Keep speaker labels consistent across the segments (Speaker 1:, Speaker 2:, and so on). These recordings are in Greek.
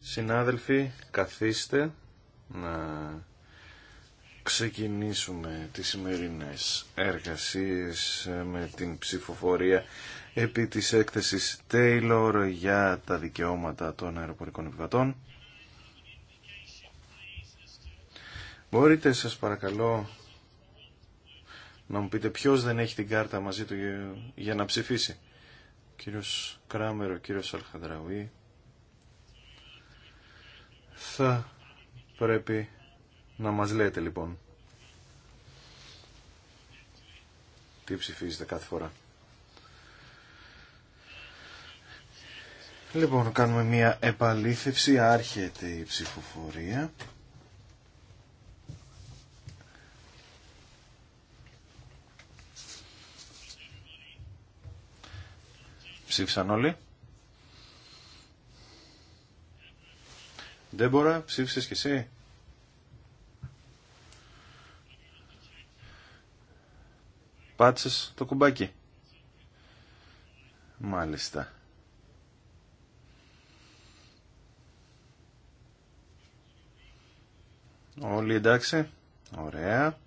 Speaker 1: Συνάδελφοι, καθίστε να ξεκινήσουμε τις σημερινές εργασίες ε, με την ψηφοφορία επί της έκθεσης Taylor για τα δικαιώματα των αεροπορικών επιβατών. Μπορείτε σας παρακαλώ να μου πείτε ποιος δεν έχει την κάρτα μαζί του για να ψηφίσει κύριος Κράμερο, ο κύριος Αλχαντραουή θα πρέπει να μας λέτε λοιπόν τι ψηφίζετε κάθε φορά. Λοιπόν, κάνουμε μία επαλήθευση, άρχεται η ψηφοφορία. Ψήφισαν όλοι. Ντέμπορα, ψήφισες κι εσύ. Πάτησες το κουμπάκι. Μάλιστα. Όλοι εντάξει. Ωραία.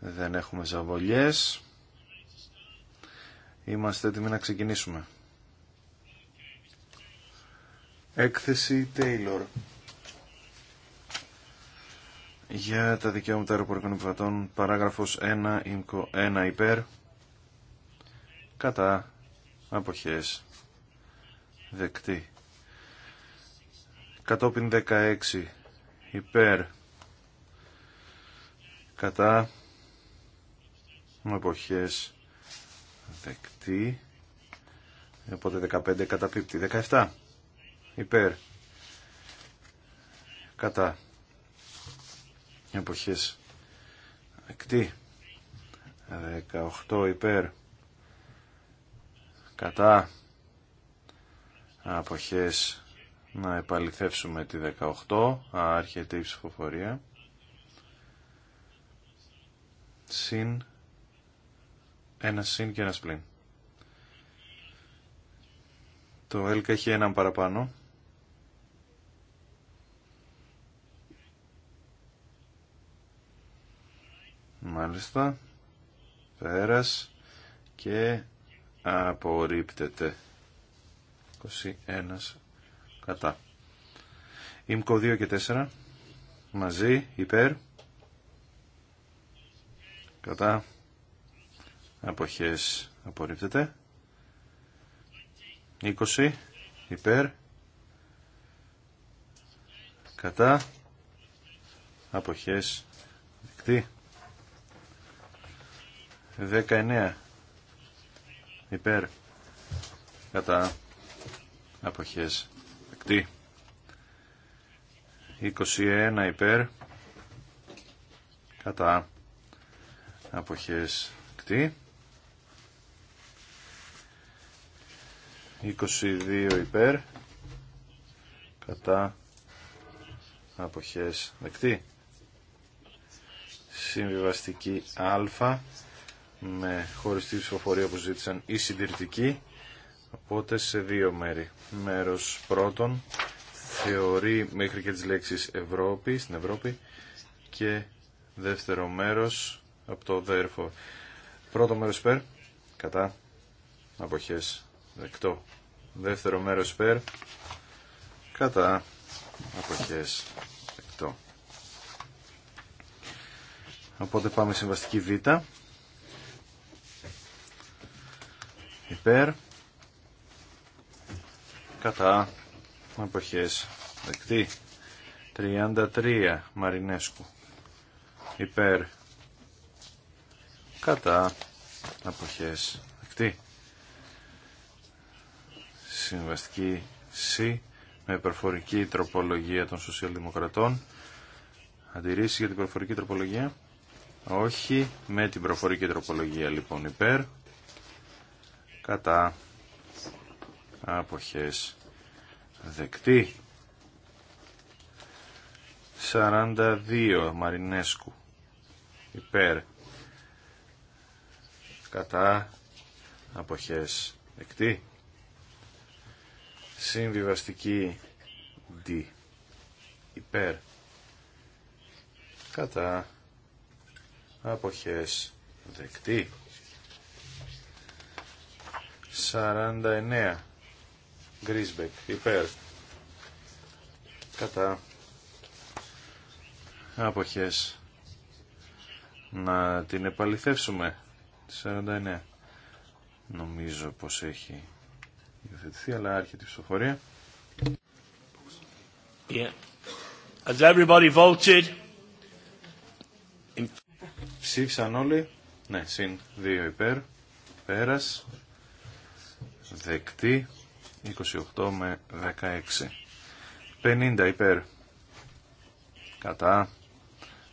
Speaker 1: Δεν έχουμε ζαβολιές. Είμαστε έτοιμοι να ξεκινήσουμε. Έκθεση Taylor για τα δικαιώματα αεροπορικών επιβατών, παράγραφος 1, ΙΜΚΟ 1, υπέρ, κατά, αποχές, δεκτή. Κατόπιν 16, υπέρ, κατά, αποχές, δεκτή. Οπότε 15 καταπίπτει. 17 υπέρ. Κατά. εποχέ. Δεκτή. 18 υπέρ. Κατά. Αποχές. Να επαληθεύσουμε τη 18. Άρχεται η ψηφοφορία. Συν ένα συν και ένα πλήν. Το ΕΛΚΑ έχει έναν παραπάνω. Μάλιστα. Πέρας. Και απορρίπτεται. 21 κατά. Ήμκο 2 και 4. Μαζί. Υπέρ. Κατά αποχές απορρίπτεται 20 υπέρ κατά αποχές δεκτή 19 υπέρ κατά αποχές δεκτή 21 υπέρ κατά αποχές δεκτή 22 υπέρ κατά αποχές δεκτή συμβιβαστική α με χωριστή ψηφοφορία που ζήτησαν οι συντηρητικοί οπότε σε δύο μέρη μέρος πρώτον θεωρεί μέχρι και τις λέξεις Ευρώπη στην Ευρώπη και δεύτερο μέρος από το δέρφο πρώτο μέρος υπέρ κατά αποχές δεκτό. Δεύτερο μέρος υπέρ, κατά αποχές δεκτό. Οπότε πάμε σε βαστική β. Υπέρ, κατά αποχές δεκτή. 33 Μαρινέσκου υπέρ κατά αποχές δεκτή συμβαστική C με προφορική τροπολογία των σοσιαλδημοκρατών. Αντιρρήσει για την προφορική τροπολογία. Όχι. Με την προφορική τροπολογία λοιπόν υπέρ. Κατά. Αποχές. Δεκτή. 42 Μαρινέσκου. Υπέρ. Κατά. Αποχές. Δεκτή. Συμβιβαστική D. Υπέρ. Κατά. Αποχές. Δεκτή. 49. Γκρίσμπεκ. Υπέρ. Κατά. Αποχές. Να την επαληθεύσουμε. 49. Νομίζω πως έχει υιοθετηθεί, αλλά άρχεται η ψηφοφορία. voted. Ψήφισαν όλοι. Ναι, συν 2 υπέρ. Πέρας. Δεκτή. 28 με 16. 50 υπέρ. Κατά.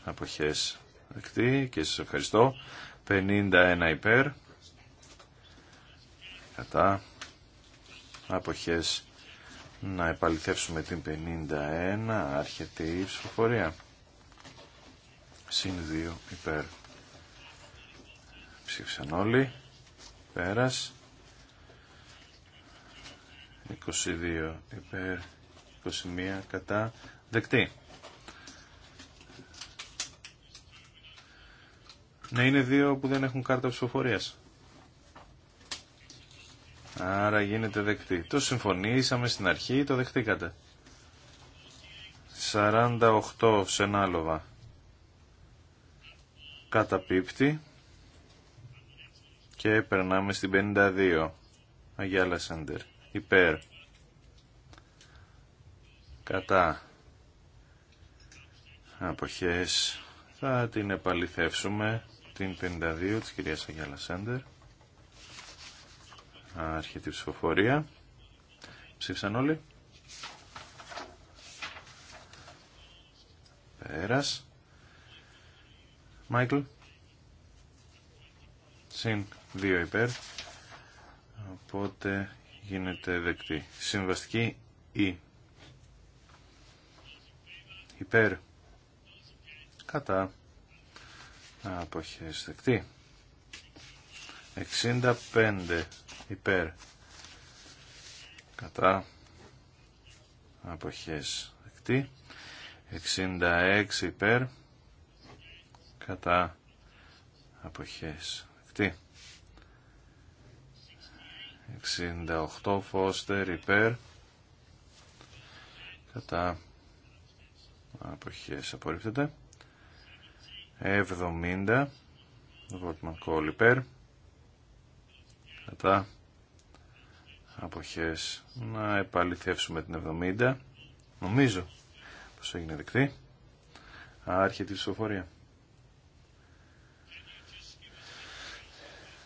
Speaker 1: Αποχές. Δεκτή και σας ευχαριστώ. 51 υπέρ. Κατά αποχές να επαληθεύσουμε την 51 άρχεται η ψηφοφορία συν 2 υπέρ ψήφισαν όλοι πέρας 22 υπέρ 21 κατά δεκτή να είναι δύο που δεν έχουν κάρτα ψηφοφορίας Άρα γίνεται δεκτή. Το συμφωνήσαμε στην αρχή, το δεχτήκατε. 48 σενάλοβα. Καταπίπτει. Και περνάμε στην 52. Αγιάλα Σέντερ. Υπέρ. Κατά. Αποχές. Θα την επαληθεύσουμε. Την 52 της κυρίας Αγιάλα Σέντερ. Άρχεται ψηφοφορία. Ψήφισαν όλοι. Πέρας. Μάικλ. Συν δύο υπέρ. Οπότε γίνεται δεκτή. Συμβαστική ή. Υπέρ. Κατά. Αποχές δεκτή. 65 υπέρ κατά αποχές δεκτή 66 υπέρ κατά αποχές δεκτή 68 φώστερ υπέρ κατά αποχές απορρίπτεται 70 Βότμαν Κόλ υπέρ κατά αποχές να επαληθεύσουμε την 70 νομίζω πως έγινε δεκτή άρχεται η ψηφοφορία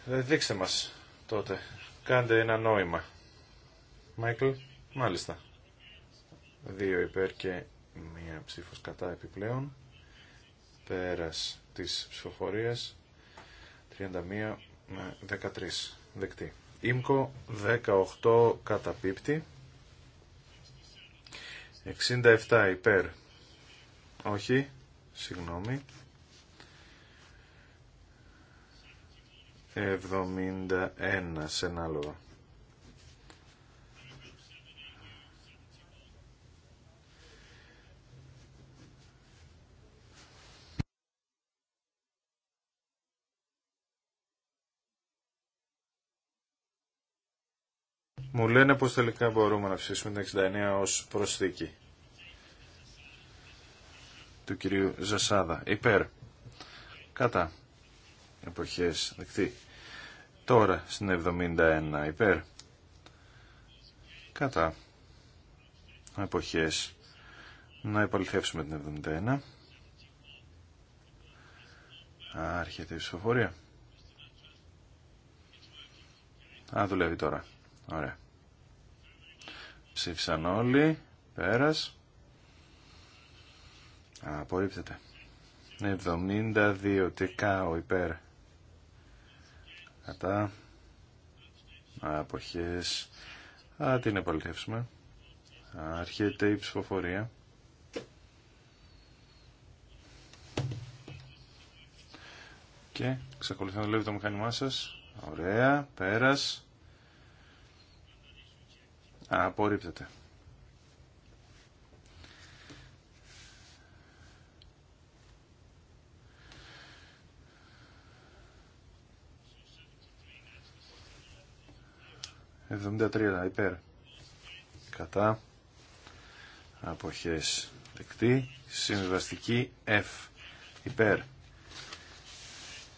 Speaker 1: ε, δείξτε μας τότε κάντε ένα νόημα Μάικλ μάλιστα δύο υπέρ και μία ψήφος κατά επιπλέον πέρας της ψηφοφορίας 31 με 13 δεκτή Ήμκο 18 καταπίπτει. 67 υπέρ. Όχι, συγγνώμη. 71 σε ένα Μου λένε πως τελικά μπορούμε να ψήσουμε την 69 ως προσθήκη του κυρίου Ζασάδα. Υπέρ. Κατά. Εποχές δεκτή. Τώρα στην 71. Υπέρ. Κατά. Εποχές. Να επαληθεύσουμε την 71. Άρχεται η ψηφοφορία. Α, δουλεύει τώρα. Ωραία. Ψήφισαν όλοι. Πέρας. Απορρίπτεται. 72 τεκάο υπέρ. Κατά. Αποχές. Α, την επαληθεύσουμε. Άρχεται η ψηφοφορία. Και ξεκολουθεί να δουλεύει το μηχάνημά σας. Ωραία. Πέρας. Απορρίπτεται. Εβδομήντα τρία υπέρ. Κατά. Αποχές δεκτή. Συμβιβαστική. F υπέρ.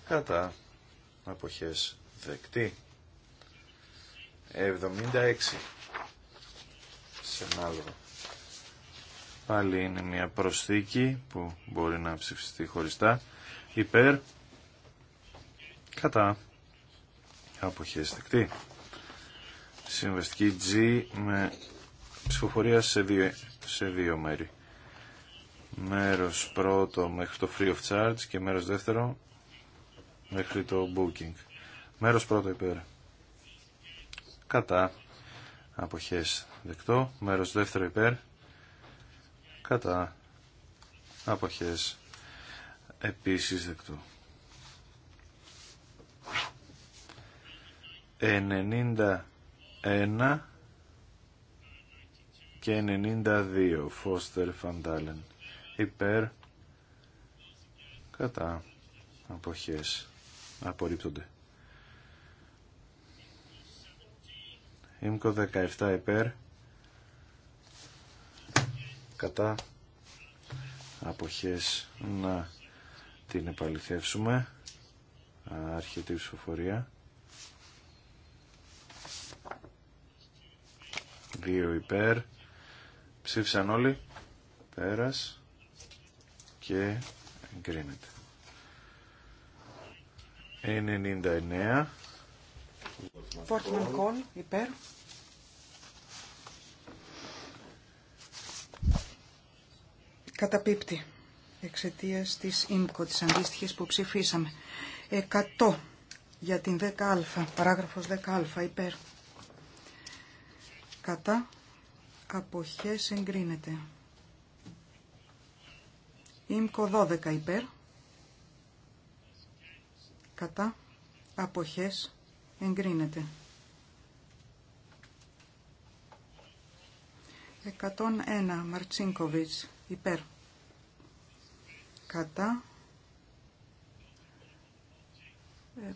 Speaker 1: Κατά. Αποχές δεκτή. Εβδομήντα έξι σε ένα Πάλι είναι μια προσθήκη που μπορεί να ψηφιστεί χωριστά. Υπέρ. Κατά. Αποχές δεκτή. Συμβαστική G με ψηφοφορία σε δύο, σε δύο μέρη. Μέρος πρώτο μέχρι το free of charge και μέρος δεύτερο μέχρι το booking. Μέρος πρώτο υπέρ. Κατά αποχές δεκτό, μέρος δεύτερο υπέρ, κατά αποχές επίσης δεκτό. 91 και 92 Φώστερ Φαντάλεν υπέρ κατά αποχές απορρίπτονται Ήμκο 17 υπέρ. Κατά αποχές να την επαληθεύσουμε. Αρχιετή η ψηφοφορία. Δύο υπέρ. Ψήφισαν όλοι. Πέρας. Και εγκρίνεται. 99.
Speaker 2: Φόρτμαν κολ
Speaker 3: υπέρ. καταπίπτει εξαιτία της ΙΜΚΟ, της αντίστοιχη που ψηφίσαμε. 100 για την 10α, παράγραφο 10α, υπέρ. Κατά απόχέ εγκρίνεται. ΙΜΚΟ 12 υπέρ. Κατά απόχέ εγκρίνεται. 101 Μαρτσίνκοβιτς υπέρ κατά. Ε,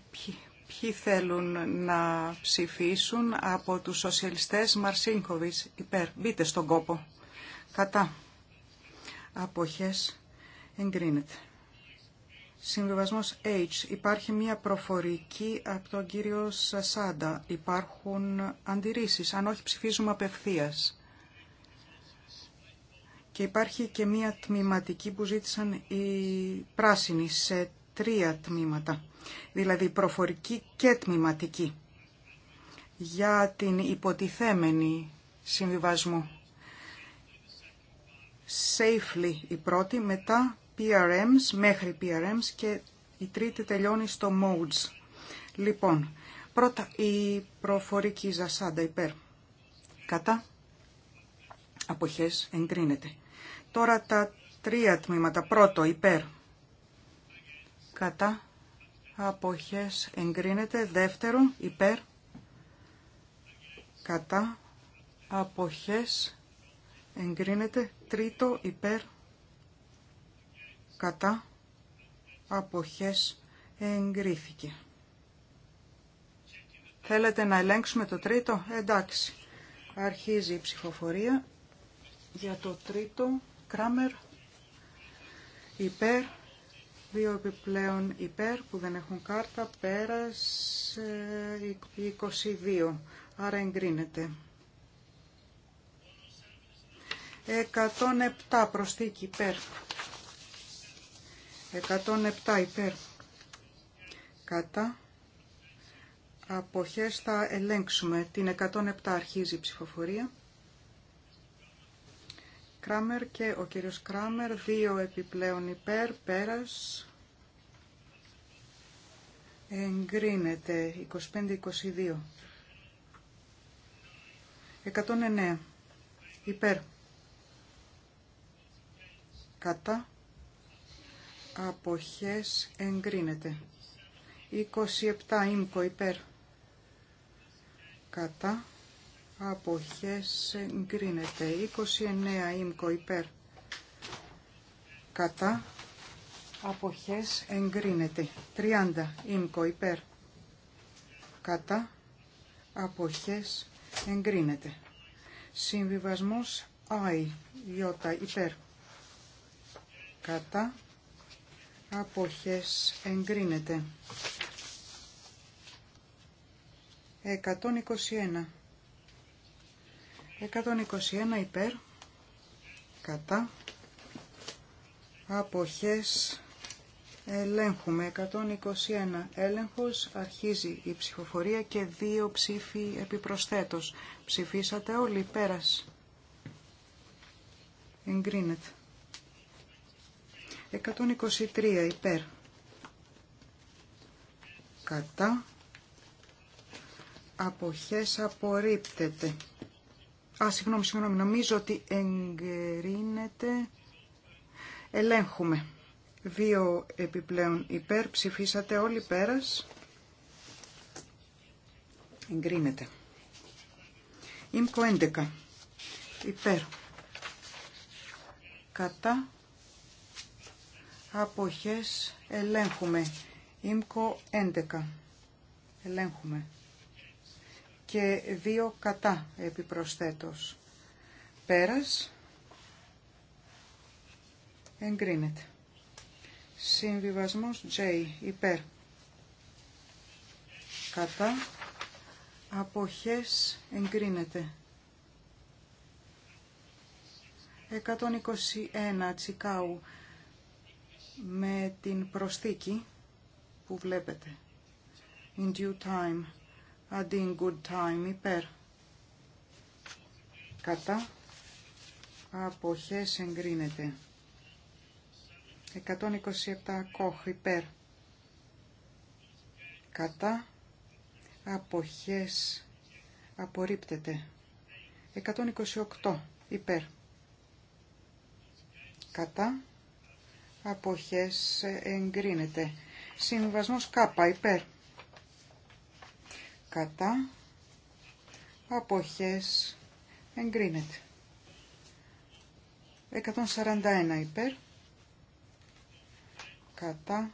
Speaker 3: ποιοι, θέλουν να ψηφίσουν από τους σοσιαλιστές Μαρσίνκοβιτς υπέρ. Μπείτε στον κόπο. Κατά. Αποχές εγκρίνεται. Συμβιβασμός H. Υπάρχει μία προφορική από τον κύριο Σασάντα. Υπάρχουν αντιρρήσεις. Αν όχι ψηφίζουμε απευθείας. Και υπάρχει και μία τμήματική που ζήτησαν οι πράσινοι σε τρία τμήματα, δηλαδή προφορική και τμήματική, για την υποτιθέμενη συμβιβασμό. Safely η πρώτη, μετά PRMs, μέχρι PRMs και η τρίτη τελειώνει στο modes. Λοιπόν, πρώτα η προφορική ζασάντα υπέρ. Κατά. Αποχές εγκρίνεται. Τώρα τα τρία τμήματα. Πρώτο, υπέρ. Κατά. Αποχές εγκρίνεται. Δεύτερο, υπέρ. Κατά. Αποχές εγκρίνεται. Τρίτο, υπέρ. Κατά. Αποχές εγκρίθηκε. Θέλετε να ελέγξουμε το τρίτο. Εντάξει. Αρχίζει η ψηφοφορία για το τρίτο. Κράμερ υπέρ, δύο επιπλέον υπέρ που δεν έχουν κάρτα, πέρας 22, άρα εγκρίνεται. 107 προσθήκη υπέρ. 107 υπέρ. Κατά. Αποχές θα ελέγξουμε. Την 107 αρχίζει η ψηφοφορία. Κράμερ και ο κύριος Κράμερ, δύο επιπλέον υπέρ, πέρας. Εγκρίνεται 25-22. 109. Υπέρ. Κατά. Αποχές εγκρίνεται. 27. Ήμκο υπέρ. Κατά αποχές εγκρίνεται. 29 ΙΜΚΟ υπέρ κατά αποχές εγκρίνεται. 30 ΙΜΚΟ υπέρ κατά αποχές εγκρίνεται. Συμβιβασμός ΆΙ Ιώτα υπέρ κατά αποχές εγκρίνεται. 121 121 υπέρ, κατά, αποχές, ελέγχουμε. 121 έλεγχος, αρχίζει η ψηφοφορία και δύο ψήφοι επιπροσθέτως. Ψηφίσατε όλοι, πέρας. Εγκρίνεται. 123 υπέρ, κατά, αποχές απορρίπτεται. Α, συγγνώμη, συγγνώμη, νομίζω ότι εγκρίνεται. Ελέγχουμε. Δύο επιπλέον υπέρ. Ψηφίσατε όλοι πέρας. Εγκρίνεται. Ήμκο 11. Υπέρ. Κατά. Αποχές. Ελέγχουμε. Ήμκο 11. Ελέγχουμε και δύο κατά επιπροσθέτως. Πέρας εγκρίνεται. Συμβιβασμός J υπέρ κατά αποχές εγκρίνεται. 121 τσικάου με την προσθήκη που βλέπετε. In due time αντί good time υπέρ κατά αποχές εγκρίνεται 127 κόχ υπέρ κατά αποχές απορρίπτεται 128 υπέρ κατά αποχές εγκρίνεται συμβασμός κάπα υπέρ κατά αποχές εγκρίνεται 141 υπέρ κατά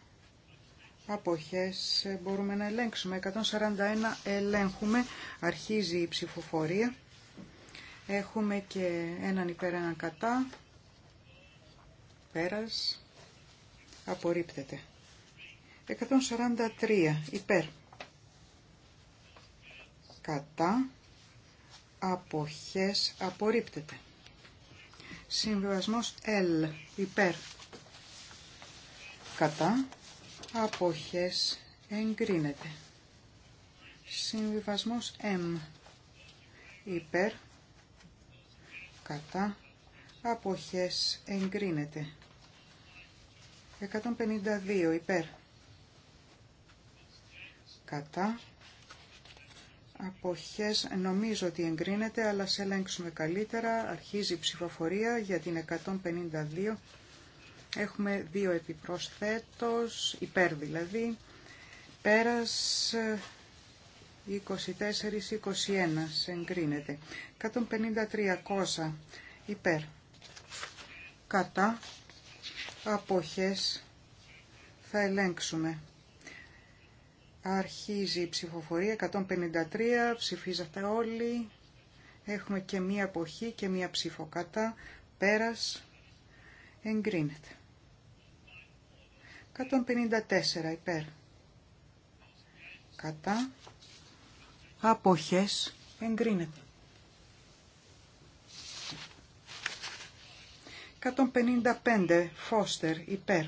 Speaker 3: αποχές μπορούμε να ελέγξουμε 141 ελέγχουμε αρχίζει η ψηφοφορία έχουμε και έναν υπέρ έναν κατά πέρας απορρίπτεται 143 υπέρ κατά, αποχές απορρίπτεται. Συμβιβασμός L υπέρ κατά, αποχές εγκρίνεται. Συμβιβασμός M υπέρ κατά, αποχές εγκρίνεται. 152 υπέρ κατά, αποχές νομίζω ότι εγκρίνεται, αλλά σε ελέγξουμε καλύτερα. Αρχίζει η ψηφοφορία για την 152. Έχουμε δύο επιπροσθέτως, υπέρ δηλαδή. Πέρας 24-21 εγκρίνεται. 153 υπέρ. Κατά αποχές θα ελέγξουμε. Αρχίζει η ψηφοφορία 153, ψηφίζατε όλοι. Έχουμε και μία αποχή και μία ψηφοκάτα. Πέρας εγκρίνεται. 154 υπέρ. Κατά. Αποχές εγκρίνεται. 155 Φώστερ υπέρ.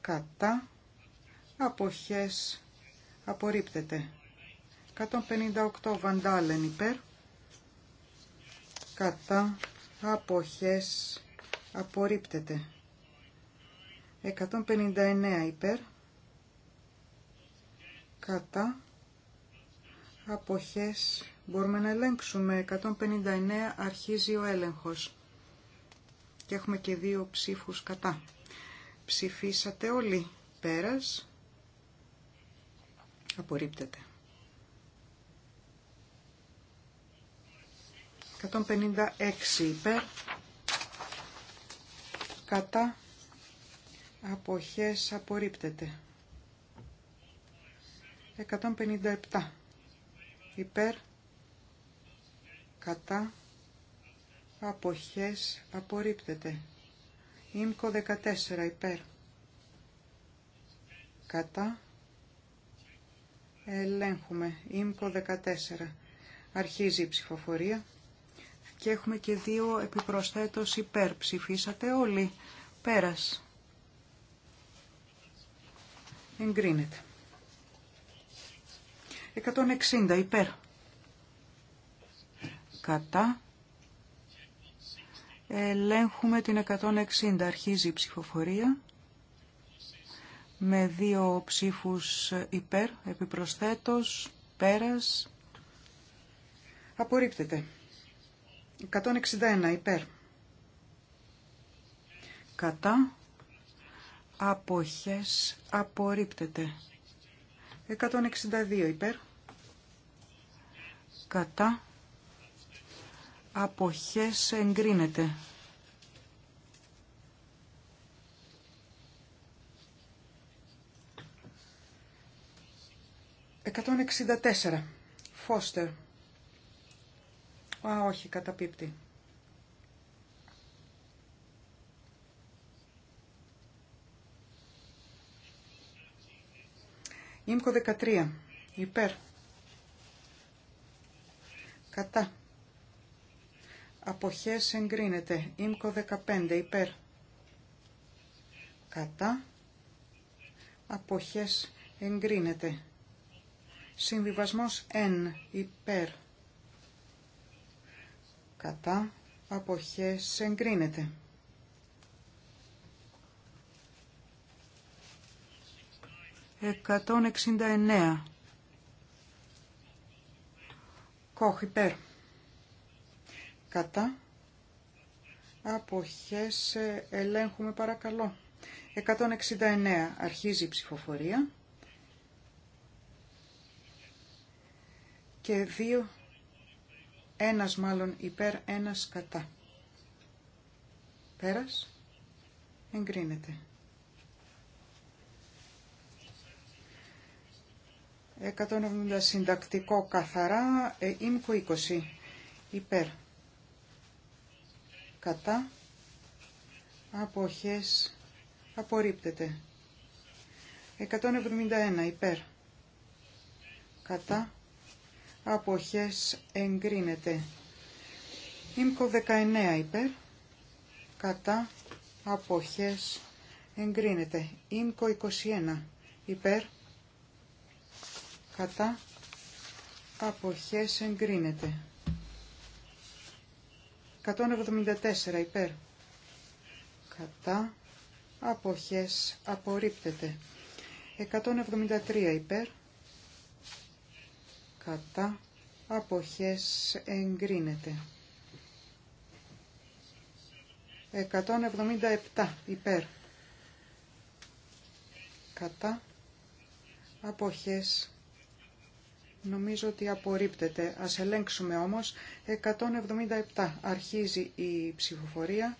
Speaker 3: Κατά αποχές απορρίπτεται. 158 βαντάλεν υπέρ, κατά αποχές απορρίπτεται. 159 υπέρ, κατά αποχές μπορούμε να ελέγξουμε. 159 αρχίζει ο έλεγχος και έχουμε και δύο ψήφους κατά. Ψηφίσατε όλοι πέρας απορρίπτεται. 156 υπέρ κατά αποχές απορρίπτεται. 157 υπέρ κατά αποχές απορρίπτεται. Ήμκο 14 υπέρ κατά Ελέγχουμε. ΙΜΚΟ 14. Αρχίζει η ψηφοφορία. Και έχουμε και δύο επιπροσθέτως υπέρ. Ψηφίσατε όλοι. Πέρας. Εγκρίνεται. 160 υπέρ. Κατά. Ελέγχουμε την 160. Αρχίζει η ψηφοφορία με δύο ψήφους υπέρ, επιπροσθέτως, πέρας. Απορρίπτεται. 161 υπέρ. Κατά. Αποχές. Απορρίπτεται. 162 υπέρ. Κατά. Αποχές εγκρίνεται. 164. Φώστερ. Α, όχι, καταπίπτει. Ήμκο 13. Υπέρ. Κατά. Αποχές εγκρίνεται. Ήμκο 15. Υπέρ. Κατά. Αποχές εγκρίνεται. Συμβιβασμός N υπέρ κατά αποχές εγκρίνεται. 169. Κόχ υπέρ. Κατά. Αποχές ε, ελέγχουμε παρακαλώ. 169. Αρχίζει η ψηφοφορία. και δύο, ένας μάλλον υπέρ, ένας κατά. Πέρας, εγκρίνεται. 170 συντακτικό καθαρά, ε, 20, υπέρ, κατά, αποχές, απορρίπτεται. 171 υπέρ, κατά, αποχές εγκρίνεται. Ήμκο 19 υπέρ, κατά, αποχές εγκρίνεται. Ήμκο 21 υπέρ, κατά, αποχές εγκρίνεται. 174 υπέρ, κατά, αποχές απορρίπτεται. 173 υπέρ, κατά αποχές εγκρίνεται. 177 υπέρ κατά αποχές νομίζω ότι απορρίπτεται. Ας ελέγξουμε όμως 177 αρχίζει η ψηφοφορία.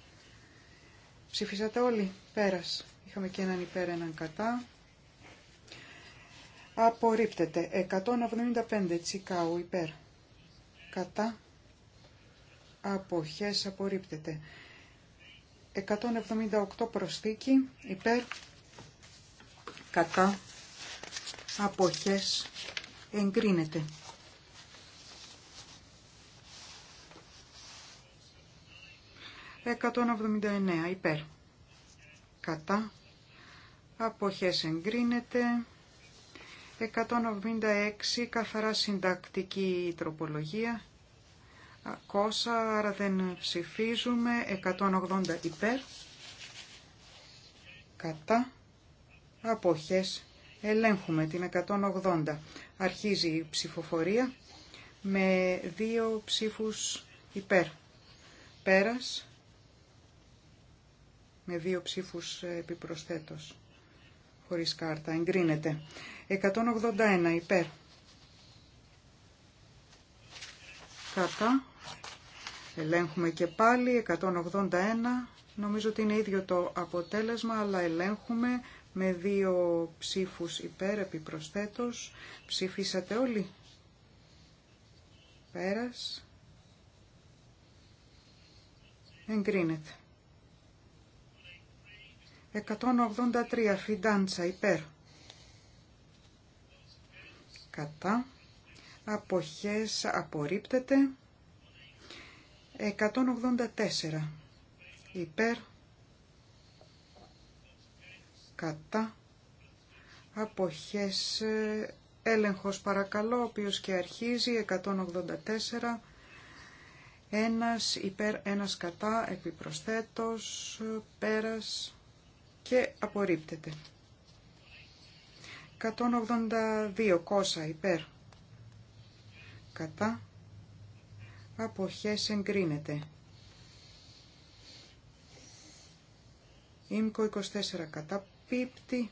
Speaker 3: Ψηφίσατε όλοι. Πέρας. Είχαμε και έναν υπέρ, έναν κατά. Απορρίπτεται. 175 τσικάου υπέρ. Κατά. Αποχές απορρίπτεται. 178 προσθήκη υπέρ. Κατά. Αποχές εγκρίνεται. 179 υπέρ. Κατά. Αποχές εγκρίνεται. 176 καθαρά συντακτική τροπολογία. Κόσα, άρα δεν ψηφίζουμε. 180 υπέρ. Κατά. Αποχές. Ελέγχουμε την 180. Αρχίζει η ψηφοφορία με δύο ψήφους υπέρ. Πέρας με δύο ψήφους ε, επιπροσθέτως χωρίς κάρτα. Εγκρίνεται. 181 υπέρ. Κατά. Ελέγχουμε και πάλι 181. Νομίζω ότι είναι ίδιο το αποτέλεσμα, αλλά ελέγχουμε με δύο ψήφους υπέρ επιπροσθέτως. Ψήφισατε όλοι. Πέρας. Εγκρίνεται. 183 φιντάντσα υπέρ κατά, αποχές απορρίπτεται, 184 υπέρ, κατά, αποχές ε, έλεγχος παρακαλώ, ο οποίος και αρχίζει, 184 ένας υπέρ, ένας κατά, επιπροσθέτως, πέρας και απορρίπτεται. 182 κόσα υπέρ κατά αποχές εγκρίνεται ΙΜΚΟ 24 κατά πίπτη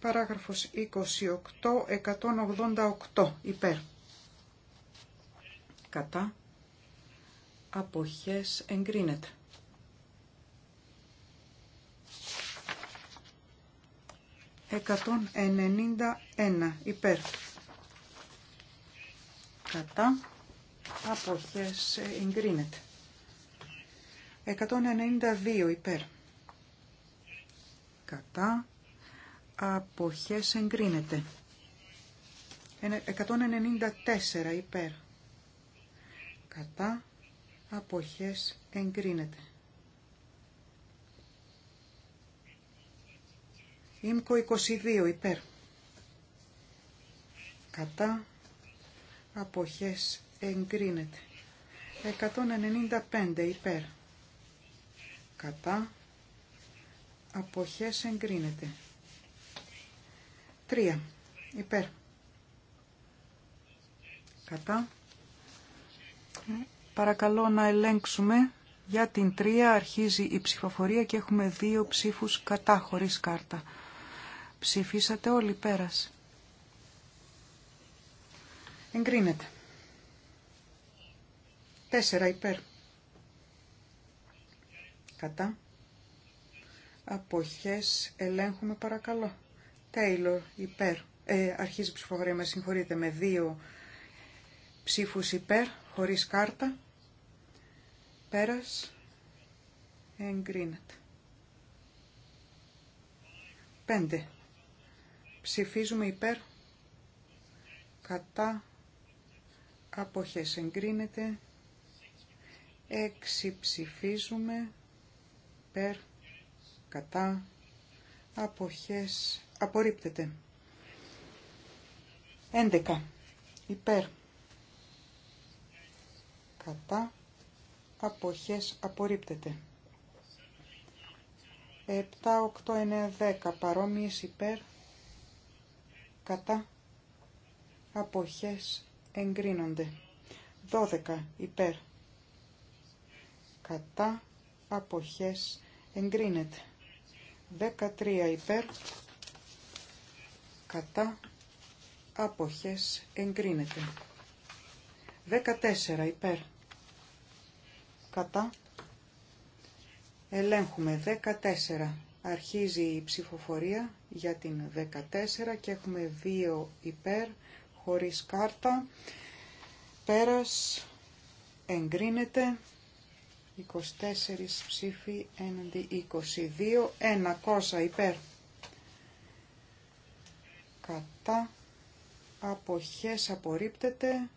Speaker 3: παράγραφος 28 188 υπέρ κατά αποχές εγκρίνεται 191 ε, υπέρ. Κατά. Αποχές εγκρίνεται. 192 υπέρ. Κατά. Αποχές εγκρίνεται. 194 υπέρ. Κατά. Αποχές εγκρίνεται. Ήμκο 22 υπέρ. Κατά αποχές εγκρίνεται. 195 υπέρ. Κατά αποχές εγκρίνεται. 3 υπέρ. Κατά. Παρακαλώ να ελέγξουμε. Για την 3 αρχίζει η ψηφοφορία και έχουμε δύο ψήφους κατά χωρίς κάρτα. Ψηφίσατε όλοι πέρας. Εγκρίνεται. Τέσσερα υπέρ. Κατά. Αποχές ελέγχουμε παρακαλώ. Τέιλο υπέρ. Ε, αρχίζει η ψηφοφορία, με συγχωρείτε, με δύο ψήφους υπέρ, χωρίς κάρτα. Πέρας. Εγκρίνεται. Πέντε Ψηφίζουμε υπέρ. Κατά. Αποχές εγκρίνεται. έξι ψηφίζουμε. Υπέρ. Κατά. Αποχές απορρίπτεται. 11. Υπέρ. Κατά. Αποχές απορρίπτεται. 7, 8, 9, 10 παρόμοιες υπέρ κατά αποχές εγκρίνονται. 12 υπέρ κατά αποχές εγκρίνεται. 13 υπέρ κατά αποχές εγκρίνεται. 14 υπέρ κατά ελέγχουμε 14 αρχίζει η ψηφοφορία για την 14 και έχουμε 2 υπέρ χωρίς κάρτα. Πέρας εγκρίνεται 24 ψήφοι έναντι 22, 100 υπέρ. Κατά αποχές απορρίπτεται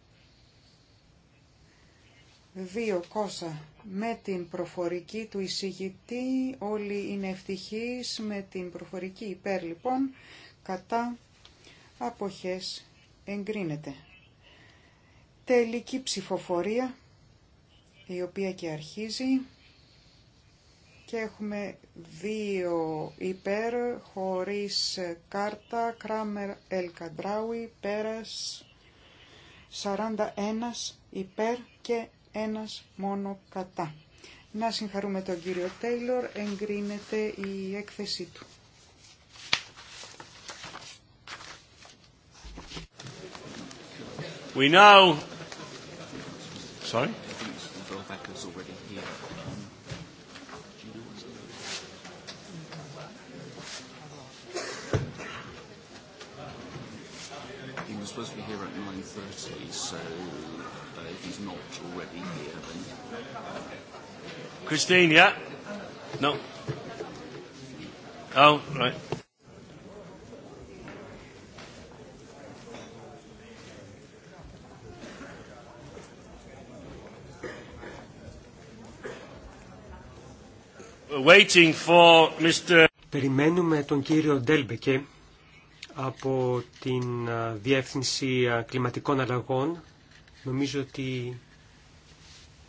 Speaker 3: δύο Κόσα. Με την προφορική του εισηγητή όλοι είναι ευτυχείς με την προφορική υπέρ λοιπόν κατά αποχές εγκρίνεται. Τελική ψηφοφορία η οποία και αρχίζει και έχουμε δύο υπέρ χωρίς κάρτα Κράμερ Ελκαντράουι πέρας 41 υπέρ και ένας μόνο κατά. Να συγχαρούμε τον κύριο Τέιλορ, εγκρίνεται η έκθεσή του. We supposed to be here at 9.30, so if he's not already here, then...
Speaker 2: Christine, yeah? No. Oh, right. Waiting for Mr. Περιμένουμε τον κύριο Ντέλμπεκε από την Διεύθυνση Κλιματικών Αλλαγών. Νομίζω ότι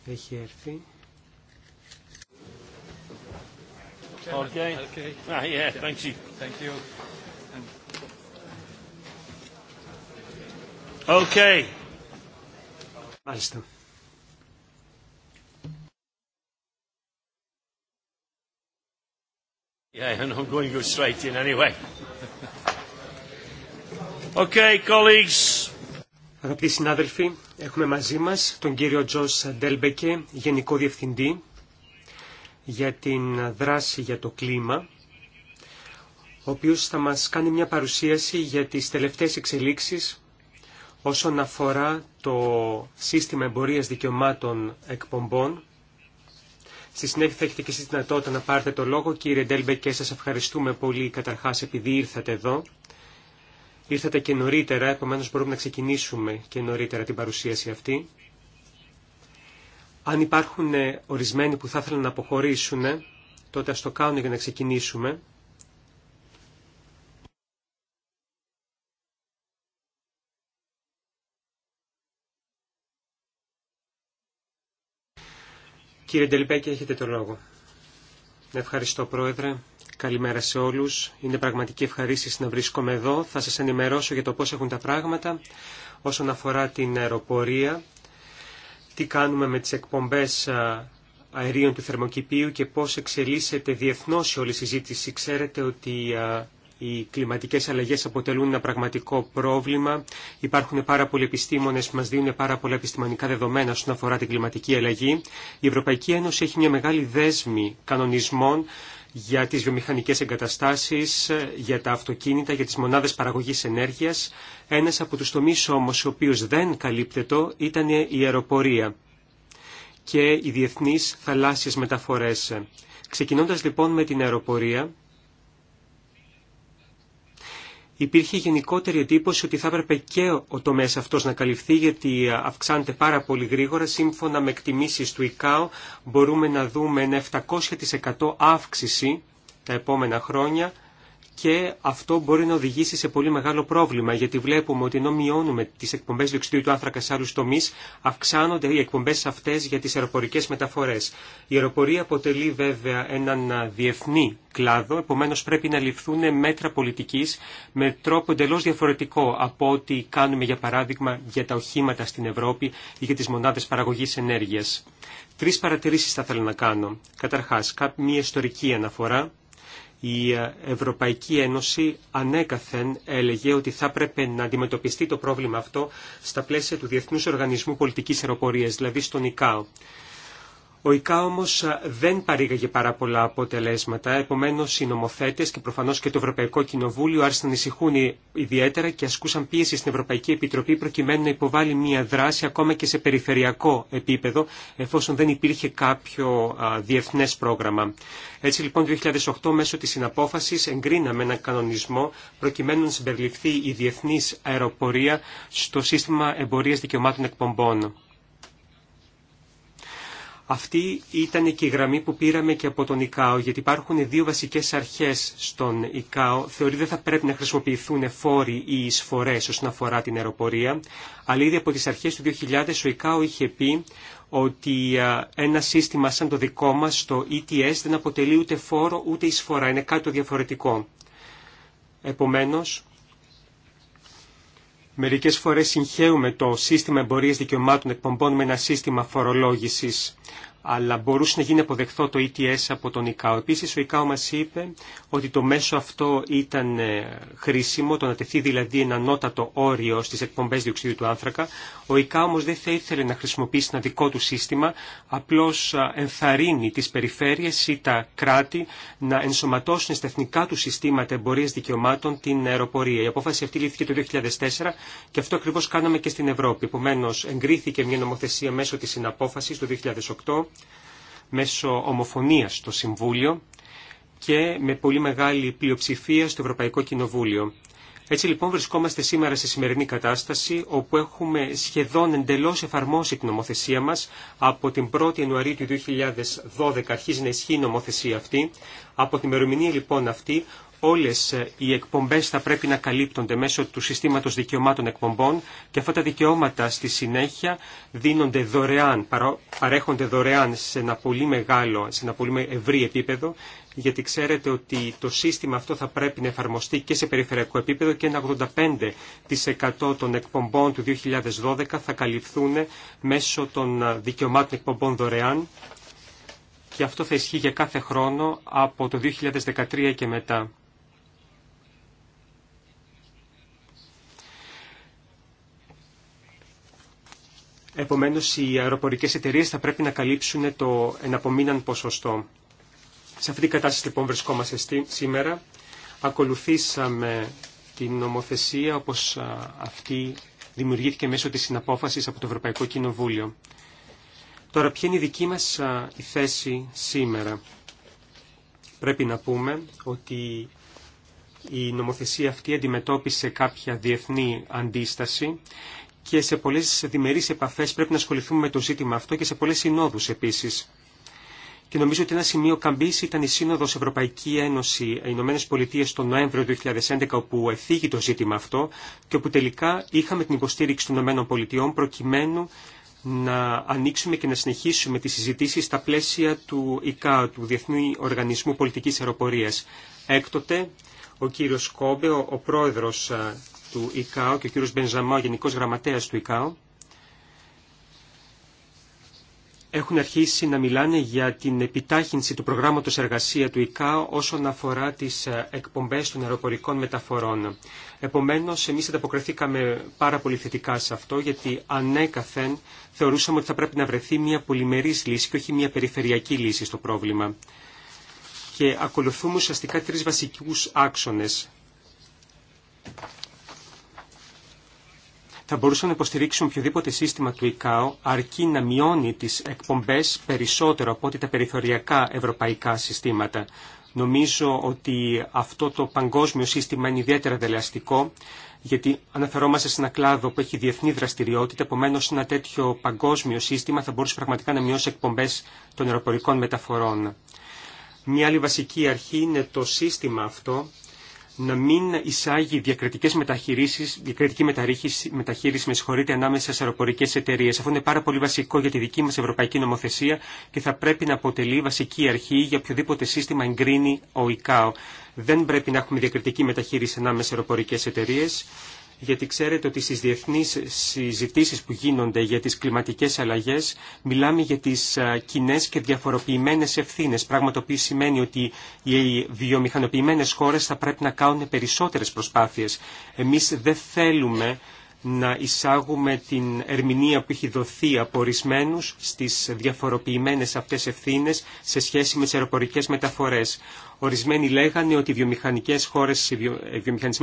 Speaker 2: έχει έρθει.
Speaker 3: Okay. Ah, yeah, thank you.
Speaker 2: Okay. Μάλιστα. Yeah, I'm going to go straight in anyway. Okay, colleagues. Αγαπητοί συνάδελφοι, έχουμε μαζί μας τον κύριο Τζος Ντέλμπεκε, Γενικό Διευθυντή για την δράση για το κλίμα, ο οποίος θα μας κάνει μια παρουσίαση για τις τελευταίες εξελίξεις όσον αφορά το σύστημα εμπορίας δικαιωμάτων εκπομπών. Στη συνέχεια θα έχετε και εσείς δυνατότητα να πάρετε το λόγο. Κύριε Ντέλμπεκε, σας ευχαριστούμε πολύ καταρχάς επειδή ήρθατε εδώ. Ήρθατε και νωρίτερα, επομένως μπορούμε να ξεκινήσουμε και νωρίτερα την παρουσίαση αυτή. Αν υπάρχουν ε, ορισμένοι που θα ήθελαν να αποχωρήσουν, ε, τότε ας το κάνουν για να ξεκινήσουμε. Κύριε Ντελιπέκη, έχετε το λόγο. Ευχαριστώ, Πρόεδρε. Καλημέρα σε όλους. Είναι πραγματική ευχαρίστηση να βρίσκομαι εδώ. Θα σας ενημερώσω για το πώς έχουν τα πράγματα όσον αφορά την αεροπορία, τι κάνουμε με τις εκπομπές αερίων του θερμοκηπίου και πώς εξελίσσεται διεθνώς όλη συζήτηση. Ξέρετε ότι οι κλιματικές αλλαγές αποτελούν ένα πραγματικό πρόβλημα. Υπάρχουν πάρα πολλοί επιστήμονες που μας δίνουν πάρα πολλά επιστημονικά δεδομένα όσον αφορά την κλιματική αλλαγή. Η Ευρωπαϊκή Ένωση έχει μια μεγάλη δέσμη κανονισμών για τις βιομηχανικές εγκαταστάσεις, για τα αυτοκίνητα, για τις μονάδες παραγωγής ενέργειας. Ένας από τους τομείς όμως ο οποίος δεν καλύπτετο ήταν η αεροπορία και οι διεθνείς θαλάσσιες μεταφορές. Ξεκινώντας λοιπόν με την αεροπορία, υπήρχε γενικότερη εντύπωση ότι θα έπρεπε και ο τομέας αυτός να καλυφθεί γιατί αυξάνεται πάρα πολύ γρήγορα. Σύμφωνα με εκτιμήσεις του ΙΚΑΟ μπορούμε να δούμε ένα 700% αύξηση τα επόμενα χρόνια και αυτό μπορεί να οδηγήσει σε πολύ μεγάλο πρόβλημα, γιατί βλέπουμε ότι ενώ μειώνουμε τι εκπομπέ διοξιδίου του άνθρακα σε άλλου τομεί, αυξάνονται οι εκπομπέ αυτέ για τι αεροπορικέ μεταφορέ. Η αεροπορία αποτελεί βέβαια έναν διεθνή κλάδο, επομένω πρέπει να ληφθούν μέτρα πολιτική με τρόπο εντελώ διαφορετικό από ό,τι κάνουμε για παράδειγμα για τα οχήματα στην Ευρώπη ή για τι μονάδε παραγωγή ενέργεια. Τρει παρατηρήσει θα ήθελα να κάνω. Καταρχά, μια ιστορική αναφορά η ε, Ευρωπαϊκή Ένωση ανέκαθεν έλεγε ότι θα πρέπει να αντιμετωπιστεί το πρόβλημα αυτό στα πλαίσια του Διεθνούς Οργανισμού Πολιτικής Αεροπορίας, δηλαδή στον ΙΚΑΟ. Ο ΙΚΑ όμω δεν παρήγαγε πάρα πολλά αποτελέσματα, επομένω οι νομοθέτε και προφανώ και το Ευρωπαϊκό Κοινοβούλιο άρχισαν να ανησυχούν ιδιαίτερα και ασκούσαν πίεση στην Ευρωπαϊκή Επιτροπή προκειμένου να υποβάλει μια δράση ακόμα και σε περιφερειακό επίπεδο, εφόσον δεν υπήρχε κάποιο διεθνέ πρόγραμμα. Έτσι λοιπόν το 2008 μέσω τη συναπόφαση εγκρίναμε έναν κανονισμό προκειμένου να συμπεριληφθεί η διεθνή αεροπορία στο σύστημα εμπορία δικαιωμάτων εκπομπών. Αυτή ήταν και η γραμμή που πήραμε και από τον ΙΚΑΟ, γιατί υπάρχουν δύο βασικές αρχές στον ΙΚΑΟ. Θεωρεί δεν θα πρέπει να χρησιμοποιηθούν φόροι ή εισφορές όσον αφορά την αεροπορία, αλλά ήδη από τις αρχές του 2000 ο ΙΚΑΟ είχε πει ότι ένα σύστημα σαν το δικό μας, το ETS, δεν αποτελεί ούτε φόρο ούτε εισφορά, είναι κάτι το διαφορετικό. Επομένως, Μερικές φορές συγχαίουμε το σύστημα εμπορίας δικαιωμάτων εκπομπών με ένα σύστημα φορολόγησης αλλά μπορούσε να γίνει αποδεκτό το ETS από τον ΙΚΑΟ. Επίσης, ο ΙΚΑΟ μας είπε ότι το μέσο αυτό ήταν ε, χρήσιμο, το να τεθεί δηλαδή ένα ανώτατο όριο στις εκπομπές διοξιδίου του άνθρακα. Ο ΙΚΑΟ όμως δεν θα ήθελε να χρησιμοποιήσει ένα δικό του σύστημα, απλώς ενθαρρύνει τις περιφέρειες ή τα κράτη να ενσωματώσουν στα εθνικά του συστήματα εμπορίας δικαιωμάτων την αεροπορία. Η απόφαση αυτή αεροπορια η αποφαση αυτη ληθηκε το 2004 και αυτό ακριβώ κάναμε και στην Ευρώπη. Επομένω, εγκρίθηκε μια νομοθεσία μέσω τη συναπόφασης το 2008 μέσω ομοφωνίας στο Συμβούλιο και με πολύ μεγάλη πλειοψηφία στο Ευρωπαϊκό Κοινοβούλιο. Έτσι λοιπόν βρισκόμαστε σήμερα σε σημερινή κατάσταση όπου έχουμε σχεδόν εντελώς εφαρμόσει την νομοθεσία μας από την 1η Ιανουαρίου του 2012 αρχίζει να ισχύει η νομοθεσία αυτή. Από την ημερομηνία λοιπόν αυτή όλες ε, οι εκπομπές θα πρέπει να καλύπτονται μέσω του συστήματος δικαιωμάτων εκπομπών και αυτά τα δικαιώματα στη συνέχεια δίνονται δωρεάν, παρέχονται δωρεάν σε ένα πολύ μεγάλο, σε ένα πολύ ευρύ επίπεδο γιατί ξέρετε ότι το σύστημα αυτό θα πρέπει να εφαρμοστεί και σε περιφερειακό επίπεδο και ένα 85% των εκπομπών του 2012 θα καλυφθούν μέσω των ε, δικαιωμάτων εκπομπών δωρεάν και αυτό θα ισχύει για κάθε χρόνο από το 2013 και μετά. Επομένως, οι αεροπορικές εταιρείες θα πρέπει να καλύψουν το εναπομείναν ποσοστό. Σε αυτή την κατάσταση λοιπόν βρισκόμαστε σήμερα. Ακολουθήσαμε την νομοθεσία όπως αυτή δημιουργήθηκε μέσω της συναπόφασης από το Ευρωπαϊκό Κοινοβούλιο. Τώρα, ποια είναι η δική μας η θέση σήμερα. Πρέπει να πούμε ότι η νομοθεσία αυτή αντιμετώπισε κάποια διεθνή αντίσταση και σε πολλές διμερείς επαφές πρέπει να ασχοληθούμε με το ζήτημα αυτό και σε πολλές συνόδους επίσης. Και νομίζω ότι ένα σημείο καμπής ήταν η Σύνοδος Ευρωπαϊκή Ένωση Ηνωμένε Πολιτείε τον Νοέμβριο 2011 όπου εφήγει το ζήτημα αυτό και όπου τελικά είχαμε την υποστήριξη των Ηνωμένων Πολιτειών προκειμένου να ανοίξουμε και να συνεχίσουμε τις συζητήσεις στα πλαίσια του ΙΚΑ, του Διεθνού Οργανισμού Πολιτικής Αεροπορία. Έκτοτε, ο κύριος Κόμπε, ο, ο πρόεδρος του ΙΚΑΟ και ο κύριος Μπενζαμά, ο Γενικός Γραμματέας του ΙΚΑΟ, έχουν αρχίσει να μιλάνε για την επιτάχυνση του προγράμματος εργασία του ΙΚΑΟ όσον αφορά τις ε, εκπομπές των αεροπορικών μεταφορών. Επομένως, εμείς ανταποκριθήκαμε πάρα πολύ θετικά σε αυτό, γιατί ανέκαθεν θεωρούσαμε ότι θα πρέπει να βρεθεί μια πολυμερής λύση και όχι μια περιφερειακή λύση στο πρόβλημα. Και ακολουθούμε ουσιαστικά τρεις βασικούς άξονες θα μπορούσαν να υποστηρίξουν οποιοδήποτε σύστημα του ΙΚΑΟ αρκεί να μειώνει τις εκπομπές περισσότερο από ό,τι τα περιθωριακά ευρωπαϊκά συστήματα. Νομίζω ότι αυτό το παγκόσμιο σύστημα είναι ιδιαίτερα δελεαστικό, γιατί αναφερόμαστε σε ένα κλάδο που έχει διεθνή δραστηριότητα, επομένω ένα τέτοιο παγκόσμιο σύστημα θα μπορούσε πραγματικά να μειώσει εκπομπέ των αεροπορικών μεταφορών. Μια άλλη βασική αρχή είναι το σύστημα αυτό να μην εισάγει διακριτικές μεταχειρήσει, διακριτική μεταχείριση με συγχωρείτε, ανάμεσα σε αεροπορικέ εταιρείε. Αυτό είναι πάρα πολύ βασικό για τη δική μα ευρωπαϊκή νομοθεσία και θα πρέπει να αποτελεί βασική αρχή για οποιοδήποτε σύστημα εγκρίνει ο ΙΚΑΟ. Δεν πρέπει να έχουμε διακριτική μεταχείριση ανάμεσα σε αεροπορικέ εταιρείε γιατί ξέρετε ότι στις διεθνείς συζητήσεις που γίνονται για τις κλιματικές αλλαγές μιλάμε για τις κοινέ και διαφοροποιημένες ευθύνες, πράγμα το οποίο σημαίνει ότι οι βιομηχανοποιημένες χώρες θα πρέπει να κάνουν περισσότερες προσπάθειες. Εμείς δεν θέλουμε να εισάγουμε την ερμηνεία που έχει δοθεί από ορισμένου στις διαφοροποιημένες αυτές ευθύνες σε σχέση με τις αεροπορικές μεταφορές. Ορισμένοι λέγανε ότι οι βιομηχανικές χώρες, οι,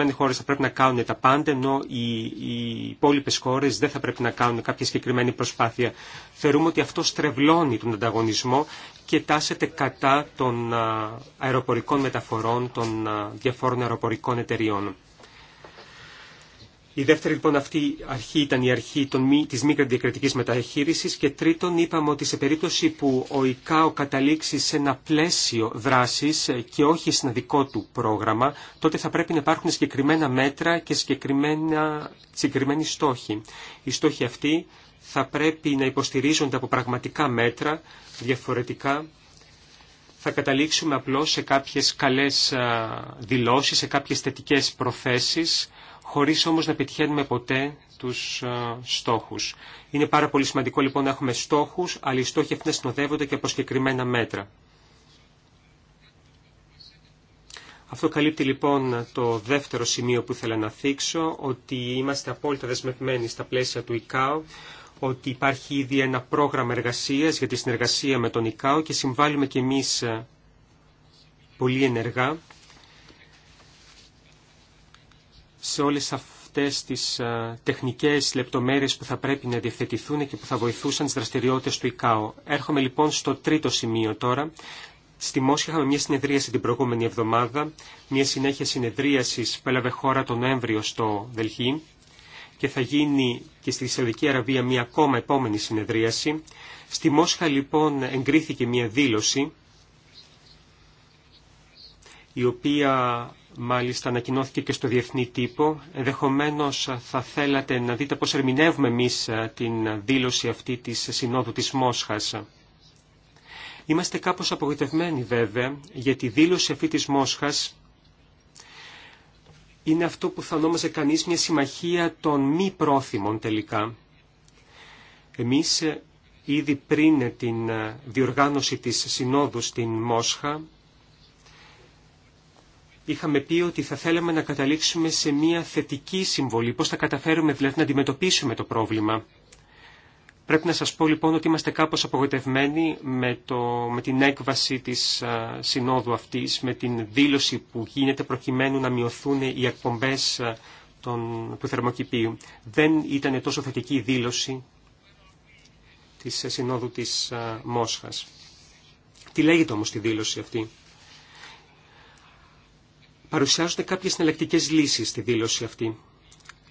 Speaker 2: ε, χώρες θα πρέπει να κάνουν τα πάντα, ενώ οι, οι υπόλοιπε χώρες δεν θα πρέπει να κάνουν κάποια συγκεκριμένη προσπάθεια. Θεωρούμε ότι αυτό στρεβλώνει τον ανταγωνισμό και τάσεται κατά των αεροπορικών μεταφορών των διαφόρων αεροπορικών εταιριών. Η δεύτερη λοιπόν αυτή αρχή ήταν η αρχή των μη, της μη μεταχείρισης και τρίτον είπαμε ότι σε περίπτωση που ο ΙΚΑΟ καταλήξει σε ένα πλαίσιο δράσης και όχι ένα δικό του πρόγραμμα, τότε θα πρέπει να υπάρχουν συγκεκριμένα μέτρα και συγκεκριμένα, συγκεκριμένοι στόχοι. Οι στόχοι αυτοί θα πρέπει να υποστηρίζονται από πραγματικά μέτρα, διαφορετικά θα καταλήξουμε απλώς σε κάποιες καλές δηλώσεις, σε κάποιες θετικές προθέσεις, χωρίς όμως να πετυχαίνουμε ποτέ τους ε, στόχους. Είναι πάρα πολύ σημαντικό λοιπόν να έχουμε στόχους, αλλά οι στόχοι αυτοί να συνοδεύονται και από συγκεκριμένα μέτρα. Αυτό καλύπτει λοιπόν το δεύτερο σημείο που ήθελα να θίξω, ότι είμαστε απόλυτα δεσμευμένοι στα πλαίσια του ΙΚΑΟ, ότι υπάρχει ήδη ένα πρόγραμμα εργασίας για τη συνεργασία με τον ΙΚΑΟ και συμβάλλουμε κι εμείς ε, πολύ ενεργά σε όλες αυτές τις ε, τεχνικές λεπτομέρειες που θα πρέπει να διευθετηθούν και που θα βοηθούσαν τις δραστηριότητες του ΙΚΑΟ. Έρχομαι λοιπόν στο τρίτο σημείο τώρα. Στη Μόσχα είχαμε μια συνεδρίαση την προηγούμενη εβδομάδα, μια συνέχεια συνεδρίασης που έλαβε χώρα τον Νοέμβριο στο Δελχή και θα γίνει και στη Σαουδική Αραβία μια ακόμα επόμενη συνεδρίαση. Στη Μόσχα λοιπόν εγκρίθηκε μια δήλωση η οποία Μάλιστα ανακοινώθηκε και στο Διεθνή Τύπο. ενδεχομένω θα θέλατε να δείτε πώς ερμηνεύουμε εμείς ε, την δήλωση αυτή της Συνόδου της Μόσχας. Είμαστε κάπως απογοητευμένοι βέβαια, γιατί η δήλωση αυτή της Μόσχας είναι αυτό που θα ονόμαζε κανείς μια συμμαχία των μη πρόθυμων τελικά. Εμείς ε, ήδη πριν την ε, διοργάνωση της Συνόδου στην Μόσχα είχαμε πει ότι θα θέλαμε να καταλήξουμε σε μια θετική συμβολή, πώς θα καταφέρουμε δηλαδή να αντιμετωπίσουμε το πρόβλημα. Πρέπει να σας πω λοιπόν ότι είμαστε κάπως απογοητευμένοι με, το, με την έκβαση της συνόδου αυτής, με την δήλωση που γίνεται προκειμένου να μειωθούν οι εκπομπές του θερμοκηπίου. Δεν ήταν τόσο θετική η δήλωση της ε, συνόδου της Μόσχας. Τι λέγεται όμως τη δήλωση αυτή παρουσιάζονται κάποιες εναλλακτικές λύσεις στη δήλωση αυτή.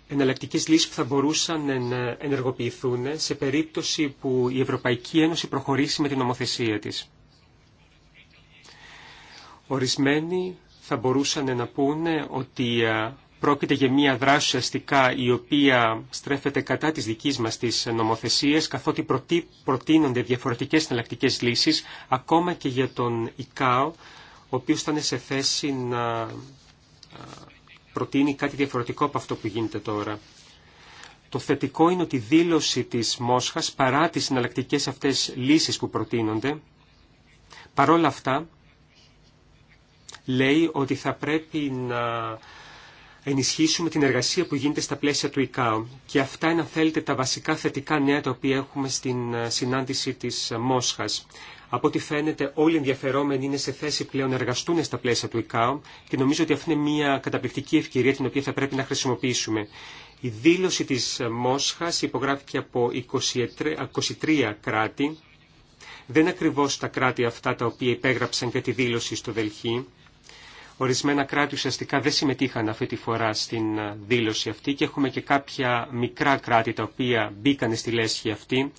Speaker 2: Εναλλακτικές λύσεις που θα μπορούσαν να ενεργοποιηθούν σε περίπτωση που η Ευρωπαϊκή Ένωση προχωρήσει με την νομοθεσία της. Ορισμένοι θα μπορούσαν να πούνε ότι πρόκειται για μια δράση αστικά η οποία στρέφεται κατά της δικής μας της νομοθεσίας καθότι προτείνονται διαφορετικές εναλλακτικές λύσεις ακόμα και για τον ΙΚΑΟ ο οποίος ήταν σε θέση να προτείνει κάτι διαφορετικό από αυτό που γίνεται τώρα. Το θετικό είναι ότι η δήλωση της Μόσχας, παρά τις συναλλακτικές αυτές λύσεις που προτείνονται, παρόλα αυτά λέει ότι θα πρέπει να ενισχύσουμε την εργασία που γίνεται στα πλαίσια του ΙΚΑΟ. Και αυτά είναι, αν θέλετε, τα βασικά θετικά νέα τα οποία έχουμε στην συνάντηση της Μόσχας. Από ό,τι φαίνεται όλοι οι ενδιαφερόμενοι είναι σε θέση πλέον να εργαστούν στα πλαίσια του ΙΚΑΟ και νομίζω ότι αυτή είναι μια καταπληκτική ευκαιρία την οποία θα πρέπει να χρησιμοποιήσουμε. Η δήλωση της Μόσχας υπογράφηκε από 23 κράτη. Δεν είναι ακριβώς τα κράτη αυτά τα οποία υπέγραψαν για τη δήλωση στο Δελχή. Ορισμένα κράτη ουσιαστικά δεν συμμετείχαν αυτή τη φορά στην ε, δήλωση αυτή και έχουμε και κάποια μικρά κράτη τα οποία μπήκαν στη λέσχη αυτή.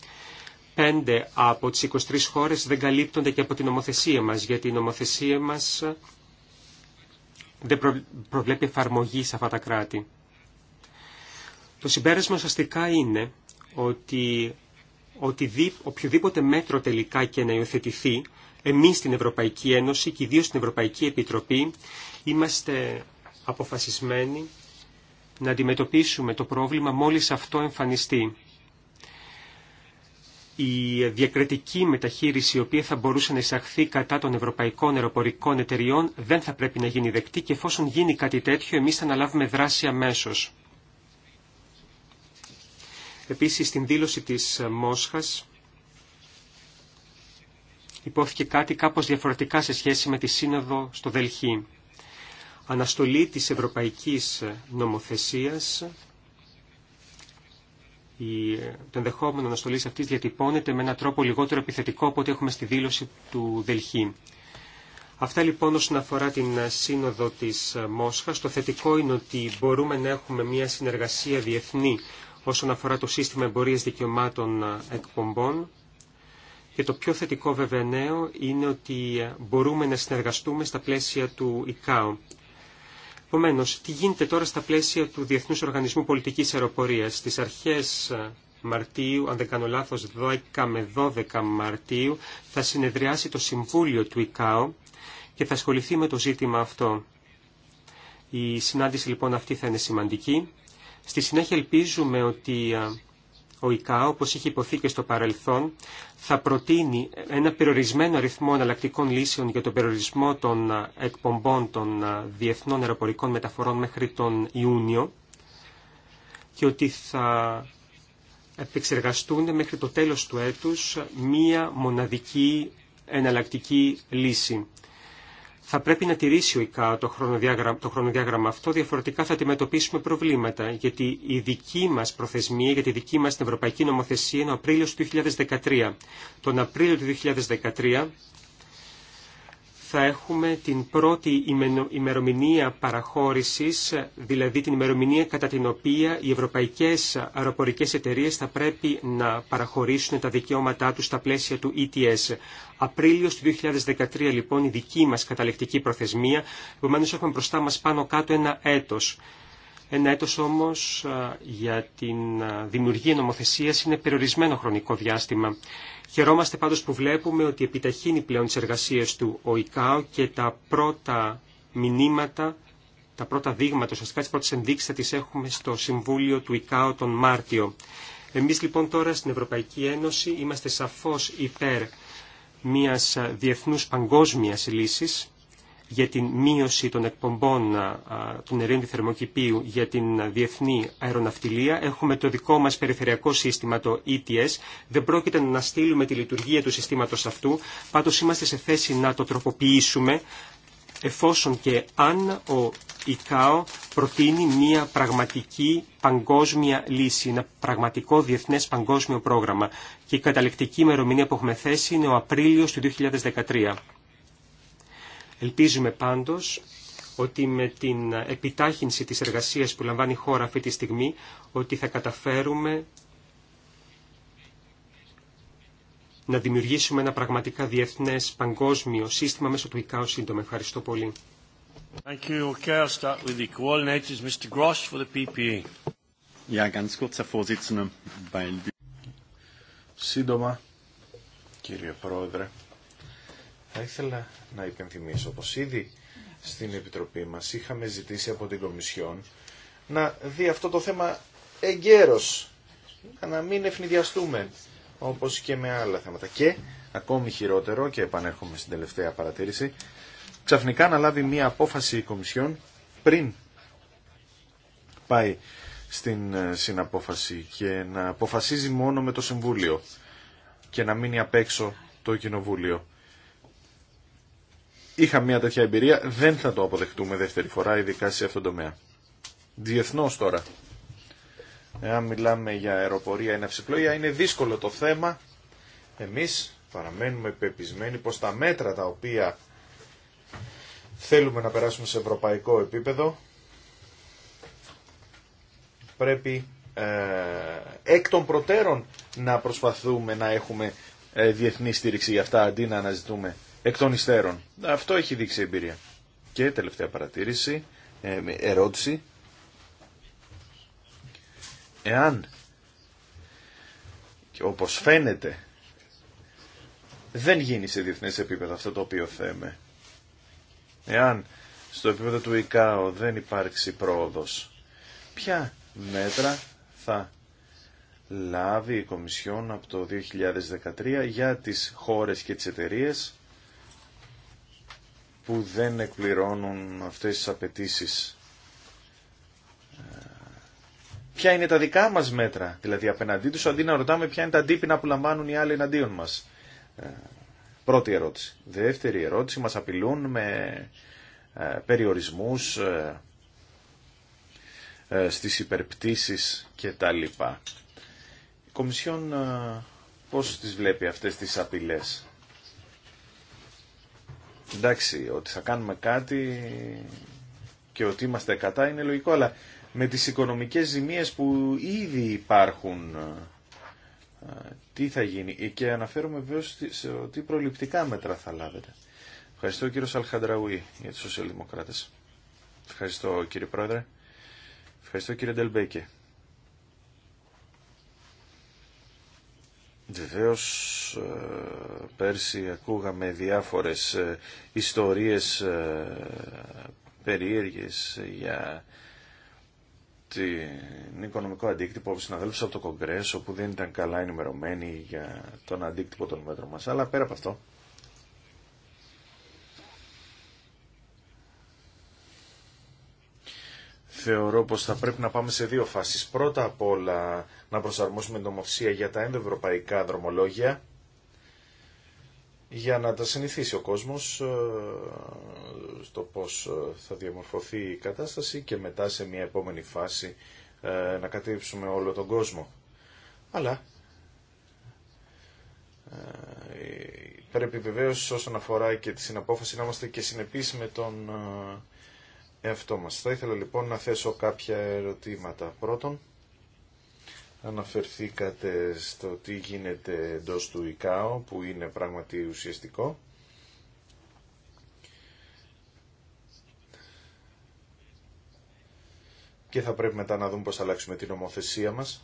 Speaker 2: Πέντε από τις 23 χώρες δεν καλύπτονται και από την νομοθεσία μας, γιατί η νομοθεσία μας δεν προβλέπει εφαρμογή σε αυτά τα κράτη. Το συμπέρασμα ουσιαστικά είναι ότι ότι οποιοδήποτε μέτρο τελικά και να υιοθετηθεί, εμείς στην Ευρωπαϊκή Ένωση και ιδίως στην Ευρωπαϊκή Επιτροπή είμαστε αποφασισμένοι να αντιμετωπίσουμε το πρόβλημα μόλις αυτό εμφανιστεί η διακριτική μεταχείριση η οποία θα μπορούσε να εισαχθεί κατά των ευρωπαϊκών αεροπορικών εταιριών δεν θα πρέπει να γίνει δεκτή και εφόσον γίνει κάτι τέτοιο εμείς θα αναλάβουμε δράση αμέσως. Επίσης στην δήλωση της Μόσχας υπόθηκε κάτι κάπως διαφορετικά σε σχέση με τη σύνοδο στο Δελχή. Αναστολή της ευρωπαϊκής νομοθεσίας το ενδεχόμενο αναστολή αυτή διατυπώνεται με έναν τρόπο λιγότερο επιθετικό από ό,τι έχουμε στη δήλωση του Δελχή. Αυτά λοιπόν όσον αφορά την σύνοδο της Μόσχα. Το θετικό είναι ότι μπορούμε να έχουμε μια συνεργασία διεθνή όσον αφορά το σύστημα εμπορίας δικαιωμάτων εκπομπών. Και το πιο θετικό βέβαια είναι ότι μπορούμε να συνεργαστούμε στα πλαίσια του ΙΚΑΟ, Επομένω, τι γίνεται τώρα στα πλαίσια του Διεθνού Οργανισμού Πολιτική Αεροπορία. Στι αρχέ ε, Μαρτίου, αν δεν κάνω λάθο, 12 με 12 Μαρτίου, θα συνεδριάσει το Συμβούλιο του ΙΚΑΟ και θα ασχοληθεί με το ζήτημα αυτό. Η συνάντηση λοιπόν αυτή θα είναι σημαντική. Στη συνέχεια ελπίζουμε ότι ε, ο ικαό, όπως είχε υποθεί και στο παρελθόν, θα προτείνει ένα περιορισμένο αριθμό εναλλακτικών λύσεων για τον περιορισμό των εκπομπών των διεθνών αεροπορικών μεταφορών μέχρι τον Ιούνιο και ότι θα επεξεργαστούν μέχρι το τέλος του έτους μία μοναδική εναλλακτική λύση θα πρέπει να τηρήσει ο ΙΚΑ το χρονοδιάγραμμα, αυτό, διαφορετικά θα αντιμετωπίσουμε προβλήματα, γιατί η δική μας προθεσμία, για τη δική μας την Ευρωπαϊκή Νομοθεσία είναι ο Απρίλιο του 2013. Τον Απρίλιο του 2013 θα έχουμε την πρώτη ημερομηνία παραχώρησης, δηλαδή την ημερομηνία κατά την οποία οι ευρωπαϊκές αεροπορικές εταιρείες θα πρέπει να παραχωρήσουν τα δικαιώματά τους στα πλαίσια του ETS. Απρίλιο του 2013 λοιπόν η δική μας καταλεκτική προθεσμία, επομένω έχουμε μπροστά μας πάνω κάτω ένα έτος. Ένα έτος όμως για την δημιουργία νομοθεσίας είναι περιορισμένο χρονικό διάστημα. Χαιρόμαστε πάντως που βλέπουμε ότι επιταχύνει πλέον τις εργασίες του ο ΙΚΑΟ και τα πρώτα μηνύματα, τα πρώτα δείγματα, ουσιαστικά τις πρώτες ενδείξεις θα τις έχουμε στο Συμβούλιο του ΙΚΑΟ τον Μάρτιο. Εμείς λοιπόν τώρα στην Ευρωπαϊκή Ένωση είμαστε σαφώς υπέρ μιας διεθνούς παγκόσμιας λύσης για την μείωση των εκπομπών του νερίου θερμοκηπίου για την διεθνή αεροναυτιλία. Έχουμε το δικό μας περιφερειακό σύστημα, το ETS. Δεν πρόκειται να στείλουμε τη λειτουργία του συστήματος αυτού, πάντως είμαστε σε θέση να το τροποποιήσουμε εφόσον και αν ο ΙΚΑΟ προτείνει μια πραγματική παγκόσμια λύση, ένα πραγματικό διεθνές παγκόσμιο πρόγραμμα. Και η καταληκτική ημερομηνία που έχουμε θέσει είναι ο Απρίλιος του 2013. Ελπίζουμε πάντως ότι με την επιτάχυνση της εργασίας που λαμβάνει η χώρα αυτή τη στιγμή, ότι θα καταφέρουμε να δημιουργήσουμε ένα πραγματικά διεθνές παγκόσμιο σύστημα μέσω του ΙΚΑΟ σύντομα. Ευχαριστώ πολύ.
Speaker 1: Σύντομα, κύριε Πρόεδρε, θα ήθελα να υπενθυμίσω πως ήδη στην Επιτροπή μας είχαμε ζητήσει από την Κομισιόν να δει αυτό το θέμα εγκαίρως, να μην ευνηδιαστούμε όπως και με άλλα θέματα. Και ακόμη χειρότερο, και επανέρχομαι στην τελευταία παρατήρηση, ξαφνικά να λάβει μια απόφαση η Κομισιόν πριν πάει στην ε, συναπόφαση και να αποφασίζει μόνο με το Συμβούλιο και να μείνει απ' έξω το Κοινοβούλιο είχα μια τέτοια εμπειρία, δεν θα το αποδεχτούμε δεύτερη φορά, ειδικά σε αυτόν τον τομέα. Διεθνώ τώρα. Εάν μιλάμε για αεροπορία ή ναυσιπλοεία, είναι δύσκολο το θέμα. Εμείς παραμένουμε πεπισμένοι πως τα μέτρα τα οποία θέλουμε να περάσουμε σε ευρωπαϊκό επίπεδο πρέπει ε, εκ των προτέρων να προσπαθούμε να έχουμε ε, διεθνή στήριξη για αυτά αντί να αναζητούμε εκ των υστέρων. Αυτό έχει δείξει εμπειρία. Και τελευταία παρατήρηση, ε, ερώτηση. Εάν, και όπως φαίνεται, δεν γίνει σε διεθνές επίπεδο αυτό το οποίο θέμε. Εάν στο επίπεδο του ΙΚΑΟ δεν υπάρξει πρόοδος, ποια μέτρα θα λάβει η Κομισιόν από το 2013 για τις χώρες και τις εταιρείες που δεν εκπληρώνουν αυτές τις απαιτήσει. Ε, ποια είναι τα δικά μας μέτρα, δηλαδή απέναντί τους, αντί να ρωτάμε ποια είναι τα αντίπεινα που λαμβάνουν οι άλλοι εναντίον μας. Ε, πρώτη ερώτηση. Δεύτερη ερώτηση, μας απειλούν με ε, περιορισμούς στις υπερπτήσεις και τα λοιπά. Η Κομισιόν πώς τις βλέπει αυτές τις απειλές εντάξει, ότι θα κάνουμε κάτι και ότι είμαστε κατά είναι λογικό, αλλά με τις οικονομικές ζημίες που ήδη υπάρχουν, ε, τι θα γίνει. Και αναφέρουμε βέβαια σε τι προληπτικά μέτρα θα λάβετε. Ευχαριστώ κύριο Σαλχαντραουή για τους σοσιαλδημοκράτες. Ευχαριστώ κύριε Πρόεδρε. Ευχαριστώ κύριε Ντελμπέκε. Βεβαίω, ε, πέρσι ακούγαμε διάφορες ε, ιστορίες ε, περίεργες για την οικονομικό αντίκτυπο από συναδέλφους από το Κογκρέσο που δεν ήταν καλά ενημερωμένοι για τον αντίκτυπο των μέτρων μας. Αλλά πέρα από αυτό, θεωρώ πως θα πρέπει να πάμε σε δύο φάσεις. Πρώτα απ' όλα να προσαρμόσουμε νομοθεσία για τα ενδοευρωπαϊκά δρομολόγια για να τα συνηθίσει ο κόσμος ε, στο πώς ε, θα διαμορφωθεί η κατάσταση και μετά σε μια επόμενη φάση ε, να κατήψουμε όλο τον κόσμο. Αλλά πρέπει βεβαίως όσον αφορά και τη συναπόφαση να είμαστε και συνεπείς με τον εαυτό μας. Θα ήθελα λοιπόν να θέσω κάποια ερωτήματα. Πρώτον, αναφερθήκατε στο τι γίνεται εντό του ΙΚΑΟ, που είναι πράγματι ουσιαστικό. Και θα πρέπει μετά να δούμε πώς θα αλλάξουμε την ομοθεσία μας.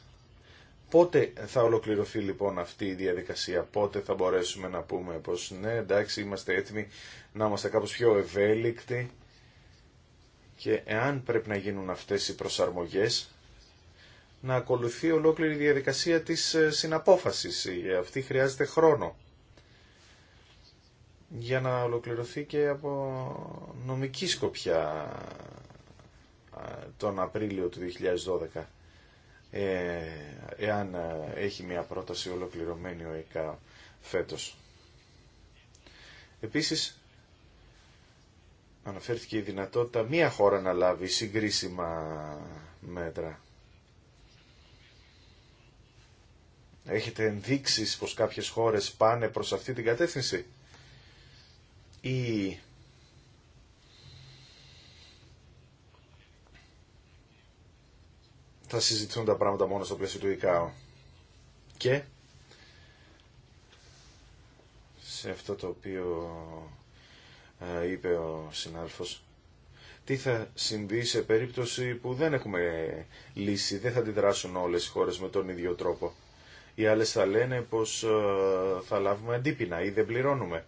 Speaker 1: Πότε θα ολοκληρωθεί λοιπόν αυτή η διαδικασία, πότε θα μπορέσουμε να πούμε πως ναι εντάξει είμαστε έτοιμοι να είμαστε κάπως πιο ευέλικτοι και εάν πρέπει να γίνουν αυτές οι προσαρμογές, να ακολουθεί ολόκληρη διαδικασία της ε, συναπόφασης. Ε, αυτή χρειάζεται χρόνο για να ολοκληρωθεί και από νομική σκοπιά ε, τον Απρίλιο του 2012 εάν έχει μια πρόταση ολοκληρωμένη ο ΕΚΑ φέτος. Επίσης αναφέρθηκε η δυνατότητα μία χώρα να λάβει συγκρίσιμα μέτρα. Έχετε ενδείξεις πως κάποιες χώρες πάνε προς αυτή την κατεύθυνση ή θα συζητηθούν τα πράγματα μόνο στο πλαίσιο του ΙΚΑΟ. Και σε αυτό το οποίο ε, είπε ο συνάδελφος, τι θα συμβεί σε περίπτωση που δεν έχουμε λύση, δεν θα αντιδράσουν όλες οι χώρες με τον ίδιο τρόπο. Οι άλλες θα λένε πως ε, θα λάβουμε αντίπεινα ή δεν πληρώνουμε.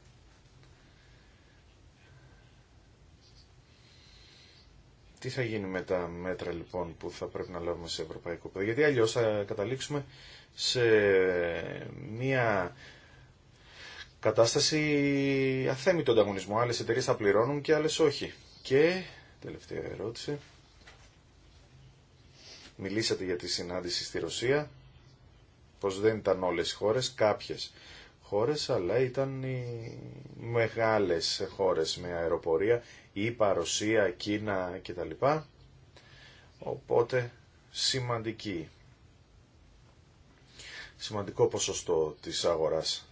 Speaker 1: Τι θα γίνει με τα μέτρα λοιπόν που θα πρέπει να λάβουμε σε ευρωπαϊκό παιδί. γιατί αλλιώς θα καταλήξουμε σε μία κατάσταση αθέμητο ανταγωνισμό. Άλλες εταιρείε θα πληρώνουν και άλλε όχι. Και τελευταία ερώτηση. Μιλήσατε για τη συνάντηση στη Ρωσία, πως δεν ήταν όλε οι χώρες, κάποιες χώρες, αλλά ήταν οι μεγάλες χώρες με αεροπορία, Ήπα, Ρωσία, Κίνα κτλ. Οπότε σημαντική, σημαντικό ποσοστό της αγοράς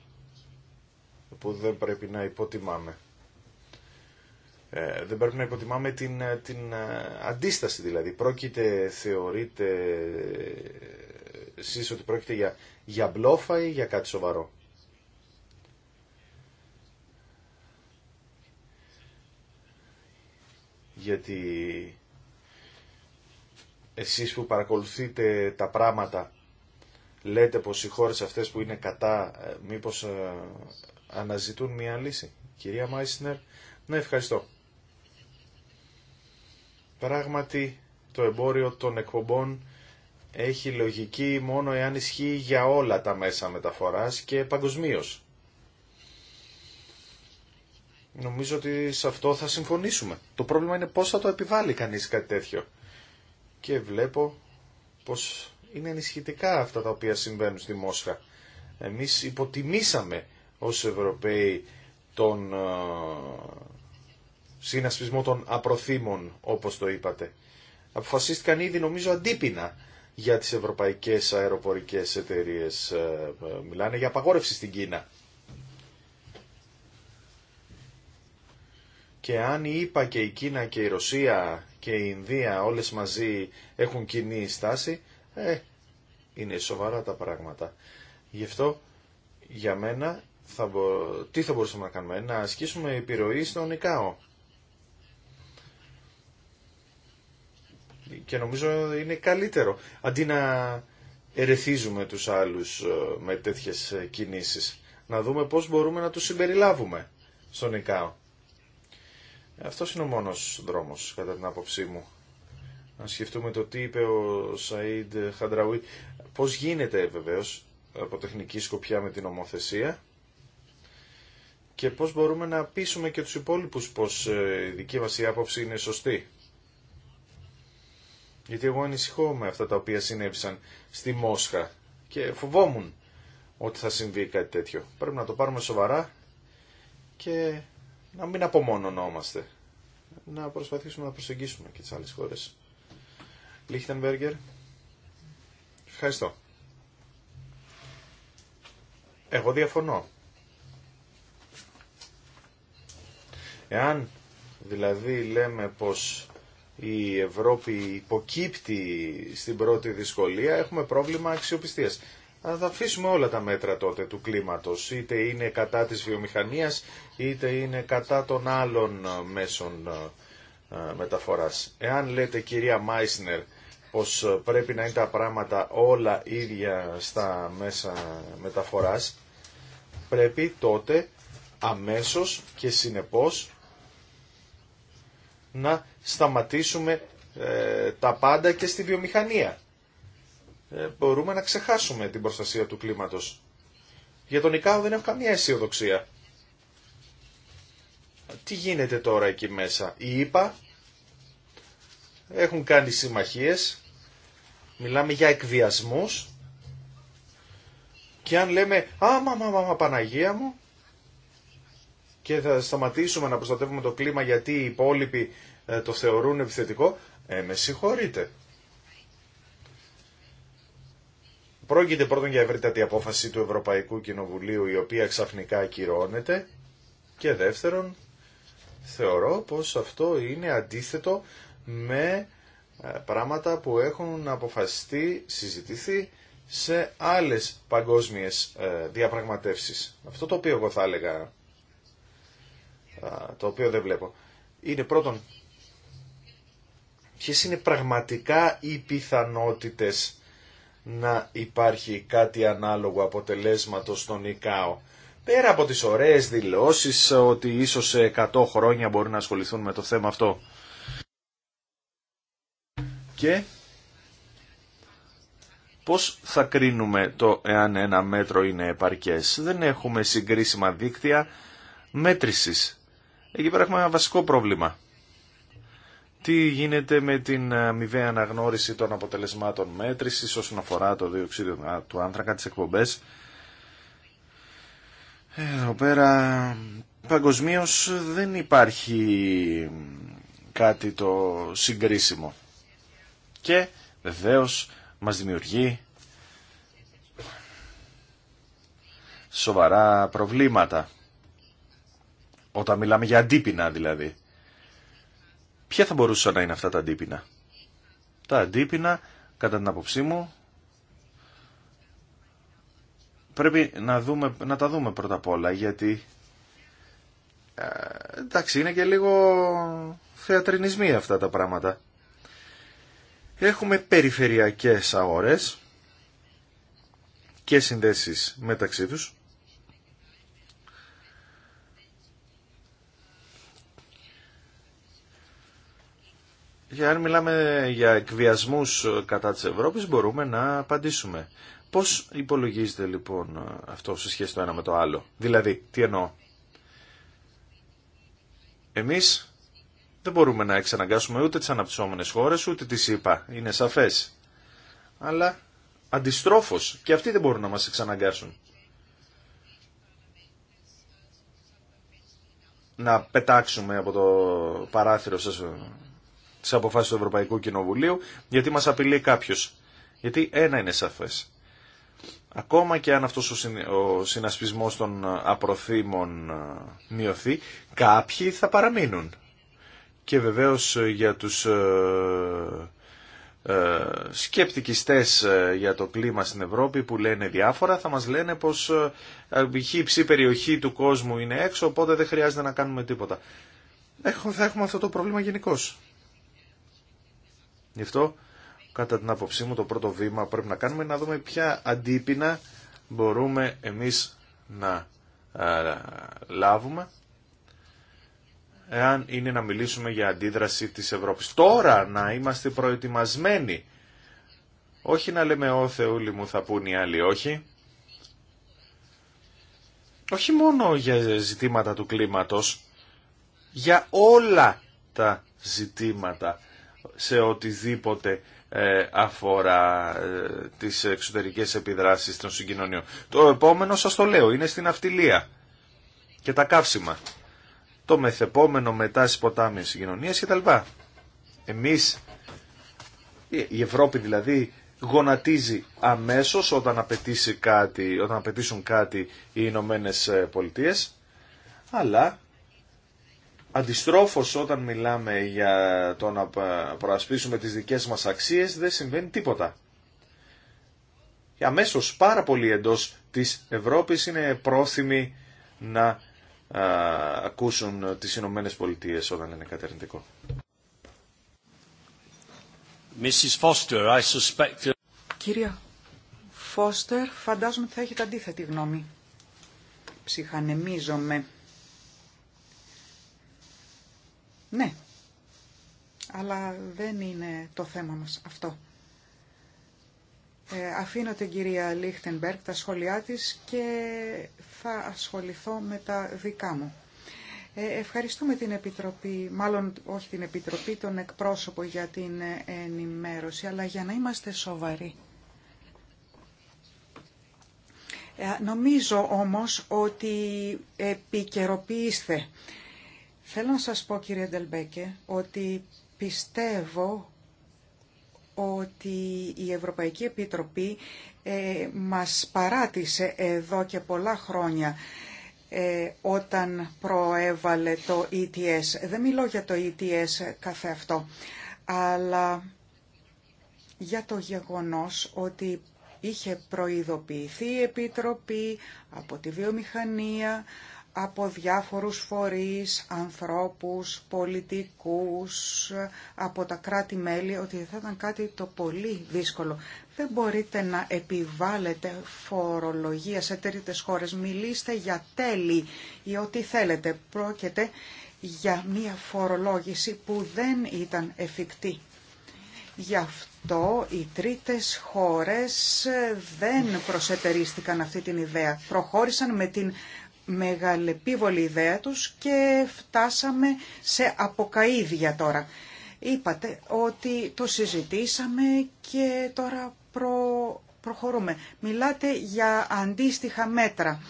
Speaker 1: που δεν πρέπει να υποτιμάμε. Ε, δεν πρέπει να υποτιμάμε την, ε, την ε, αντίσταση δηλαδή. Πρόκειται, θεωρείτε εσείς ότι πρόκειται για, για μπλόφα ή για κάτι σοβαρό. Γιατί εσείς που παρακολουθείτε τα πράγματα λέτε πως οι χώρες αυτές που είναι κατά ε, μήπως αναζητούν μια λύση. Κυρία Μάισνερ, ναι ευχαριστώ. Πράγματι το εμπόριο των εκπομπών έχει λογική μόνο εάν ισχύει για όλα τα μέσα μεταφοράς και παγκοσμίω. Νομίζω ότι σε αυτό θα συμφωνήσουμε. Το πρόβλημα είναι πώς θα το επιβάλλει κανείς κάτι τέτοιο. Και βλέπω πως είναι ενισχυτικά αυτά τα οποία συμβαίνουν στη Μόσχα. Εμείς υποτιμήσαμε ως Ευρωπαίοι τον ε, συνασπισμό των απροθύμων, όπως το είπατε. Αποφασίστηκαν ήδη νομίζω αντίπεινα για τις ευρωπαϊκές αεροπορικές εταιρείες. Ε, ε, μιλάνε για απαγόρευση στην Κίνα. Και αν η και η Κίνα και η Ρωσία και η Ινδία όλες μαζί έχουν κοινή στάση, ε, είναι σοβαρά τα πράγματα. Γι' αυτό για μένα θα μπο... τι θα μπορούσαμε να κάνουμε, να ασκήσουμε επιρροή στον ΙΚΑΟ. Και νομίζω είναι καλύτερο, αντί να ερεθίζουμε τους άλλους ε, με τέτοιες ε, κινήσεις, να δούμε πώς μπορούμε να τους συμπεριλάβουμε στον ΙΚΑΟ. Αυτός είναι ο μόνος δρόμος, κατά την άποψή μου. Να σκεφτούμε το τι είπε ο Σαΐντ Χαντραουί. Πώς γίνεται βεβαίως από τεχνική σκοπιά με την ομοθεσία και πώς μπορούμε να πείσουμε και τους υπόλοιπους πως ε, η δική μας άποψη είναι σωστή. Γιατί εγώ ανησυχώ με αυτά τα οποία συνέβησαν στη Μόσχα και φοβόμουν ότι θα συμβεί κάτι τέτοιο. Πρέπει να το πάρουμε σοβαρά και να μην απομονωνόμαστε. Να προσπαθήσουμε να προσεγγίσουμε και τις άλλες χώρες. Λίχτενμπέργκερ. Ευχαριστώ. Εγώ διαφωνώ. Εάν δηλαδή λέμε πως η Ευρώπη υποκύπτει στην πρώτη δυσκολία, έχουμε πρόβλημα αξιοπιστίας. Θα αφήσουμε όλα τα μέτρα τότε του κλίματος, είτε είναι κατά της βιομηχανίας, είτε είναι κατά των άλλων μέσων ε, ε, μεταφοράς. Εάν λέτε κυρία Μάισνερ πως πρέπει να είναι τα πράγματα όλα ίδια στα μέσα μεταφοράς, πρέπει τότε αμέσως και συνεπώς να σταματήσουμε ε, τα πάντα και στη βιομηχανία. Ε, μπορούμε να ξεχάσουμε την προστασία του κλίματος. Για τον ΙΚΑΟ δεν έχω καμία αισιοδοξία. Τι γίνεται τώρα εκεί μέσα. Οι ΙΠΑ έχουν κάνει συμμαχίες, μιλάμε για εκβιασμούς και αν λέμε άμα, μα, μα, μα, Παναγία μου», και θα σταματήσουμε να προστατεύουμε το κλίμα γιατί οι υπόλοιποι ε, το θεωρούν επιθετικό, ε, με συγχωρείτε. Πρόκειται πρώτον για ευρύτατη απόφαση του Ευρωπαϊκού Κοινοβουλίου η οποία ξαφνικά ακυρώνεται και δεύτερον θεωρώ πως αυτό είναι αντίθετο με ε, πράγματα που έχουν αποφασιστεί, συζητηθεί σε άλλες παγκόσμιες ε, διαπραγματεύσεις. Αυτό το οποίο εγώ θα έλεγα το οποίο δεν βλέπω, είναι πρώτον, ποιες είναι πραγματικά οι πιθανότητες να υπάρχει κάτι ανάλογο αποτελέσματος στον ΙΚΑΟ. Πέρα από τις ωραίες δηλώσεις ότι ίσως σε 100 χρόνια μπορεί να ασχοληθούν με το θέμα αυτό. Και πώς θα κρίνουμε το εάν ένα μέτρο είναι επαρκές. Δεν έχουμε συγκρίσιμα δίκτυα μέτρησης Εκεί πέρα έχουμε ένα βασικό πρόβλημα. Τι γίνεται με την αμοιβαία ε, αναγνώριση των αποτελεσμάτων μέτρηση, όσον αφορά το διοξείδιο του άνθρακα, τι εκπομπέ. Ε, εδώ πέρα παγκοσμίω δεν υπάρχει κάτι το συγκρίσιμο. Και βεβαίω μα δημιουργεί σοβαρά προβλήματα όταν μιλάμε για αντίπεινα δηλαδή. Ποια θα μπορούσαν να είναι αυτά τα αντίπεινα. Τα αντίπεινα, κατά την άποψή μου, πρέπει να, να τα δούμε πρώτα απ' όλα, γιατί ε, εντάξει, είναι και λίγο θεατρινισμοί αυτά τα πράγματα. Έχουμε περιφερειακές αγορές και συνδέσεις μεταξύ τους Για αν μιλάμε για εκβιασμούς κατά της Ευρώπης μπορούμε να απαντήσουμε. Πώς υπολογίζεται λοιπόν αυτό σε σχέση το ένα με το άλλο. Δηλαδή, τι εννοώ. Εμείς δεν μπορούμε να εξαναγκάσουμε ούτε τις αναπτυσσόμενες χώρες, ούτε τις είπα. Είναι σαφές. Αλλά αντιστρόφως και αυτοί δεν μπορούν να μας εξαναγκάσουν. Να πετάξουμε από το παράθυρο σας τις αποφάσεις του Ευρωπαϊκού Κοινοβουλίου γιατί μα απειλεί κάποιο. Γιατί ένα είναι σαφέ. Ακόμα και αν αυτό ο συνασπισμό των ε, απροθύμων ε, μειωθεί, κάποιοι θα παραμείνουν. Και βεβαίω ε, για τους σκεπτικιστές για το κλίμα στην Ευρώπη που λένε διάφορα θα μας λένε πως η υψή περιοχή του κόσμου είναι έξω οπότε δεν χρειάζεται να κάνουμε τίποτα. θα έχουμε αυτό το πρόβλημα γενικώ. Γι' αυτό, κατά την άποψή μου, το πρώτο βήμα πρέπει να κάνουμε είναι να δούμε ποια αντίπεινα μπορούμε εμείς να λάβουμε εάν είναι να μιλήσουμε για αντίδραση της Ευρώπης. Τώρα να είμαστε προετοιμασμένοι. Όχι να λέμε «Ω Θεούλη μου θα πούν οι άλλοι όχι». Όχι μόνο για ζητήματα του κλίματος, για όλα τα ζητήματα σε οτιδήποτε ε, αφορά ε, τις εξωτερικές επιδράσεις των συγκοινωνιών. Το επόμενο σας το λέω, είναι στην αυτιλία και τα καύσιμα. Το μεθεπόμενο μετά στις ποτάμιες συγκοινωνίες κτλ. Εμείς, η Ευρώπη δηλαδή, γονατίζει αμέσως όταν, απαιτήσει κάτι, όταν απαιτήσουν κάτι οι Ηνωμένε Πολιτείε, αλλά Αντιστρόφως όταν μιλάμε για το να προασπίσουμε τις δικές μας αξίες δεν συμβαίνει τίποτα. Και αμέσως πάρα πολύ εντός της Ευρώπης είναι πρόθυμοι να ακούσουν τις Ηνωμένε Πολιτείε όταν είναι κατερνητικό. Suspect...
Speaker 3: Κυρία Φώστερ, φαντάζομαι θα έχετε αντίθετη γνώμη. Ψυχανεμίζομαι. Ναι, αλλά δεν είναι το θέμα μας αυτό. Ε, αφήνω την κυρία Λίχτενμπερκ τα σχόλιά της και θα ασχοληθώ με τα δικά μου. Ε, ευχαριστούμε την Επιτροπή, μάλλον όχι την Επιτροπή, τον εκπρόσωπο για την ενημέρωση, αλλά για να είμαστε σοβαροί. Ε, νομίζω όμως ότι επικαιροποιήστε Θέλω να σας πω κύριε Ντελμπέκε ότι πιστεύω ότι η Ευρωπαϊκή Επιτροπή ε, μας παράτησε εδώ και πολλά χρόνια ε, όταν προέβαλε το ETS. Δεν μιλώ για το ETS καθε αυτό, αλλά για το γεγονός ότι είχε προειδοποιηθεί η Επιτροπή από τη βιομηχανία, από διάφορους φορείς, ανθρώπους, πολιτικούς, από τα κράτη-μέλη, ότι θα ήταν κάτι το πολύ δύσκολο. Δεν μπορείτε να επιβάλλετε φορολογία σε τρίτες χώρες. Μιλήστε για τέλη ή ό,τι θέλετε. Πρόκειται για μία φορολόγηση που δεν ήταν εφικτή. Γι' αυτό οι τρίτες χώρες δεν προσετερίστηκαν αυτή την ιδέα. Προχώρησαν με την μεγαλεπίβολη ιδέα τους και φτάσαμε σε αποκαίδια τώρα. Είπατε ότι το συζητήσαμε και τώρα προχωρούμε. Μιλάτε για αντίστοιχα μέτρα.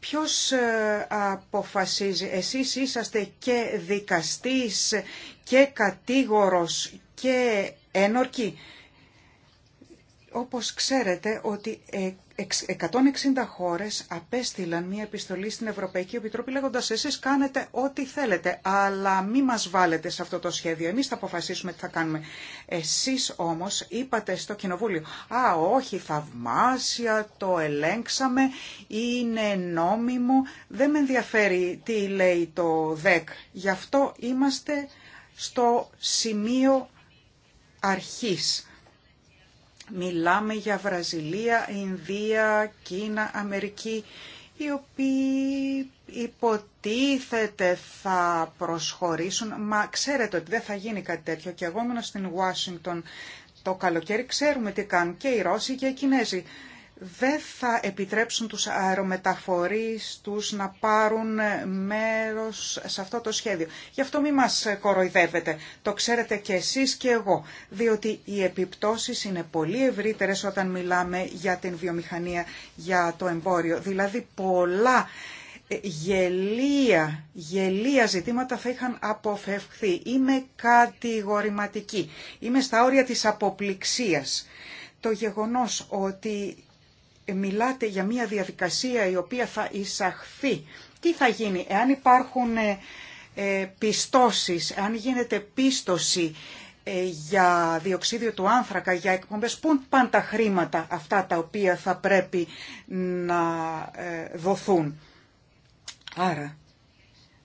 Speaker 3: Ποιος ε, αποφασίζει, εσείς είσαστε και δικαστής και κατήγορος και ένορκη. Όπως ξέρετε ότι 160 χώρες απέστειλαν μία επιστολή στην Ευρωπαϊκή Επιτροπή λέγοντας εσείς κάνετε ό,τι θέλετε, αλλά μη μας βάλετε σε αυτό το σχέδιο, εμείς θα αποφασίσουμε τι θα κάνουμε. Εσείς όμως είπατε στο Κοινοβούλιο, α όχι θαυμάσια, το ελέγξαμε, είναι νόμιμο, δεν με ενδιαφέρει τι λέει το ΔΕΚ, γι' αυτό είμαστε στο σημείο αρχής Μιλάμε για Βραζιλία, Ινδία, Κίνα, Αμερική, οι οποίοι υποτίθεται θα προσχωρήσουν, μα ξέρετε ότι δεν θα γίνει κάτι τέτοιο. Και εγώ ήμουν στην Ουάσιγκτον το καλοκαίρι, ξέρουμε τι κάνουν και οι Ρώσοι και οι Κινέζοι δεν θα επιτρέψουν τους αερομεταφορείς τους να πάρουν μέρος σε αυτό το σχέδιο. Γι' αυτό μη μας κοροϊδεύετε. Το ξέρετε και εσείς και εγώ, διότι οι επιπτώσεις είναι πολύ ευρύτερες όταν μιλάμε για την βιομηχανία, για το εμπόριο. Δηλαδή πολλά ε, γελία, γελία ζητήματα θα είχαν αποφευχθεί. Είμαι κατηγορηματική. Είμαι στα όρια της αποπληξίας το γεγονός ότι μιλάτε για μια διαδικασία η οποία θα εισαχθεί. Τι θα γίνει εάν υπάρχουν ε, ε, πιστώσεις, εάν γίνεται πίστοση ε, για διοξίδιο του άνθρακα, για εκπομπές, πού πάνε τα χρήματα αυτά τα οποία θα πρέπει να δοθούν. Άρα,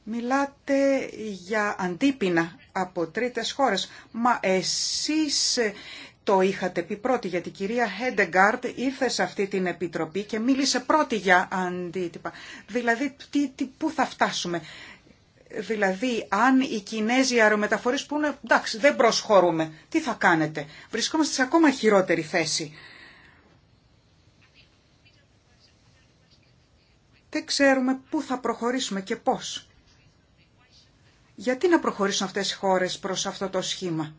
Speaker 3: μιλάτε για αντίπεινα από τρίτες χώρες. Μα εσείς το είχατε πει πρώτη, γιατί η κυρία Χέντεγκάρτ ήρθε σε αυτή την επιτροπή και μίλησε πρώτη για αντίτυπα. Δηλαδή, τι, πού θα φτάσουμε. Δηλαδή, αν οι Κινέζοι που είναι εντάξει, δεν προσχωρούμε, τι θα κάνετε. Βρισκόμαστε σε ακόμα χειρότερη θέση. Δεν ξέρουμε πού θα προχωρήσουμε και πώς. Γιατί να προχωρήσουν αυτές οι χώρες προς αυτό το σχήμα.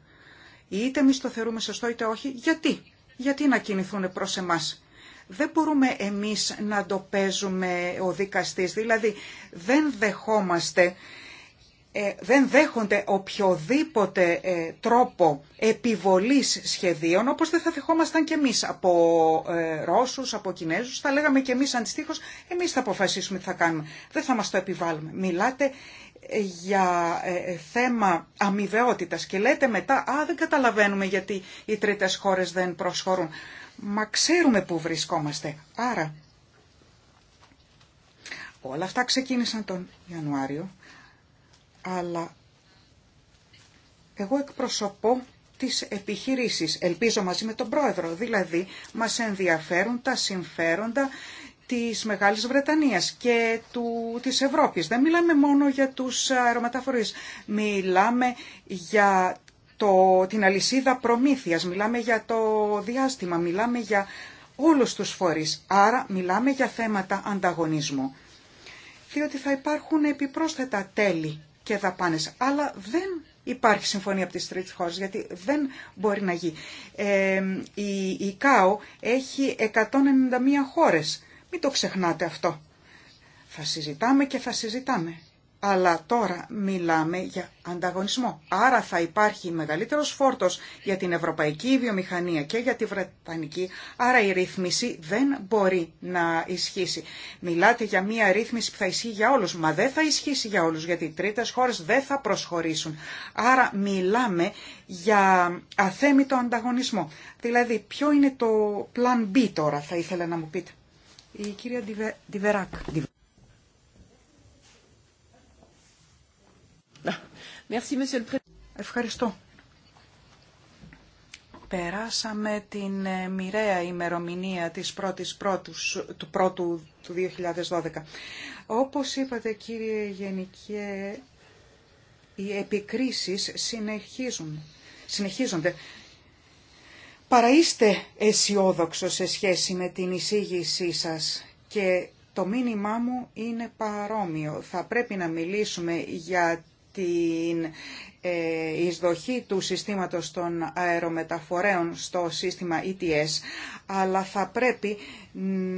Speaker 3: Είτε εμεί το θεωρούμε σωστό είτε όχι. Γιατί. Γιατί να κινηθούν προς εμάς. Δεν μπορούμε εμείς να το παίζουμε ο δικαστή, Δηλαδή δεν δεχόμαστε, ε, δεν δέχονται οποιοδήποτε ε, τρόπο επιβολής σχεδίων, όπως δεν θα δεχόμασταν και εμείς από ε, Ρώσους, από Κινέζους. Θα λέγαμε και εμείς αντιστοίχως, εμείς θα αποφασίσουμε τι θα κάνουμε. Δεν θα μας το επιβάλλουμε. Μιλάτε για ε, ε, θέμα αμοιβαιότητας και λέτε μετά «Α, δεν καταλαβαίνουμε γιατί οι τρίτες χώρες δεν προσχωρούν». Μα ξέρουμε πού βρισκόμαστε. Άρα, όλα αυτά ξεκίνησαν τον Ιανουάριο, αλλά εγώ εκπροσωπώ τις επιχειρήσεις, ελπίζω μαζί με τον πρόεδρο, δηλαδή μας ενδιαφέρουν τα συμφέροντα της Μεγάλης Βρετανίας και του, της Ευρώπης. Δεν μιλάμε μόνο για τους αερομεταφορείς. Μιλάμε για το, την αλυσίδα προμήθειας, μιλάμε για το διάστημα, μιλάμε για όλους τους φορείς. Άρα μιλάμε για θέματα ανταγωνισμού. Διότι θα υπάρχουν επιπρόσθετα τέλη και δαπάνες. Αλλά δεν υπάρχει συμφωνία από τις τρίτες χώρες, γιατί δεν μπορεί να γίνει. Ε, η, η ΚΑΟ έχει 191 χώρες μην το ξεχνάτε αυτό. Θα συζητάμε και θα συζητάμε. Αλλά τώρα μιλάμε για ανταγωνισμό. Άρα θα υπάρχει μεγαλύτερος φόρτος για την ευρωπαϊκή βιομηχανία και για τη βρετανική. Άρα η ρύθμιση δεν μπορεί να ισχύσει. Μιλάτε για μια ρύθμιση που θα ισχύει για όλους. Μα δεν θα ισχύσει για όλους γιατί οι τρίτες χώρες δεν θα προσχωρήσουν. Άρα μιλάμε για αθέμητο ανταγωνισμό. Δηλαδή ποιο είναι το plan B τώρα θα ήθελα να μου πείτε. Η κυρία Διβεράκ. Ευχαριστώ. Περάσαμε την ε, μοιραία ημερομηνία της πρώτης πρώτους, του πρώτου του 2012. Όπως είπατε κύριε Γενικέ, οι επικρίσεις συνεχίζουν, συνεχίζονται παρά είστε αισιόδοξο σε σχέση με την εισήγησή σας και το μήνυμά μου είναι παρόμοιο. Θα πρέπει να μιλήσουμε για την ε, εισδοχή του συστήματος των αερομεταφορέων στο σύστημα ETS, αλλά θα πρέπει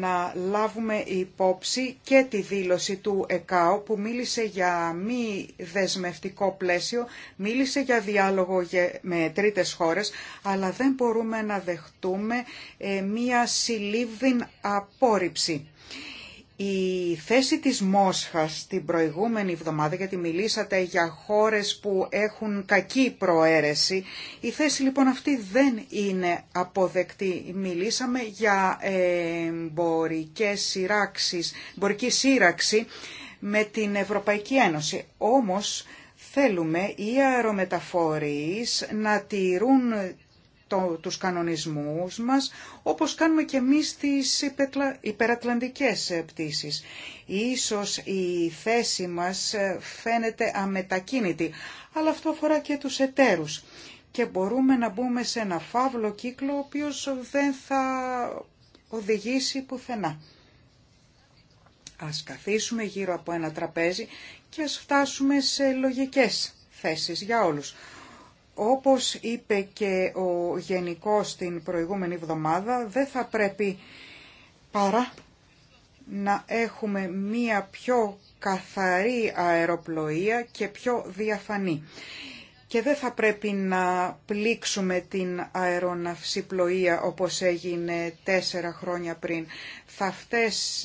Speaker 3: να λάβουμε υπόψη και τη δήλωση του ΕΚΑΟ που μίλησε για μη δεσμευτικό πλαίσιο, μίλησε για διάλογο με τρίτες χώρες, αλλά δεν μπορούμε να δεχτούμε ε, μία συλλήβδην απόρριψη η θέση της Μόσχας την προηγούμενη εβδομάδα, γιατί μιλήσατε για χώρες που έχουν κακή προαίρεση, η θέση λοιπόν αυτή δεν είναι αποδεκτή. Μιλήσαμε για εμπορικές εμπορική σύραξη με την Ευρωπαϊκή Ένωση. Όμως θέλουμε οι αερομεταφορείς να τηρούν το, τους κανονισμούς μας, όπως κάνουμε και εμείς τις υπερατλαντικές ε, πτήσεις. Ίσως η θέση μας ε, φαίνεται αμετακίνητη, αλλά αυτό αφορά και τους εταίρους. Και μπορούμε να μπούμε σε ένα φαύλο κύκλο, ο οποίος δεν θα οδηγήσει πουθενά. Ας καθίσουμε γύρω από ένα τραπέζι και ας φτάσουμε σε λογικές θέσεις για όλους. Όπως είπε και ο Γενικός την προηγούμενη εβδομάδα, δεν θα πρέπει παρά να έχουμε μία πιο καθαρή αεροπλοεία και πιο διαφανή. Και δεν θα πρέπει να πλήξουμε την αεροναυσιπλοεία όπως έγινε τέσσερα χρόνια πριν. Θα,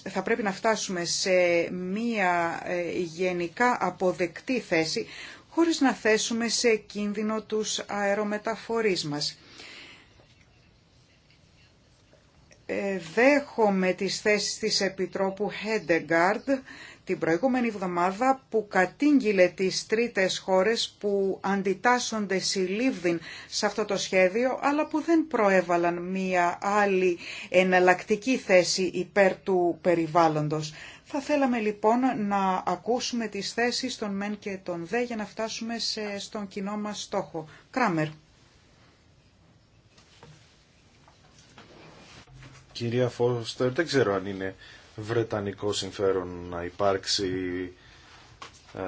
Speaker 3: θα πρέπει να φτάσουμε σε μία ε, γενικά αποδεκτή θέση χωρίς να θέσουμε σε κίνδυνο τους αερομεταφορείς μας. Ε, δέχομαι τις θέσεις της Επιτρόπου Χέντεγκάρντ την προηγούμενη εβδομάδα που κατήγγειλε τις τρίτες χώρες που αντιτάσσονται συλλήβδιν σε αυτό το σχέδιο αλλά που δεν προέβαλαν μία άλλη εναλλακτική θέση υπέρ του περιβάλλοντος. Θα θέλαμε λοιπόν να ακούσουμε τις θέσεις των ΜΕΝ και των ΔΕ για να φτάσουμε στον κοινό μας στόχο. Κράμερ.
Speaker 1: Κυρία Φώστερ, δεν ξέρω αν είναι βρετανικό συμφέρον να υπάρξει ε,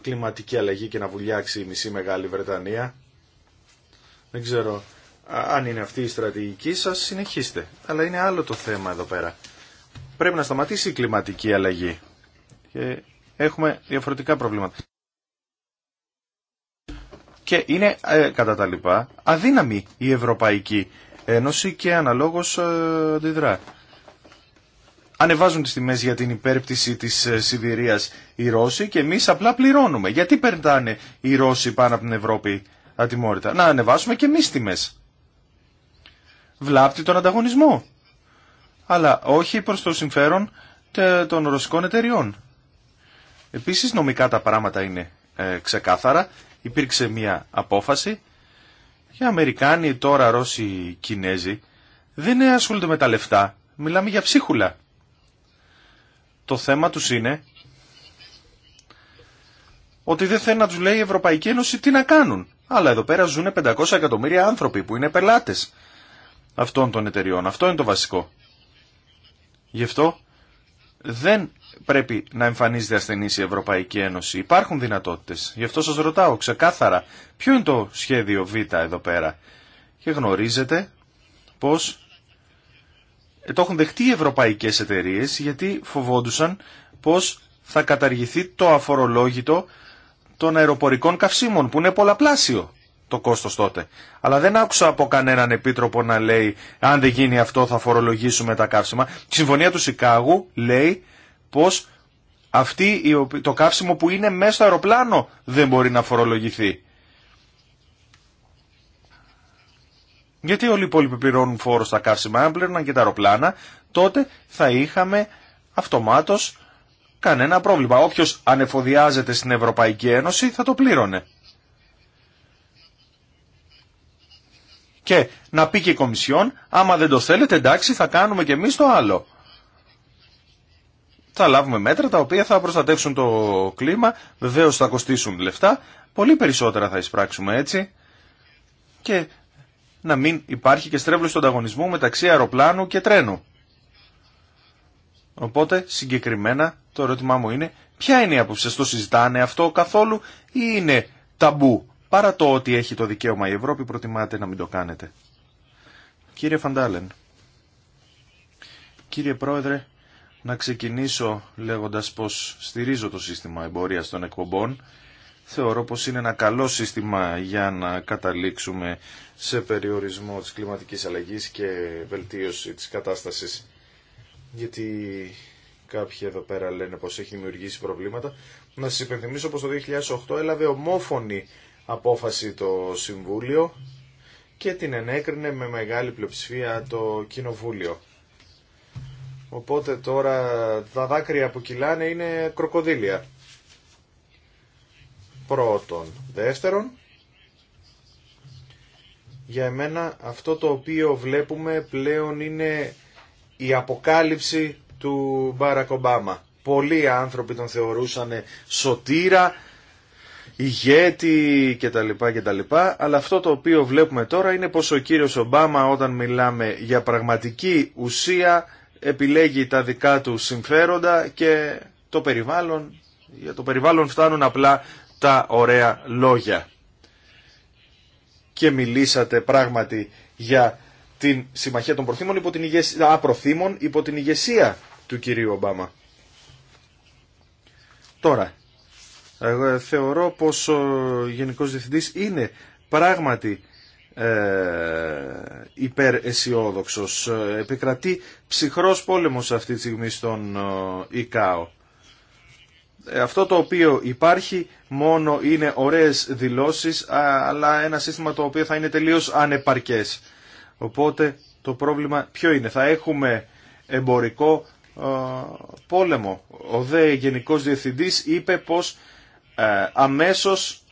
Speaker 1: κλιματική αλλαγή και να βουλιάξει η μισή Μεγάλη Βρετανία. Δεν ξέρω αν είναι αυτή η στρατηγική σας, συνεχίστε. Αλλά είναι άλλο το θέμα εδώ πέρα. Πρέπει να σταματήσει η κλιματική αλλαγή. Και έχουμε διαφορετικά προβλήματα. Και είναι, ε, κατά τα λοιπά, αδύναμη η Ευρωπαϊκή Ένωση και αναλόγως ε, αντιδρά. Ανεβάζουν τις τιμές για την υπέρπτυση της ε, Σιβηρίας οι Ρώσοι και εμείς απλά πληρώνουμε. Γιατί περνάνε οι Ρώσοι πάνω από την Ευρώπη ατιμόρυτα. Να ανεβάσουμε και εμείς τιμές. Βλάπτει τον ανταγωνισμό αλλά όχι προς το συμφέρον των ρωσικών εταιριών. Επίσης νομικά τα πράγματα είναι ε, ξεκάθαρα. Υπήρξε μια απόφαση για Αμερικάνοι τώρα Ρώσοι Κινέζοι δεν ασχολούνται με τα λεφτά. Μιλάμε για ψίχουλα. Το θέμα τους είναι ότι δεν θέλει να τους λέει η Ευρωπαϊκή Ένωση τι να κάνουν. Αλλά εδώ πέρα ζουν 500 εκατομμύρια άνθρωποι που είναι πελάτες αυτών των εταιριών. Αυτό είναι το βασικό. Γι' αυτό δεν πρέπει να εμφανίζεται ασθενή η Ευρωπαϊκή Ένωση. Υπάρχουν δυνατότητες. Γι' αυτό σας ρωτάω ξεκάθαρα ποιο είναι το σχέδιο Β εδώ πέρα. Και γνωρίζετε πως ε, το έχουν δεχτεί οι ευρωπαϊκές εταιρείε γιατί φοβόντουσαν πως θα καταργηθεί το αφορολόγητο των αεροπορικών καυσίμων που είναι πολλαπλάσιο το κόστος τότε. Αλλά δεν άκουσα από κανέναν επίτροπο να λέει αν δεν γίνει αυτό θα φορολογήσουμε τα καύσιμα. Η συμφωνία του Σικάγου λέει πως αυτή, το καύσιμο που είναι μέσα στο αεροπλάνο δεν μπορεί να φορολογηθεί. Γιατί όλοι οι υπόλοιποι πληρώνουν φόρο στα καύσιμα, αν πληρώναν και τα αεροπλάνα, τότε θα είχαμε αυτομάτως κανένα πρόβλημα. Όποιος ανεφοδιάζεται στην Ευρωπαϊκή Ένωση θα το πλήρωνε. Και να πει και η Κομισιόν, άμα δεν το θέλετε εντάξει θα κάνουμε και εμείς το άλλο. Θα λάβουμε μέτρα τα οποία θα προστατεύσουν το κλίμα, βεβαίως θα κοστίσουν λεφτά, πολύ περισσότερα θα εισπράξουμε έτσι και να μην υπάρχει και στρέβλωση του ανταγωνισμού μεταξύ αεροπλάνου και τρένου. Οπότε συγκεκριμένα το ερώτημά μου είναι ποια είναι η άποψη, το συζητάνε αυτό καθόλου ή είναι ταμπού παρά το ότι έχει το δικαίωμα η Ευρώπη προτιμάτε να μην το κάνετε. Κύριε Φαντάλεν, κύριε Πρόεδρε, να ξεκινήσω λέγοντας πως στηρίζω το σύστημα εμπορίας των εκπομπών. Θεωρώ πως είναι ένα καλό σύστημα για να καταλήξουμε σε περιορισμό της κλιματικής αλλαγής και βελτίωση της κατάστασης. Γιατί κάποιοι εδώ πέρα λένε πως έχει δημιουργήσει προβλήματα. Να σας υπενθυμίσω πως το 2008 έλαβε ομόφωνη απόφαση το Συμβούλιο και την ενέκρινε με μεγάλη πλειοψηφία το Κοινοβούλιο. Οπότε τώρα τα δάκρυα που κυλάνε είναι κροκοδίλια. Πρώτον. Δεύτερον, για εμένα αυτό το οποίο βλέπουμε πλέον είναι η αποκάλυψη του Μπάρακ Ομπάμα. Πολλοί άνθρωποι τον θεωρούσαν σωτήρα, ηγέτη κτλ. κτλ. Αλλά αυτό το οποίο βλέπουμε τώρα είναι πως ο κύριος Ομπάμα όταν μιλάμε για πραγματική ουσία επιλέγει τα δικά του συμφέροντα και το περιβάλλον, για το περιβάλλον φτάνουν απλά τα ωραία λόγια. Και μιλήσατε πράγματι για την συμμαχία των προθήμων υπό την ηγεσία, υπό την ηγεσία του κυρίου Ομπάμα. Τώρα, θεωρώ πως ο Γενικός Διευθυντής είναι πράγματι ε, υπεραισιόδοξος. Επικρατεί ψυχρός πόλεμος αυτή τη στιγμή στον ε, ΙΚΑΟ. Ε, αυτό το οποίο υπάρχει μόνο είναι ωραίες δηλώσεις, αλλά ένα σύστημα το οποίο θα είναι τελείως ανεπαρκές. Οπότε το πρόβλημα ποιο είναι. Θα έχουμε εμπορικό ε, πόλεμο. Ο ΔΕ Γενικός Διευθυντής είπε πως ε, αμέσως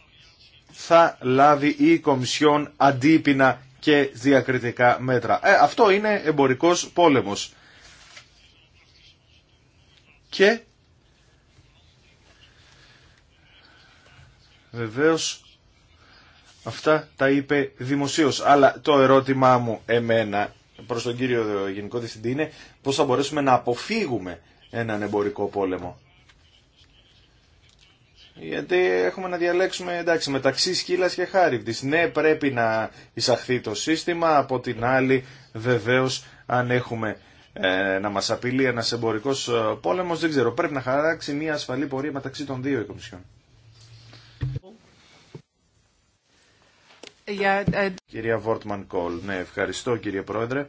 Speaker 1: θα λάβει η Κομισιόν αντίπεινα και διακριτικά μέτρα. Ε, αυτό είναι εμπορικός πόλεμος. Και βεβαίως αυτά τα είπε δημοσίως. Αλλά το ερώτημά μου εμένα προς τον κύριο Γενικό Διευθυντή είναι πώς θα μπορέσουμε να αποφύγουμε έναν εμπορικό πόλεμο. Γιατί έχουμε να διαλέξουμε εντάξει, μεταξύ σκύλα και χάριβδης. Ναι, πρέπει να εισαχθεί το σύστημα, από την άλλη βεβαίω αν έχουμε ε, να μας απειλεί ένα εμπορικό ε, πόλεμος, δεν ξέρω, πρέπει να χαράξει μια ασφαλή πορεία μεταξύ των δύο οικομισιών. Κυρία Βόρτμαν Κόλ, ναι, ευχαριστώ κύριε Πρόεδρε.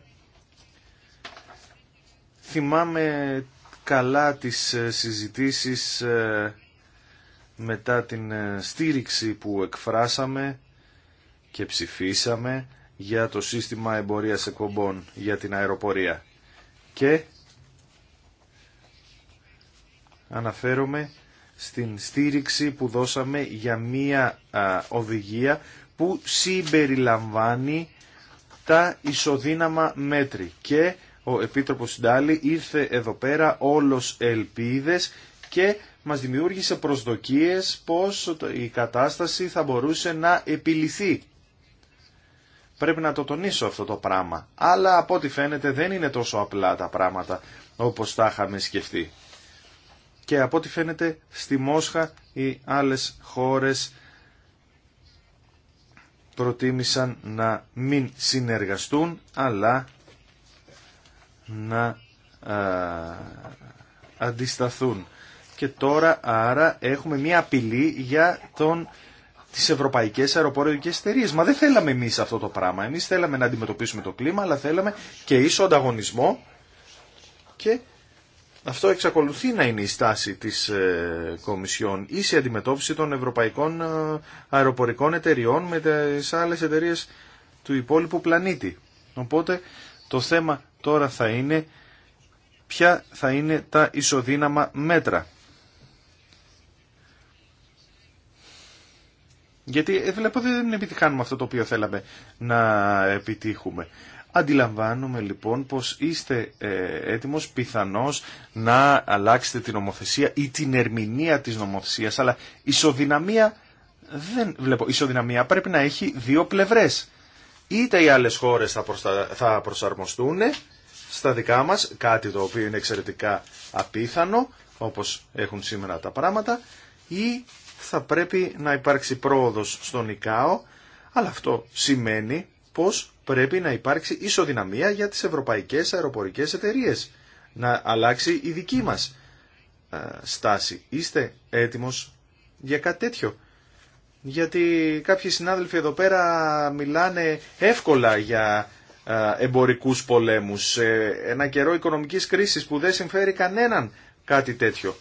Speaker 1: Θυμάμαι καλά τις ε, συζητήσεις... Ε, μετά την ε, στήριξη που εκφράσαμε και ψηφίσαμε για το σύστημα εμπορίας εκπομπών για την αεροπορία. Και αναφέρομαι στην στήριξη που δώσαμε για μία οδηγία που συμπεριλαμβάνει τα ισοδύναμα μέτρη. Και ο Επίτροπος Ντάλι ήρθε εδώ πέρα όλος ελπίδες και μας δημιούργησε προσδοκίες πως η κατάσταση θα μπορούσε να επιληθεί. Πρέπει να το τονίσω αυτό το πράγμα. Αλλά από ό,τι φαίνεται δεν είναι τόσο απλά τα πράγματα όπως τα είχαμε σκεφτεί. Και από ό,τι φαίνεται στη Μόσχα οι άλλες χώρες προτίμησαν να μην συνεργαστούν αλλά να α, ε, αντισταθούν και τώρα άρα έχουμε μια απειλή για τον τι ευρωπαϊκέ αεροπορικέ εταιρείε. Μα δεν θέλαμε εμεί αυτό το πράγμα. Εμεί θέλαμε να αντιμετωπίσουμε το κλίμα, αλλά θέλαμε και ίσο ανταγωνισμό και αυτό εξακολουθεί να είναι η στάση της ε, Κομισιόν, ίση αντιμετώπιση των ευρωπαϊκών ε, αεροπορικών εταιριών με τι άλλε εταιρείε του υπόλοιπου πλανήτη. Οπότε το θέμα τώρα θα είναι ποια θα είναι τα ισοδύναμα μέτρα. Γιατί ε, βλέπω δεν επιτυχάνουμε αυτό το οποίο θέλαμε να επιτύχουμε. Αντιλαμβάνομαι λοιπόν πως είστε ε, έτοιμος πιθανώς να αλλάξετε την νομοθεσία ή την ερμηνεία της νομοθεσίας, αλλά ισοδυναμία δεν βλέπω. Ισοδυναμία πρέπει να έχει δύο πλευρές. Είτε οι άλλες χώρες θα, θα προσαρμοστούν στα δικά μας, κάτι το οποίο είναι εξαιρετικά απίθανο, όπως έχουν σήμερα τα πράγματα, ή θα πρέπει να υπάρξει πρόοδος στον ΙΚΑΟ, αλλά αυτό σημαίνει πως πρέπει να υπάρξει ισοδυναμία για τις ευρωπαϊκές αεροπορικές εταιρείες. Να αλλάξει η δική μας ε, στάση. Είστε έτοιμος για κάτι τέτοιο. Γιατί κάποιοι συνάδελφοι εδώ πέρα μιλάνε εύκολα για ε, εμπορικούς πολέμους. Ένα καιρό οικονομικής κρίσης που δεν συμφέρει κανέναν κάτι τέτοιο.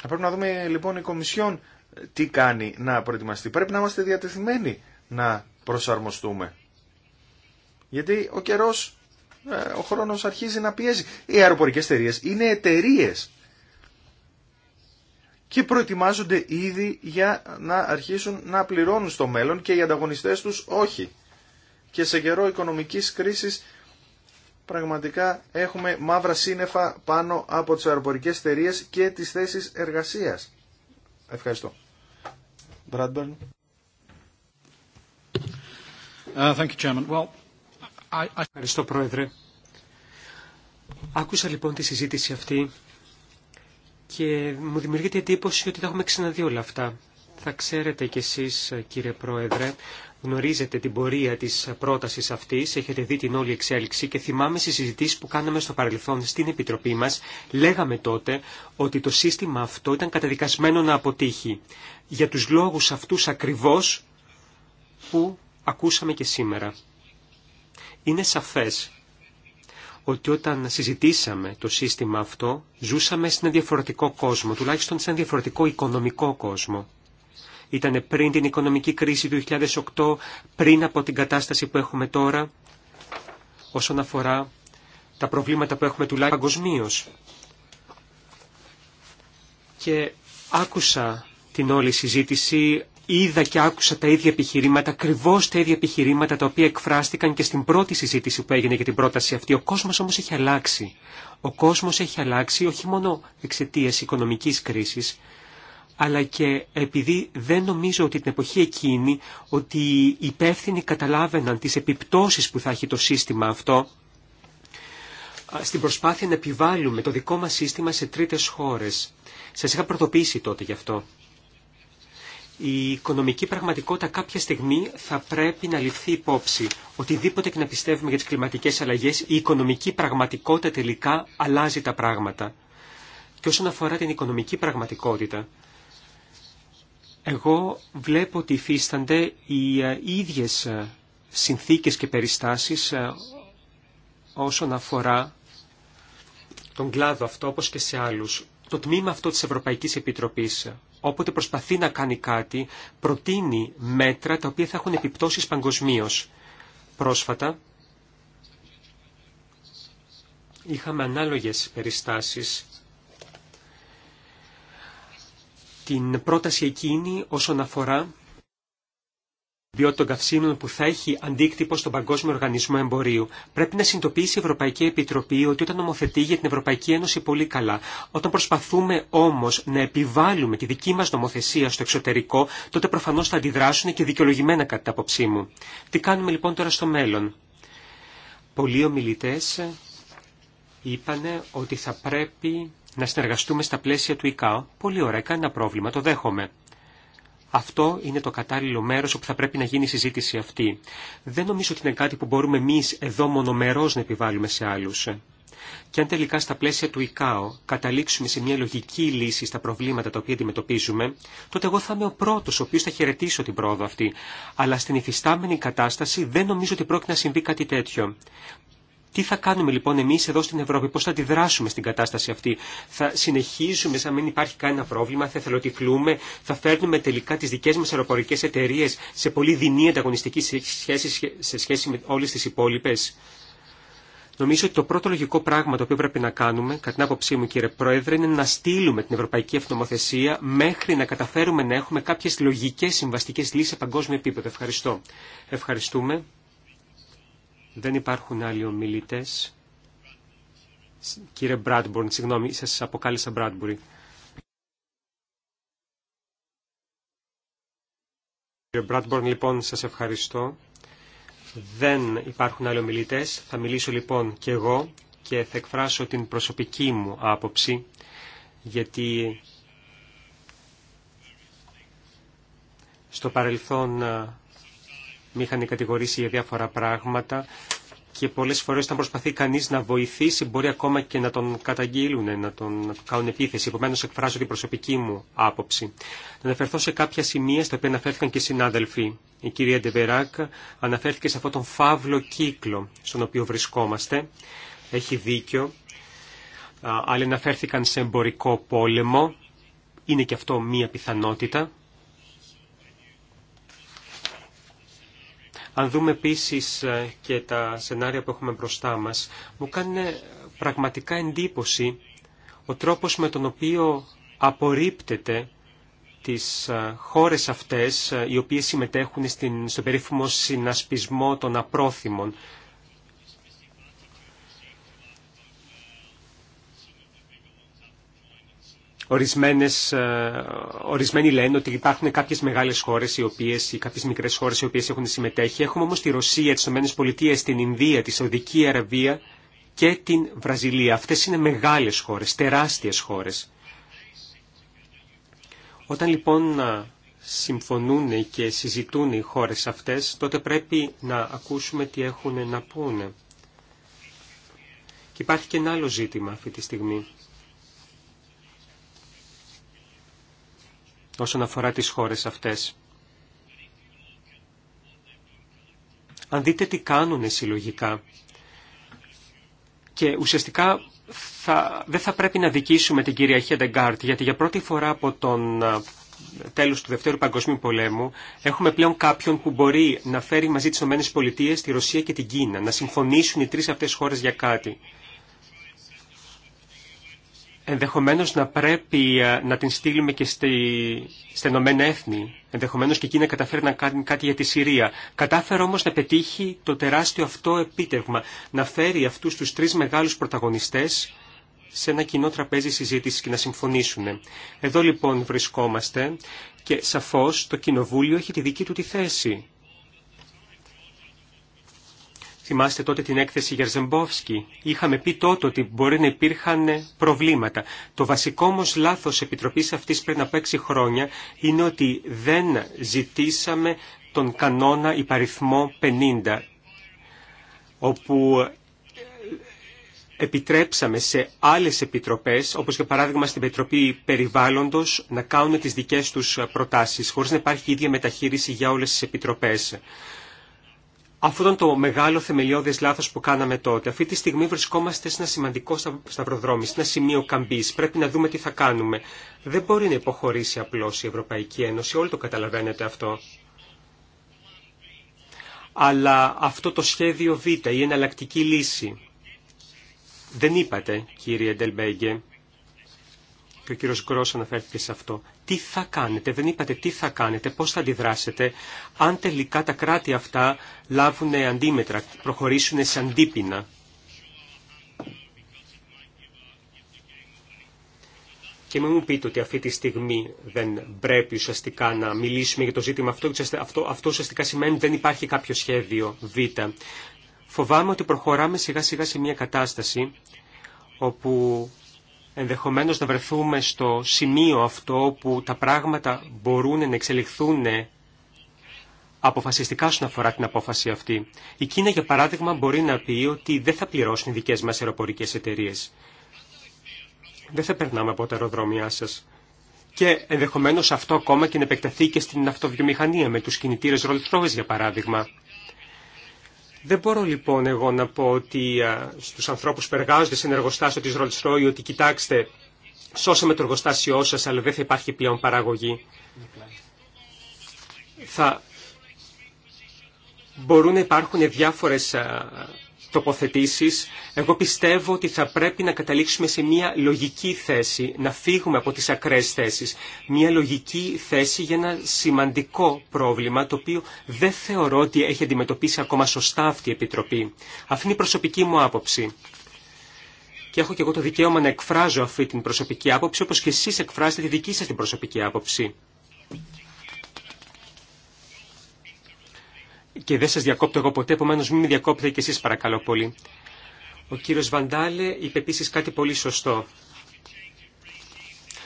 Speaker 1: Θα πρέπει να δούμε λοιπόν η Κομισιόν ε, τι κάνει να προετοιμαστεί. Πρέπει να είμαστε διατεθειμένοι να προσαρμοστούμε. Γιατί ο καιρός, ε, ο χρόνος αρχίζει να πιέζει. Οι αεροπορικέ εταιρείε είναι εταιρείε και προετοιμάζονται ήδη για να αρχίσουν να πληρώνουν στο μέλλον και οι ανταγωνιστές τους όχι. Και σε καιρό οικονομικής κρίσης πραγματικά έχουμε μαύρα σύννεφα πάνω από τις αεροπορικές εταιρείε και τις θέσεις εργασίας. Ευχαριστώ.
Speaker 2: Bradburn. Uh, thank you, Chairman. Well, I, I... Ευχαριστώ, Πρόεδρε. Άκουσα λοιπόν τη συζήτηση αυτή και μου δημιουργείται εντύπωση ότι τα έχουμε ξαναδεί όλα αυτά. Θα ξέρετε κι εσείς κύριε Πρόεδρε, γνωρίζετε την πορεία της πρότασης αυτής, έχετε δει την όλη εξέλιξη και θυμάμαι στις συζητήσεις που κάναμε στο παρελθόν στην Επιτροπή μας, λέγαμε τότε ότι το σύστημα αυτό ήταν καταδικασμένο να αποτύχει. Για τους λόγους αυτούς ακριβώς που ακούσαμε και σήμερα. Είναι σαφές ότι όταν συζητήσαμε το σύστημα αυτό, ζούσαμε σε ένα διαφορετικό κόσμο, τουλάχιστον σε ένα διαφορετικό οικονομικό κόσμο. Ήταν πριν την οικονομική κρίση του 2008, πριν από την κατάσταση που έχουμε τώρα, όσον αφορά τα προβλήματα που έχουμε τουλάχιστον παγκοσμίω. Και άκουσα την όλη συζήτηση, είδα και άκουσα τα ίδια επιχειρήματα, ακριβώ τα ίδια επιχειρήματα τα οποία εκφράστηκαν και στην πρώτη συζήτηση που έγινε για την πρόταση αυτή. Ο κόσμο όμω έχει αλλάξει. Ο κόσμο έχει αλλάξει όχι μόνο εξαιτία οικονομική κρίση, αλλά και επειδή δεν νομίζω ότι την εποχή εκείνη ότι οι υπεύθυνοι καταλάβαιναν τις επιπτώσεις που θα έχει το σύστημα αυτό στην προσπάθεια να επιβάλλουμε το δικό μας σύστημα σε τρίτες χώρες. Σας είχα προτοποίησει τότε γι' αυτό. Η οικονομική πραγματικότητα κάποια στιγμή θα πρέπει να ληφθεί υπόψη. Οτιδήποτε και να πιστεύουμε για τις κλιματικές αλλαγές, η οικονομική πραγματικότητα τελικά αλλάζει τα πράγματα. Και όσον αφορά την οικονομική πραγματικότητα, εγώ βλέπω ότι υφίστανται οι ε, ίδιες ε, συνθήκες και περιστάσεις ε, όσον αφορά τον κλάδο αυτό όπως και σε άλλους. Το τμήμα αυτό της Ευρωπαϊκής Επιτροπής όποτε προσπαθεί να κάνει κάτι προτείνει μέτρα τα οποία θα έχουν επιπτώσεις παγκοσμίω. Πρόσφατα είχαμε ανάλογες περιστάσεις την πρόταση εκείνη όσον αφορά την ποιότητα των καυσίμων που θα έχει αντίκτυπο στον Παγκόσμιο Οργανισμό Εμπορίου. Πρέπει να συνειδητοποιήσει η Ευρωπαϊκή Επιτροπή ότι όταν νομοθετεί για την Ευρωπαϊκή Ένωση πολύ καλά, όταν προσπαθούμε όμω να επιβάλλουμε τη δική μα νομοθεσία στο εξωτερικό, τότε προφανώ θα αντιδράσουν και δικαιολογημένα κατά την άποψή μου. Τι κάνουμε λοιπόν τώρα στο μέλλον. Πολλοί ομιλητέ είπαν ότι θα πρέπει να συνεργαστούμε στα πλαίσια του ΙΚΑΟ. Πολύ ωραία, κανένα πρόβλημα, το δέχομαι. Αυτό είναι το κατάλληλο μέρος όπου θα πρέπει να γίνει η συζήτηση αυτή. Δεν νομίζω ότι είναι κάτι που μπορούμε εμείς εδώ μονομερός να επιβάλλουμε σε άλλους. Και αν τελικά στα πλαίσια του ΙΚΑΟ καταλήξουμε σε μια λογική λύση στα προβλήματα τα οποία αντιμετωπίζουμε, τότε εγώ θα είμαι ο πρώτο ο οποίο θα χαιρετήσω την πρόοδο αυτή. Αλλά στην υφιστάμενη κατάσταση δεν νομίζω ότι πρόκειται να συμβεί κάτι τέτοιο. Τι θα κάνουμε λοιπόν εμείς εδώ στην Ευρώπη, πώς θα αντιδράσουμε στην κατάσταση αυτή. Θα συνεχίσουμε σαν μην υπάρχει κανένα πρόβλημα, θα εθελοτυφλούμε, θα φέρνουμε τελικά τις δικές μας αεροπορικές εταιρείες σε πολύ δεινή ανταγωνιστική σχέση σε σχέση με όλες τις υπόλοιπες. Νομίζω ότι το πρώτο λογικό πράγμα το οποίο πρέπει να κάνουμε, κατά την άποψή μου κύριε Πρόεδρε, είναι να στείλουμε την Ευρωπαϊκή Αυτομοθεσία μέχρι να καταφέρουμε να έχουμε κάποιες λογικές συμβαστικέ λύσεις σε παγκόσμιο επίπεδο. Ευχαριστώ. Ευχαριστούμε. Δεν υπάρχουν άλλοι ομιλητές. Κύριε Μπράτμπορν, συγγνώμη, σας αποκάλυψα Μπράντμπορη. Κύριε Μπράτμπορν, λοιπόν, σας ευχαριστώ. Δεν υπάρχουν άλλοι ομιλητές. Θα μιλήσω λοιπόν και εγώ και θα εκφράσω την προσωπική μου άποψη, γιατί στο παρελθόν με είχαν κατηγορήσει για διάφορα πράγματα και πολλές φορές όταν προσπαθεί κανείς να βοηθήσει μπορεί ακόμα και να τον καταγγείλουν, να τον κάνουν επίθεση. Επομένω εκφράζω την προσωπική μου άποψη. Να αναφερθώ σε κάποια σημεία στα οποία αναφέρθηκαν και οι συνάδελφοι. Η κυρία Ντεβεράκ αναφέρθηκε σε αυτόν τον φαύλο κύκλο στον οποίο βρισκόμαστε. Έχει δίκιο. Άλλοι αναφέρθηκαν σε εμπορικό πόλεμο. Είναι και αυτό μία πιθανότητα. Αν δούμε επίση ε, και τα σενάρια που έχουμε μπροστά μας, μου κάνει πραγματικά εντύπωση ο τρόπος με τον οποίο απορρίπτεται τις ε, χώρες αυτές ε, οι οποίες συμμετέχουν στην, στον περίφημο συνασπισμό των απρόθυμων. Ορισμένες, ε, ορισμένοι λένε ότι υπάρχουν κάποιε μεγάλε χώρε, οι ή κάποιες μικρές χώρες οι οποίε έχουν συμμετέχει. Έχουμε όμω τη Ρωσία, τι ΗΠΑ, την Ινδία, τη Σαουδική Αραβία και την Βραζιλία. Αυτέ είναι μεγάλε χώρε, τεράστιε χώρε. Όταν λοιπόν ε, συμφωνούν και συζητούν οι χώρες αυτές, τότε πρέπει να ακούσουμε τι έχουν να πούνε. Και υπάρχει και ένα άλλο ζήτημα αυτή τη στιγμή. όσον αφορά τις χώρες αυτές. Αν δείτε τι κάνουν συλλογικά και ουσιαστικά θα, δεν θα πρέπει να δικήσουμε την κυρία Χέντεγκάρτ γιατί για πρώτη φορά από τον τέλος του Δευτέρου Παγκοσμίου Πολέμου έχουμε πλέον κάποιον που μπορεί να φέρει μαζί τις ΗΠΑ, τη Ρωσία και την Κίνα να συμφωνήσουν οι τρεις αυτές χώρες για κάτι ενδεχομένως να πρέπει ε, να την στείλουμε και στη, στα Ηνωμένα Έθνη. Ενδεχομένως και εκεί να καταφέρει να κάνει κάτι για τη Συρία. Κατάφερε όμως να πετύχει το τεράστιο αυτό επίτευγμα. Να φέρει αυτούς τους τρεις μεγάλους πρωταγωνιστές σε ένα κοινό τραπέζι συζήτησης και να συμφωνήσουν. Εδώ λοιπόν βρισκόμαστε και σαφώς το Κοινοβούλιο έχει τη δική του τη θέση. Θυμάστε τότε την έκθεση Γερζεμπόφσκι. Είχαμε πει τότε ότι μπορεί να υπήρχαν προβλήματα. Το βασικό όμω λάθο επιτροπή αυτή πριν από έξι χρόνια είναι ότι δεν ζητήσαμε τον κανόνα υπαριθμό 50 όπου επιτρέψαμε σε άλλες επιτροπές, όπως για παράδειγμα στην Επιτροπή Περιβάλλοντος, να κάνουν τις δικές τους προτάσεις, χωρίς να υπάρχει ίδια μεταχείριση για όλες τις επιτροπές. Αυτό ήταν το μεγάλο θεμελιώδε λάθο που κάναμε τότε. Αυτή τη στιγμή βρισκόμαστε σε ένα σημαντικό σταυροδρόμι, σε ένα σημείο καμπή. Πρέπει να δούμε τι θα κάνουμε. Δεν μπορεί να υποχωρήσει απλώ η Ευρωπαϊκή Ένωση, όλοι το καταλαβαίνετε αυτό. Αλλά αυτό το σχέδιο Β, η εναλλακτική λύση, δεν είπατε, κύριε Ντελμπέγκε, και ο κύριος Γκρός αναφέρθηκε σε αυτό. Τι θα κάνετε, δεν είπατε τι θα κάνετε, πώς θα αντιδράσετε, αν τελικά τα κράτη αυτά λάβουν αντίμετρα, προχωρήσουν σε αντίπεινα. Και μην μου πείτε ότι αυτή τη στιγμή δεν πρέπει ουσιαστικά να μιλήσουμε για το ζήτημα αυτό, γιατί αυτό, αυτό ουσιαστικά σημαίνει ότι δεν υπάρχει κάποιο σχέδιο Β. Φοβάμαι ότι προχωράμε σιγά σιγά σε μια κατάσταση όπου ενδεχομένως να βρεθούμε στο σημείο αυτό που τα πράγματα μπορούν να εξελιχθούν αποφασιστικά όσον αφορά την απόφαση αυτή. Η Κίνα, για παράδειγμα, μπορεί να πει ότι δεν θα πληρώσουν οι δικές μας αεροπορικές εταιρείε. Δεν θα περνάμε από τα αεροδρόμια σας. Και ενδεχομένως αυτό ακόμα και να επεκταθεί και στην αυτοβιομηχανία με τους κινητήρες Rolls για παράδειγμα. Δεν μπορώ λοιπόν εγώ να πω ότι στους ανθρώπους που εργάζονται σε ένα εργοστάσιο της Rolls Royce ότι κοιτάξτε, σώσαμε το εργοστάσιό σας αλλά δεν θα υπάρχει πλέον παραγωγή. Θα μπορούν να υπάρχουν διάφορες τοποθετήσεις, εγώ πιστεύω ότι θα πρέπει να καταλήξουμε σε μια λογική θέση, να φύγουμε από τις ακραίες θέσεις. Μια λογική θέση για ένα σημαντικό πρόβλημα, το οποίο δεν θεωρώ ότι έχει αντιμετωπίσει ακόμα σωστά αυτή η Επιτροπή. Αυτή είναι η προσωπική μου άποψη. Και έχω και εγώ το δικαίωμα να εκφράζω αυτή την προσωπική άποψη, όπως και εσείς εκφράζετε τη δική σας την προσωπική άποψη. και δεν σα διακόπτω εγώ ποτέ, επομένω μην με διακόπτετε και εσεί, παρακαλώ πολύ. Ο κύριο Βαντάλε είπε επίση κάτι πολύ σωστό.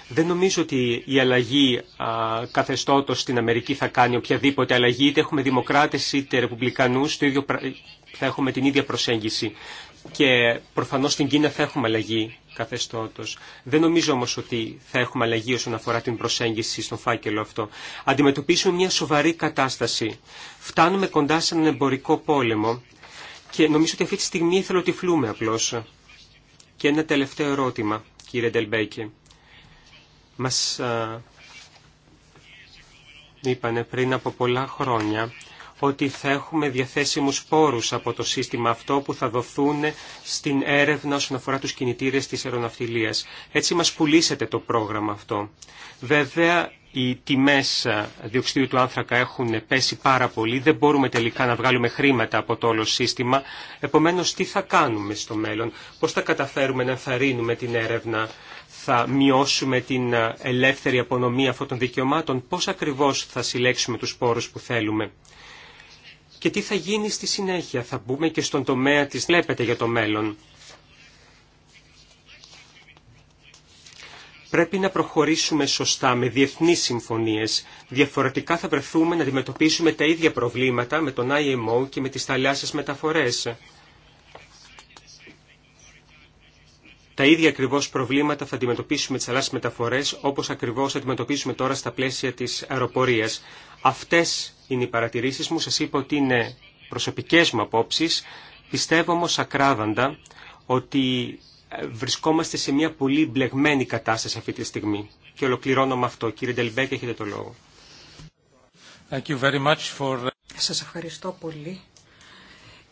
Speaker 2: Δεν νομίζω ότι η αλλαγή α, καθεστώτος στην Αμερική θα κάνει οποιαδήποτε αλλαγή, είτε έχουμε δημοκράτες είτε ρεπουμπλικανούς, το ίδιο, θα έχουμε την ίδια προσέγγιση και προφανώς στην Κίνα θα έχουμε αλλαγή καθεστώτο. Δεν νομίζω όμω ότι θα έχουμε αλλαγή όσον αφορά την προσέγγιση στον φάκελο αυτό. Αντιμετωπίσουμε μια σοβαρή κατάσταση. Φτάνουμε κοντά σε έναν εμπορικό πόλεμο και νομίζω ότι αυτή τη στιγμή φλούμε απλώς. Και ένα τελευταίο ερώτημα, κύριε Ντελμπέκη. Μας είπανε πριν από πολλά χρόνια ότι θα έχουμε διαθέσιμους πόρους από το σύστημα αυτό που θα δοθούν στην έρευνα όσον αφορά τους κινητήρες της αεροναυτιλίας. Έτσι μας πουλήσετε το πρόγραμμα αυτό. Βέβαια, οι τιμές διοξιδίου του άνθρακα έχουν πέσει πάρα πολύ, δεν μπορούμε τελικά να βγάλουμε χρήματα από το όλο σύστημα, επομένως τι θα κάνουμε στο μέλλον, πώς θα καταφέρουμε να ενθαρρύνουμε την έρευνα, θα μειώσουμε την ελεύθερη απονομή αυτών των δικαιωμάτων, πώς ακριβώς θα συλλέξουμε τους πόρους που θέλουμε και τι θα γίνει στη συνέχεια. Θα μπούμε και στον τομέα της βλέπετε για το μέλλον. Πρέπει να προχωρήσουμε σωστά με διεθνείς συμφωνίες. Διαφορετικά θα βρεθούμε να αντιμετωπίσουμε τα ίδια προβλήματα με τον IMO και με τις θαλάσσιες μεταφορές. τα ίδια ακριβώ προβλήματα θα αντιμετωπίσουμε τι θαλάσσιε μεταφορέ όπω ακριβώ αντιμετωπίσουμε τώρα στα πλαίσια τη αεροπορία. Αυτέ είναι οι παρατηρήσει μου. Σα είπα ότι είναι προσωπικέ μου απόψει. Πιστεύω όμω ακράδαντα ότι ε, βρισκόμαστε σε μια πολύ μπλεγμένη κατάσταση αυτή τη στιγμή. Και ολοκληρώνω με αυτό. Κύριε Ντελμπέκ, έχετε το λόγο. Thank
Speaker 3: Σας ευχαριστώ πολύ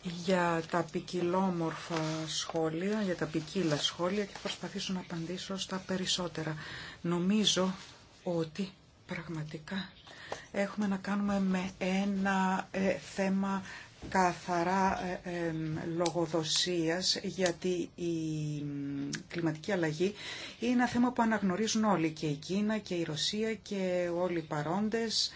Speaker 3: για τα ποικιλόμορφα σχόλια, για τα ποικίλα σχόλια και προσπαθήσω να απαντήσω στα περισσότερα. Νομίζω ότι πραγματικά έχουμε να κάνουμε με ένα ε, θέμα καθαρά ε, λογοδοσίας γιατί η κλιματική αλλαγή είναι ένα θέμα που αναγνωρίζουν όλοι και η Κίνα και η Ρωσία και όλοι οι παρόντες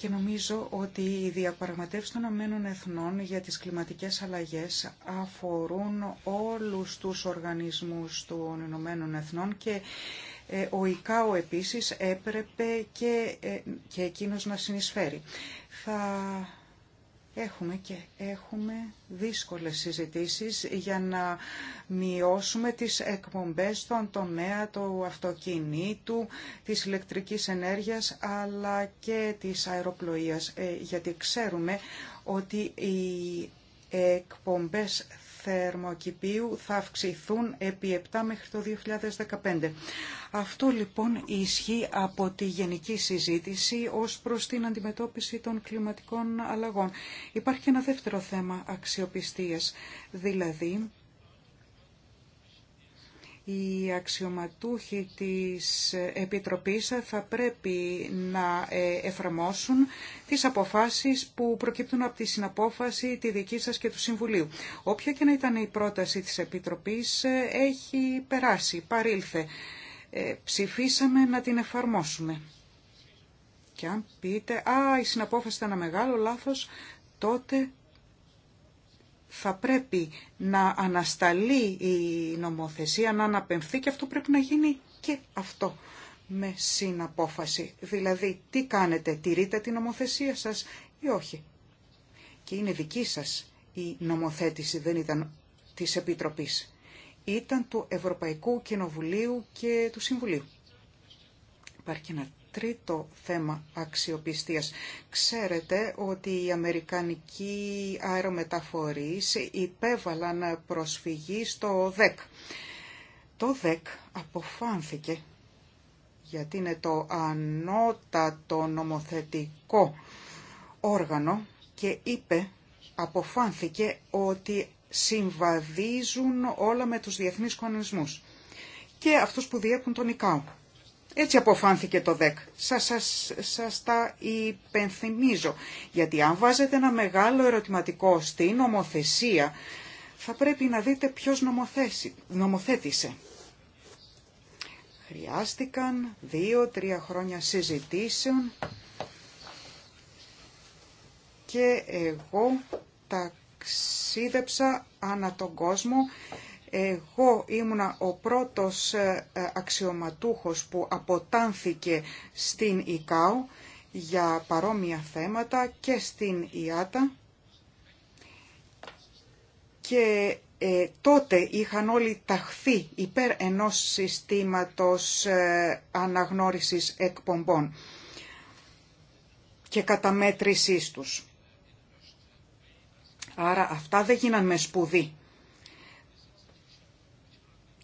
Speaker 3: και νομίζω ότι οι διαπραγματεύσει των Αμένων Εθνών για τις κλιματικές αλλαγές αφορούν όλους τους οργανισμούς των Ηνωμένων Εθνών και ε, ο ΙΚΑΟ επίσης έπρεπε και, ε, και εκείνος να συνεισφέρει. Έχουμε και έχουμε δύσκολες συζητήσεις για να μειώσουμε τις εκπομπές στον τομέα του αυτοκινήτου, της ηλεκτρικής ενέργειας αλλά και της αεροπλοείας ε, γιατί ξέρουμε ότι οι εκπομπές θερμοκηπίου θα αυξηθούν επί 7 μέχρι το 2015. Αυτό λοιπόν ισχύει από τη γενική συζήτηση ως προς την αντιμετώπιση των κλιματικών αλλαγών. Υπάρχει ένα δεύτερο θέμα αξιοπιστίας, δηλαδή οι αξιωματούχοι της Επιτροπής θα πρέπει να ε, εφαρμόσουν τις αποφάσεις που προκύπτουν από τη συναπόφαση τη δική σας και του Συμβουλίου. Όποια και να ήταν η πρόταση της Επιτροπής ε, έχει περάσει, παρήλθε. Ε, ψηφίσαμε να την εφαρμόσουμε. Και αν πείτε, α, η συναπόφαση ήταν ένα μεγάλο λάθος, τότε θα πρέπει να ανασταλεί η νομοθεσία, να αναπαιμφθεί και αυτό πρέπει να γίνει και αυτό με συναπόφαση. Δηλαδή, τι κάνετε, τηρείτε την νομοθεσία σας ή όχι. Και είναι δική σας η νομοθέτηση, δεν ήταν της Επιτροπής. Ήταν του Ευρωπαϊκού Κοινοβουλίου και του Συμβουλίου. Υπάρχει ένα τρίτο θέμα αξιοπιστίας. Ξέρετε ότι οι Αμερικανικοί αερομεταφορείς υπέβαλαν προσφυγή στο ΔΕΚ. Το ΔΕΚ αποφάνθηκε γιατί είναι το ανώτατο νομοθετικό όργανο και είπε, αποφάνθηκε ότι συμβαδίζουν όλα με τους διεθνείς κανονισμούς και αυτούς που διέπουν τον ΙΚΑΟ. Έτσι αποφάνθηκε το ΔΕΚ. Σας, σας, σας τα υπενθυμίζω. Γιατί αν βάζετε ένα μεγάλο ερωτηματικό στην νομοθεσία, θα πρέπει να δείτε ποιος νομοθέτησε. Χρειάστηκαν δύο-τρία χρόνια συζητήσεων και εγώ ταξίδεψα ανά τον κόσμο εγώ ήμουνα ο πρώτος ε, ε, αξιωματούχος που αποτάνθηκε στην ΙΚΑΟ για παρόμοια θέματα και στην ΙΑΤΑ και ε, τότε είχαν όλοι ταχθεί υπέρ ενός συστήματος ε, αναγνώρισης εκπομπών και καταμέτρησής τους. Άρα αυτά δεν γίναν με σπουδή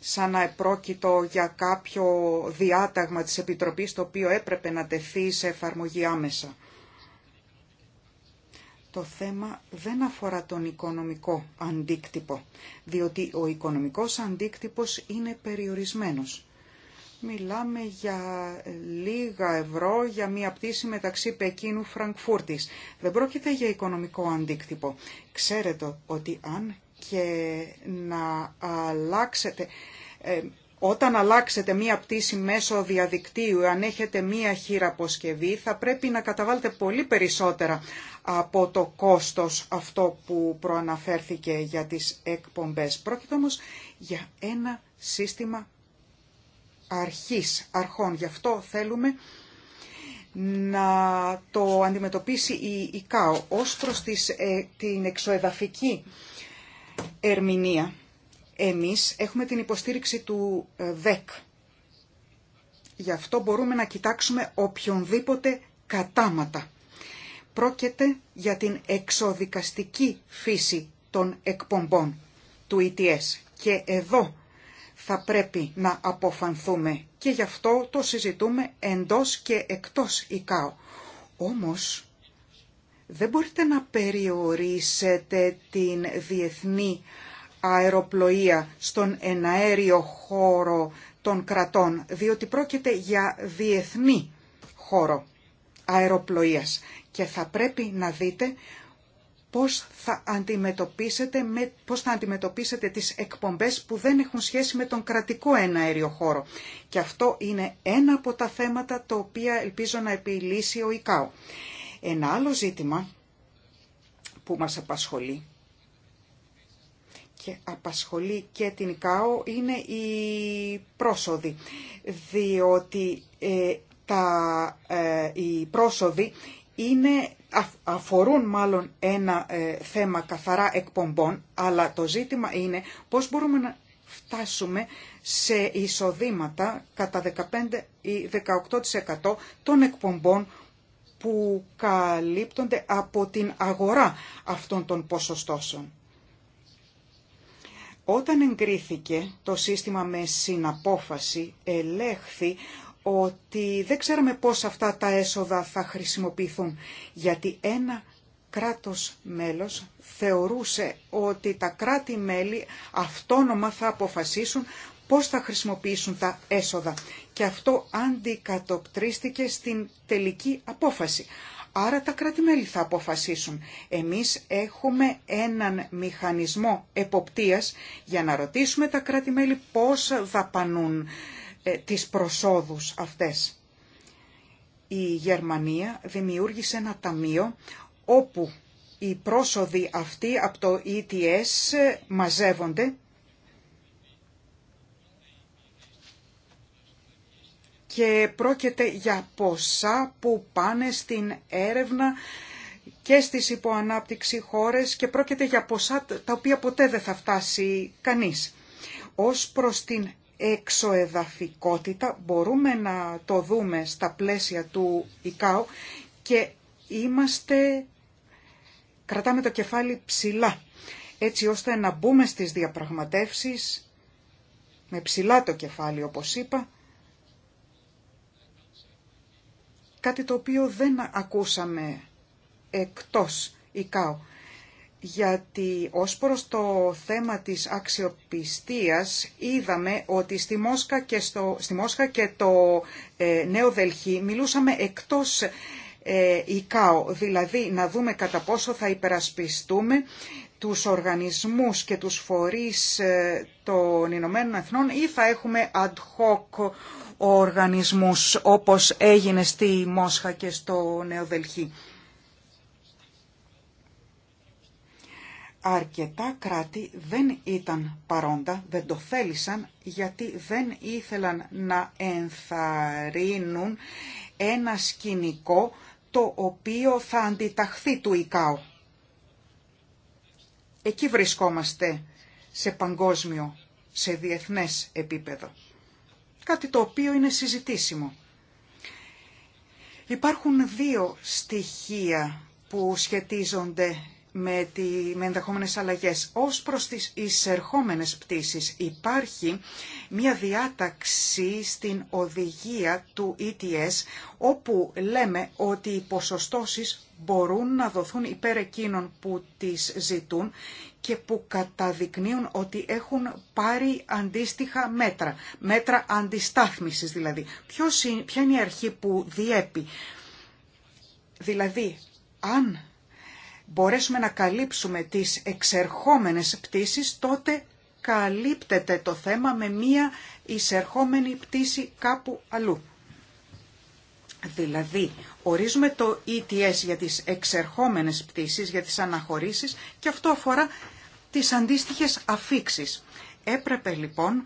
Speaker 3: σαν να επρόκειτο για κάποιο διάταγμα της Επιτροπής το οποίο έπρεπε να τεθεί σε εφαρμογή άμεσα. Το θέμα δεν αφορά τον οικονομικό αντίκτυπο, διότι ο οικονομικός αντίκτυπος είναι περιορισμένος. Μιλάμε για λίγα ευρώ για μία πτήση μεταξύ Πεκίνου Φραγκφούρτης. Δεν πρόκειται για οικονομικό αντίκτυπο. Ξέρετε ότι αν και να αλλάξετε, ε, όταν αλλάξετε μία πτήση μέσω διαδικτύου, αν έχετε μία χειραποσκευή, θα πρέπει να καταβάλλετε πολύ περισσότερα από το κόστος αυτό που προαναφέρθηκε για τις εκπομπές. Πρόκειται όμως για ένα σύστημα αρχής, αρχών. Γι' αυτό θέλουμε να το αντιμετωπίσει η ΙΚΑΟ ως προς ε, την εξοεδαφική ερμηνεία. Εμείς έχουμε την υποστήριξη του ε, ΔΕΚ. Γι' αυτό μπορούμε να κοιτάξουμε οποιονδήποτε κατάματα. Πρόκειται για την εξοδικαστική φύση των εκπομπών του ETS. Και εδώ θα πρέπει να αποφανθούμε και γι' αυτό το συζητούμε εντός και εκτός ΙΚΑΟ. Όμως δεν μπορείτε να περιορίσετε την διεθνή αεροπλοεία στον εναέριο χώρο των κρατών, διότι πρόκειται για διεθνή χώρο αεροπλοείας και θα πρέπει να δείτε πώς θα αντιμετωπίσετε, με, πώς θα αντιμετωπίσετε τις εκπομπές που δεν έχουν σχέση με τον κρατικό εναέριο χώρο. Και αυτό είναι ένα από τα θέματα τα οποία ελπίζω να επιλύσει ο ΙΚΑΟ. Ένα άλλο ζήτημα που μας απασχολεί και απασχολεί και την ΚΑΟ είναι η πρόσοδοι, διότι ε, τα, ε, οι πρόσοδοι είναι, αφορούν μάλλον ένα ε, θέμα καθαρά εκπομπών, αλλά το ζήτημα είναι πώς μπορούμε να φτάσουμε σε εισοδήματα κατά 15 ή 18% των εκπομπών που καλύπτονται από την αγορά αυτών των ποσοστώσεων. Όταν εγκρίθηκε το σύστημα με συναπόφαση, ελέγχθη ότι δεν ξέραμε πώς αυτά τα έσοδα θα χρησιμοποιηθούν, γιατί ένα κράτος μέλος θεωρούσε ότι τα κράτη-μέλη αυτόνομα θα αποφασίσουν πώς θα χρησιμοποιήσουν τα έσοδα. Και αυτό αντικατοπτρίστηκε στην τελική απόφαση. Άρα τα κράτη-μέλη θα αποφασίσουν. Εμείς έχουμε έναν μηχανισμό εποπτείας για να ρωτήσουμε τα κράτη-μέλη πώς δαπανούν ε, τις προσόδους αυτές. Η Γερμανία δημιούργησε ένα ταμείο όπου οι πρόσοδοι αυτοί από το ETS ε, μαζεύονται και πρόκειται για ποσά που πάνε στην έρευνα και στις υποανάπτυξη χώρες και πρόκειται για ποσά τα οποία ποτέ δεν θα φτάσει κανείς. Ως προς την εξοεδαφικότητα μπορούμε να το δούμε στα πλαίσια του ΙΚΑΟ και είμαστε, κρατάμε το κεφάλι ψηλά έτσι ώστε να μπούμε στις διαπραγματεύσεις με ψηλά το κεφάλι όπως είπα κάτι το οποίο δεν ακούσαμε εκτός ΙΚΑΟ. Γιατί ως προς το θέμα της αξιοπιστίας είδαμε ότι στη Μόσχα και, στο, στη Μόσχα και το ε, Νέο Δελχή μιλούσαμε εκτός ε, ΙΚΑΟ, δηλαδή να δούμε κατά πόσο θα υπερασπιστούμε τους οργανισμούς και τους φορείς ε, των Ηνωμένων Εθνών ή θα έχουμε ad hoc οργανισμούς όπως έγινε στη Μόσχα και στο Νεοδελχή. Αρκετά κράτη δεν ήταν παρόντα, δεν το θέλησαν γιατί δεν ήθελαν να ενθαρρύνουν ένα σκηνικό το οποίο θα αντιταχθεί του ΙΚΑΟ. Εκεί βρισκόμαστε σε παγκόσμιο, σε διεθνές επίπεδο κάτι το οποίο είναι συζητήσιμο. Υπάρχουν δύο στοιχεία που σχετίζονται με, τη, με ενδεχόμενες αλλαγές. Ως προς τις εισερχόμενες πτήσεις υπάρχει μια διάταξη στην οδηγία του ETS όπου λέμε ότι οι ποσοστώσεις μπορούν να δοθούν υπέρ εκείνων που τις ζητούν και που καταδεικνύουν ότι έχουν πάρει αντίστοιχα μέτρα, μέτρα αντιστάθμισης δηλαδή. ποια είναι η αρχή που διέπει. Δηλαδή, αν μπορέσουμε να καλύψουμε τις εξερχόμενες πτήσεις, τότε καλύπτεται το θέμα με μία εισερχόμενη πτήση κάπου αλλού. Δηλαδή, ορίζουμε το ETS για τις εξερχόμενες πτήσεις, για τις αναχωρήσεις και αυτό αφορά τις αντίστοιχες αφήξεις. Έπρεπε λοιπόν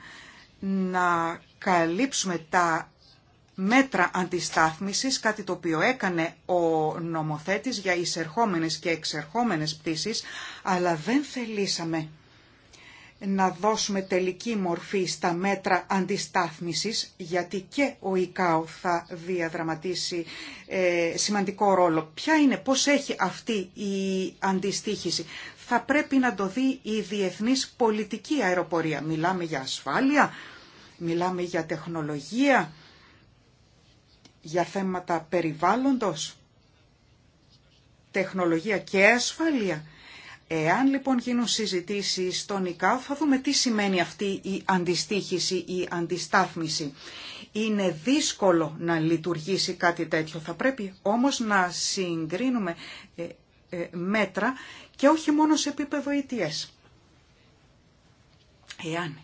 Speaker 3: να καλύψουμε τα μέτρα αντιστάθμισης, κάτι το οποίο έκανε ο νομοθέτης για εισερχόμενες και εξερχόμενες πτήσεις, αλλά δεν θελήσαμε να δώσουμε τελική μορφή στα μέτρα αντιστάθμισης, γιατί και ο ΙΚΑΟ θα διαδραματίσει ε, σημαντικό ρόλο. Ποια είναι, πώς έχει αυτή η αντιστήχηση θα πρέπει να το δει η διεθνής πολιτική αεροπορία. Μιλάμε για ασφάλεια, μιλάμε για τεχνολογία, για θέματα περιβάλλοντος, τεχνολογία και ασφάλεια. Εάν λοιπόν γίνουν συζητήσεις στον ΙΚΑΟ θα δούμε τι σημαίνει αυτή η αντιστήχηση, η αντιστάθμιση. Είναι δύσκολο να λειτουργήσει κάτι τέτοιο. Θα πρέπει όμως να συγκρίνουμε ε, ε, μέτρα και όχι μόνο σε επίπεδο ETS. Εάν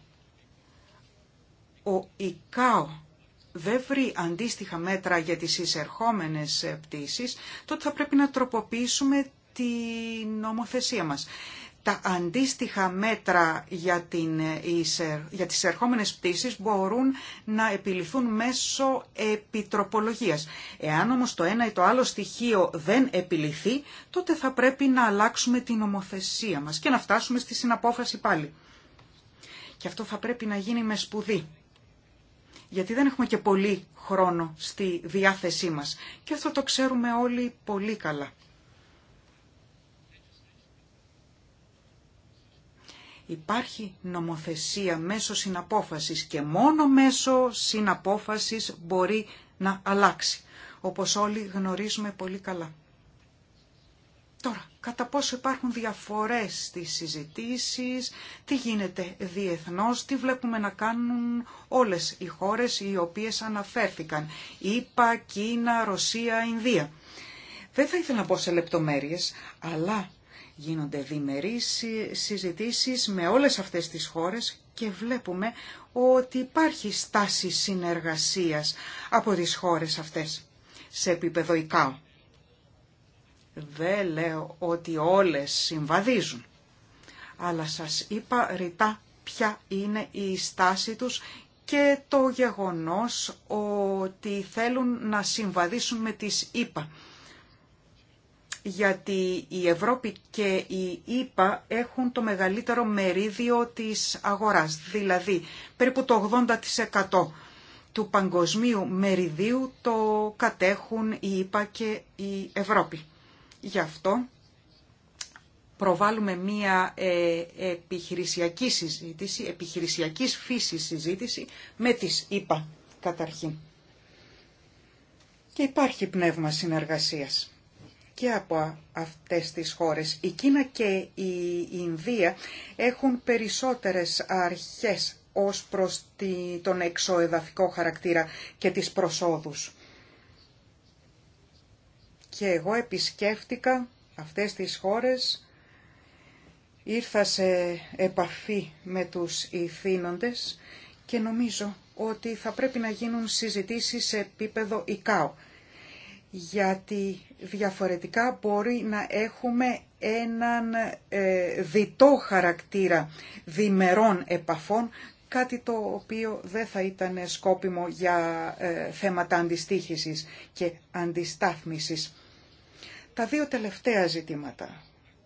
Speaker 3: ο ΙΚΑΟ δεν βρει αντίστοιχα μέτρα για τις εισερχόμενες πτήσεις, τότε θα πρέπει να τροποποιήσουμε την νομοθεσία μας τα αντίστοιχα μέτρα για, την, ε, ε, για τις ερχόμενες πτήσεις μπορούν να επιληθούν μέσω επιτροπολογίας. Εάν όμως το ένα ή το άλλο στοιχείο δεν επιληθεί, τότε θα πρέπει να αλλάξουμε την ομοθεσία μας και να φτάσουμε στη συναπόφαση πάλι. Και αυτό θα πρέπει να γίνει με σπουδή. Γιατί δεν έχουμε και πολύ χρόνο στη διάθεσή μας. Και αυτό το ξέρουμε όλοι πολύ καλά. Υπάρχει νομοθεσία μέσω συναπόφασης και μόνο μέσω συναπόφασης μπορεί να αλλάξει, όπως όλοι γνωρίζουμε πολύ καλά. Τώρα, κατά πόσο υπάρχουν διαφορές στις συζητήσεις, τι γίνεται διεθνώς, τι βλέπουμε να κάνουν όλες οι χώρες οι οποίες αναφέρθηκαν. Ήπα, Κίνα, Ρωσία, Ινδία. Δεν θα ήθελα να πω σε λεπτομέρειες, αλλά Γίνονται διμερείς συζητήσεις με όλες αυτές τις χώρες και βλέπουμε ότι υπάρχει στάση συνεργασίας από τις χώρες αυτές σε επίπεδο ΙΚΑΟ. Δεν λέω ότι όλες συμβαδίζουν, αλλά σας είπα ρητά ποια είναι η στάση τους και το γεγονός ότι θέλουν να συμβαδίσουν με τις ΙΠΑ γιατί η Ευρώπη και η ΕΠΑ έχουν το μεγαλύτερο μερίδιο της αγοράς, δηλαδή περίπου το 80% του παγκοσμίου μεριδίου το κατέχουν η ΕΠΑ και η Ευρώπη. Γι' αυτό προβάλλουμε μία ε, επιχειρησιακή συζήτηση, επιχειρησιακής φύσης συζήτηση με τις ΕΠΑ καταρχήν. Και υπάρχει πνεύμα συνεργασίας και από αυτές τις χώρες. Η Κίνα και η Ινδία έχουν περισσότερες αρχές ως προς τον εξοεδαφικό χαρακτήρα και τις προσόδους. Και εγώ επισκέφτηκα αυτές τις χώρες, ήρθα σε επαφή με τους ηθήνοντες και νομίζω ότι θα πρέπει να γίνουν συζητήσεις σε επίπεδο ΙΚΑΟ γιατί διαφορετικά μπορεί να έχουμε έναν ε, διτό χαρακτήρα διμερών επαφών, κάτι το οποίο δεν θα ήταν σκόπιμο για ε, θέματα αντιστήχησης και αντιστάθμισης. Τα δύο τελευταία ζητήματα.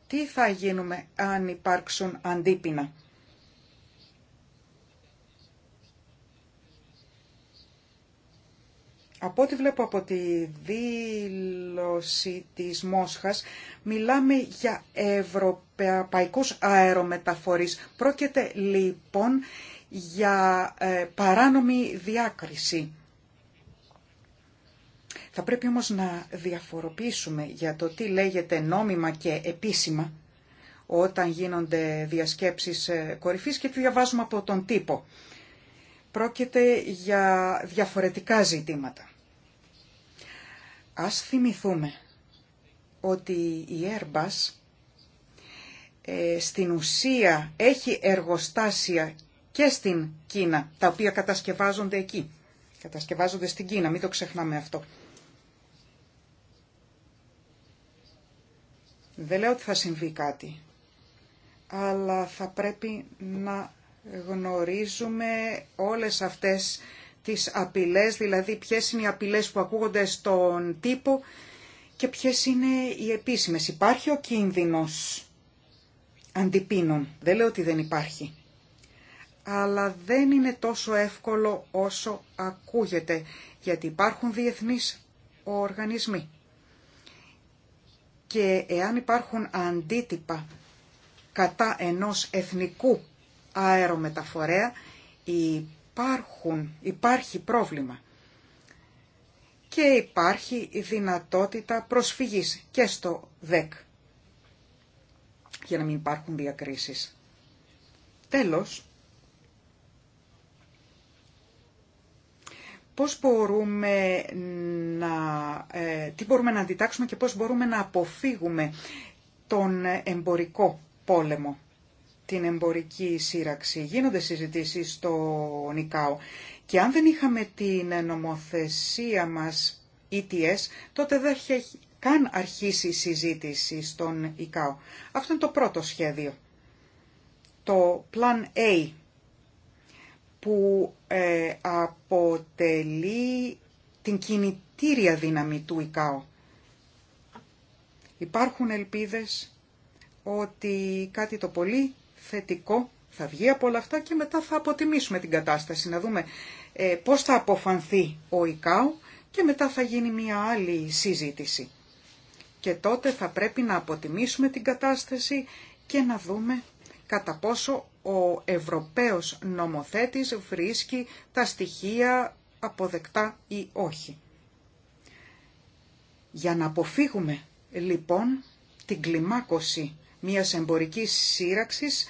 Speaker 3: Τι θα γίνουμε αν υπάρξουν αντίπεινα. Από ό,τι βλέπω από τη δήλωση της Μόσχας, μιλάμε για ευρωπαϊκούς αερομεταφορείς. Πρόκειται λοιπόν για ε, παράνομη διάκριση. Θα πρέπει όμως να διαφοροποιήσουμε για το τι λέγεται νόμιμα και επίσημα όταν γίνονται διασκέψεις ε, κορυφής και τι διαβάζουμε από τον τύπο πρόκειται για διαφορετικά ζητήματα. Ας θυμηθούμε ότι η Airbus ε, στην ουσία έχει εργοστάσια και στην Κίνα, τα οποία κατασκευάζονται εκεί. Κατασκευάζονται στην Κίνα, μην το ξεχνάμε αυτό. Δεν λέω ότι θα συμβεί κάτι, αλλά θα πρέπει να γνωρίζουμε όλες αυτές τις απειλές, δηλαδή ποιες είναι οι απειλές που ακούγονται στον τύπο και ποιες είναι οι επίσημες. Υπάρχει ο κίνδυνος αντιπίνων. Δεν λέω ότι δεν υπάρχει. Αλλά δεν είναι τόσο εύκολο όσο ακούγεται, γιατί υπάρχουν διεθνείς οργανισμοί. Και εάν υπάρχουν αντίτυπα κατά ενός εθνικού αερομεταφορέα υπάρχουν, υπάρχει πρόβλημα και υπάρχει δυνατότητα προσφυγής και στο ΔΕΚ για να μην υπάρχουν διακρίσεις. Τέλος, πώς μπορούμε να, ε, τι μπορούμε να αντιτάξουμε και πώς μπορούμε να αποφύγουμε τον εμπορικό πόλεμο την εμπορική σύραξη. Γίνονται συζητήσεις στο ΝΙΚΑΟ. Και αν δεν είχαμε την νομοθεσία μας ETS, τότε δεν είχε καν αρχίσει η συζήτηση στον ΙΚΑΟ. Αυτό είναι το πρώτο σχέδιο. Το Plan A, που ε, αποτελεί την κινητήρια δύναμη του ΙΚΑΟ. Υπάρχουν ελπίδες ότι κάτι το πολύ θετικό θα βγει από όλα αυτά και μετά θα αποτιμήσουμε την κατάσταση, να δούμε ε, πώς θα αποφανθεί ο ΙΚΑΟ και μετά θα γίνει μια άλλη συζήτηση. Και τότε θα πρέπει να αποτιμήσουμε την κατάσταση και να δούμε κατά πόσο ο Ευρωπαίος νομοθέτης βρίσκει τα στοιχεία αποδεκτά ή όχι. Για να αποφύγουμε λοιπόν την κλιμάκωση μία εμπορικής σύραξης,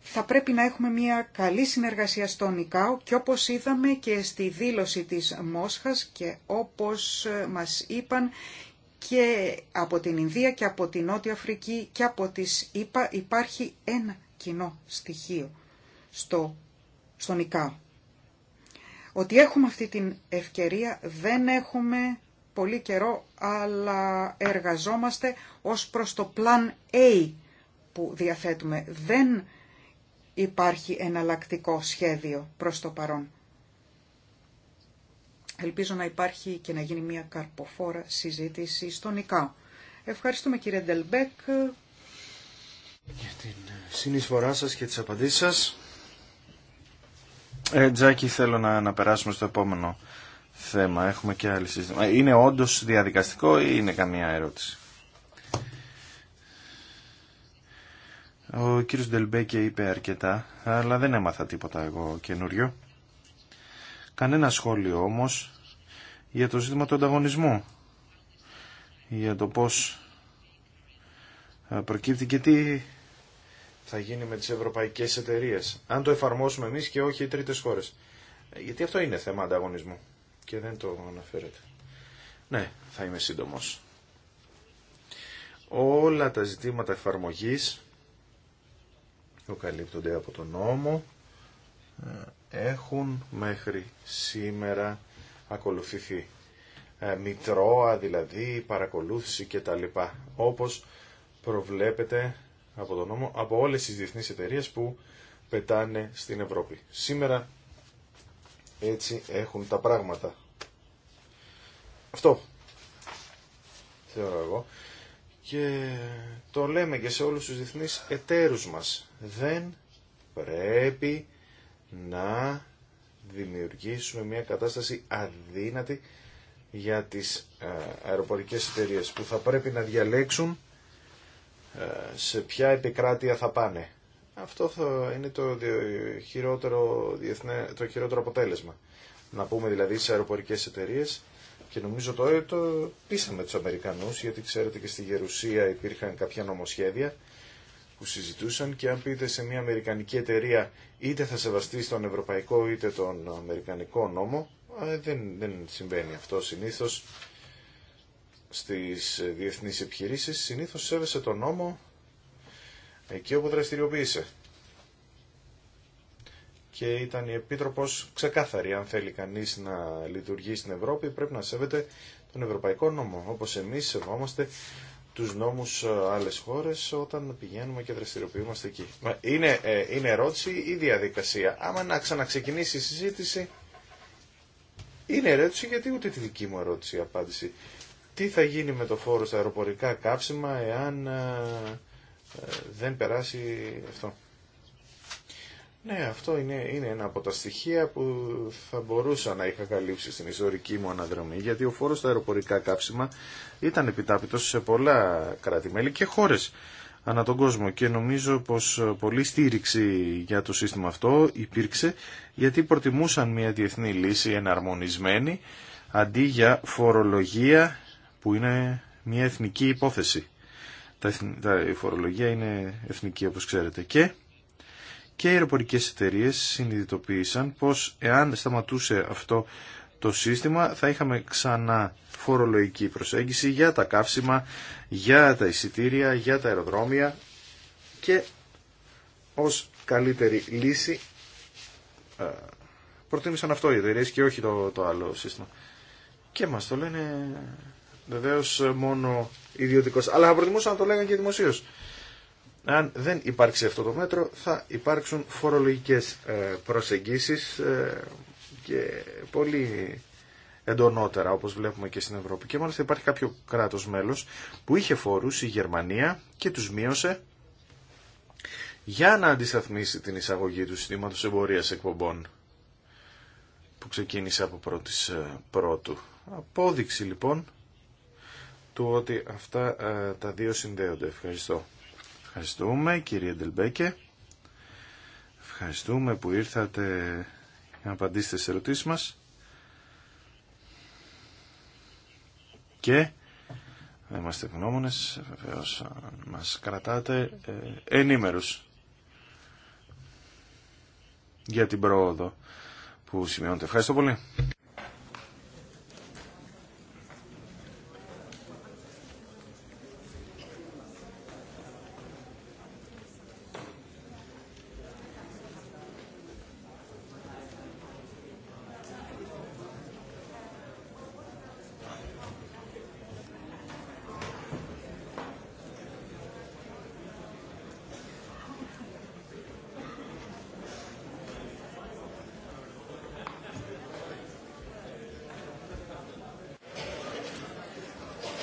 Speaker 3: θα πρέπει να έχουμε μια καλή συνεργασία στον Νικάο και όπως είδαμε και στη δήλωση της Μόσχας και όπως ε, μας είπαν και από την Ινδία και από την Νότια Αφρική και από τις ΗΠΑ υπάρχει ένα κοινό στοιχείο στο, στον Ότι έχουμε αυτή την ευκαιρία δεν έχουμε πολύ καιρό, αλλά εργαζόμαστε ως προς το πλάν A που διαθέτουμε. Δεν υπάρχει εναλλακτικό σχέδιο προς το παρόν. Ελπίζω να υπάρχει και να γίνει μια καρποφόρα συζήτηση στον ΙΚΑΟ. Ευχαριστούμε κύριε Ντελμπέκ.
Speaker 1: Για την συνεισφορά σας και τις απαντήσεις σας. Ε, θέλω να, να περάσουμε στο επόμενο θέμα. Έχουμε και άλλη συζήτηση. Είναι όντως διαδικαστικό ή είναι καμία ερώτηση. Ο κύριος Ντελμπέκε είπε αρκετά, αλλά δεν έμαθα τίποτα εγώ καινούριο. Κανένα σχόλιο όμως για το ζήτημα του ανταγωνισμού. Για το πώς ε, προκύπτει και τι θα γίνει με τις ευρωπαϊκές εταιρείες. Αν το εφαρμόσουμε εμείς και όχι οι τρίτες χώρες. Γιατί αυτό είναι θέμα ανταγωνισμού και δεν το αναφέρετε. Ναι, θα είμαι σύντομος. Όλα τα ζητήματα εφαρμογής καλύπτονται από τον νόμο ε, έχουν μέχρι σήμερα ακολουθηθεί ε, μητρώα δηλαδή παρακολούθηση και τα λοιπά όπως προβλέπεται από τον νόμο από όλες τις διεθνείς εταιρείες που πετάνε στην Ευρώπη σήμερα έτσι έχουν τα πράγματα. Αυτό θεωρώ εγώ. Και το λέμε και σε όλους τους διεθνείς εταίρους μας. Δεν πρέπει να δημιουργήσουμε μια κατάσταση αδύνατη για τις ε, αεροπορικές εταιρείες που θα πρέπει να διαλέξουν ε, σε ποια επικράτεια θα πάνε. Αυτό θα είναι το χειρότερο, διεθνέ, το χειρότερο αποτέλεσμα. Να πούμε δηλαδή σε αεροπορικέ εταιρείε και νομίζω το, το πείσαμε του Αμερικανού, γιατί ξέρετε και στη Γερουσία υπήρχαν κάποια νομοσχέδια που συζητούσαν και αν πείτε σε μια Αμερικανική εταιρεία είτε θα σεβαστεί τον Ευρωπαϊκό είτε τον Αμερικανικό νόμο ε, δεν, δεν συμβαίνει αυτό συνήθω στις διεθνείς επιχειρήσεις συνήθως σέβεσαι τον νόμο εκεί όπου δραστηριοποίησε. Και ήταν η Επίτροπος ξεκάθαρη, αν θέλει κανείς να λειτουργεί στην Ευρώπη, πρέπει να σέβεται τον Ευρωπαϊκό νόμο, όπως εμείς σεβόμαστε τους νόμους ε, άλλες χώρες όταν πηγαίνουμε και δραστηριοποιούμαστε εκεί. Είναι, ε, είναι ερώτηση ή διαδικασία. Άμα να ξαναξεκινήσει η συζήτηση, είναι ερώτηση γιατί ούτε τη δική μου ερώτηση η απάντηση. Τι θα γίνει με το φόρο στα αεροπορικά κάψιμα εάν... Ε, ε, δεν περάσει αυτό. Ναι, αυτό είναι, είναι ένα από τα στοιχεία που θα μπορούσα να είχα καλύψει στην ιστορική μου αναδρομή, γιατί ο φόρος στα αεροπορικά κάψιμα ήταν επιτάπητος σε πολλά κράτη-μέλη και χώρες ανά τον κόσμο και νομίζω πως πολλή στήριξη για το σύστημα αυτό υπήρξε γιατί προτιμούσαν μια διεθνή λύση εναρμονισμένη αντί για φορολογία που είναι μια εθνική υπόθεση τα, η φορολογία είναι εθνική όπως ξέρετε και και οι αεροπορικές εταιρείε συνειδητοποίησαν πως εάν σταματούσε αυτό το σύστημα θα είχαμε ξανά φορολογική προσέγγιση για τα καύσιμα, για τα εισιτήρια, για τα αεροδρόμια και ως καλύτερη λύση ε, προτίμησαν αυτό οι εταιρείε και όχι το, το άλλο σύστημα. Και μας το λένε Βεβαίω ε, μόνο ιδιωτικό, αλλά θα προτιμούσα να το λέγανε και δημοσίω. Αν δεν υπάρξει αυτό το μέτρο θα υπάρξουν φορολογικές ε, προσεγγίσεις ε, και πολύ εντονότερα όπως βλέπουμε και στην Ευρώπη. Και μάλιστα υπάρχει κάποιο κράτος μέλος που είχε φόρους η Γερμανία και τους μείωσε για να αντισταθμίσει την εισαγωγή του συστήματο εμπορία εκπομπών που ξεκίνησε από πρώτης πρώτου. Απόδειξη λοιπόν του ότι αυτά ε, τα δύο συνδέονται. Ευχαριστώ. Ευχαριστούμε κύριε Ντελμπέκε. Ευχαριστούμε που ήρθατε να απαντήσετε σε ερωτήσεις μας. Και είμαστε γνώμονες, βεβαίως μας κρατάτε ε, ενήμερους για την πρόοδο που σημειώνεται. Ευχαριστώ πολύ.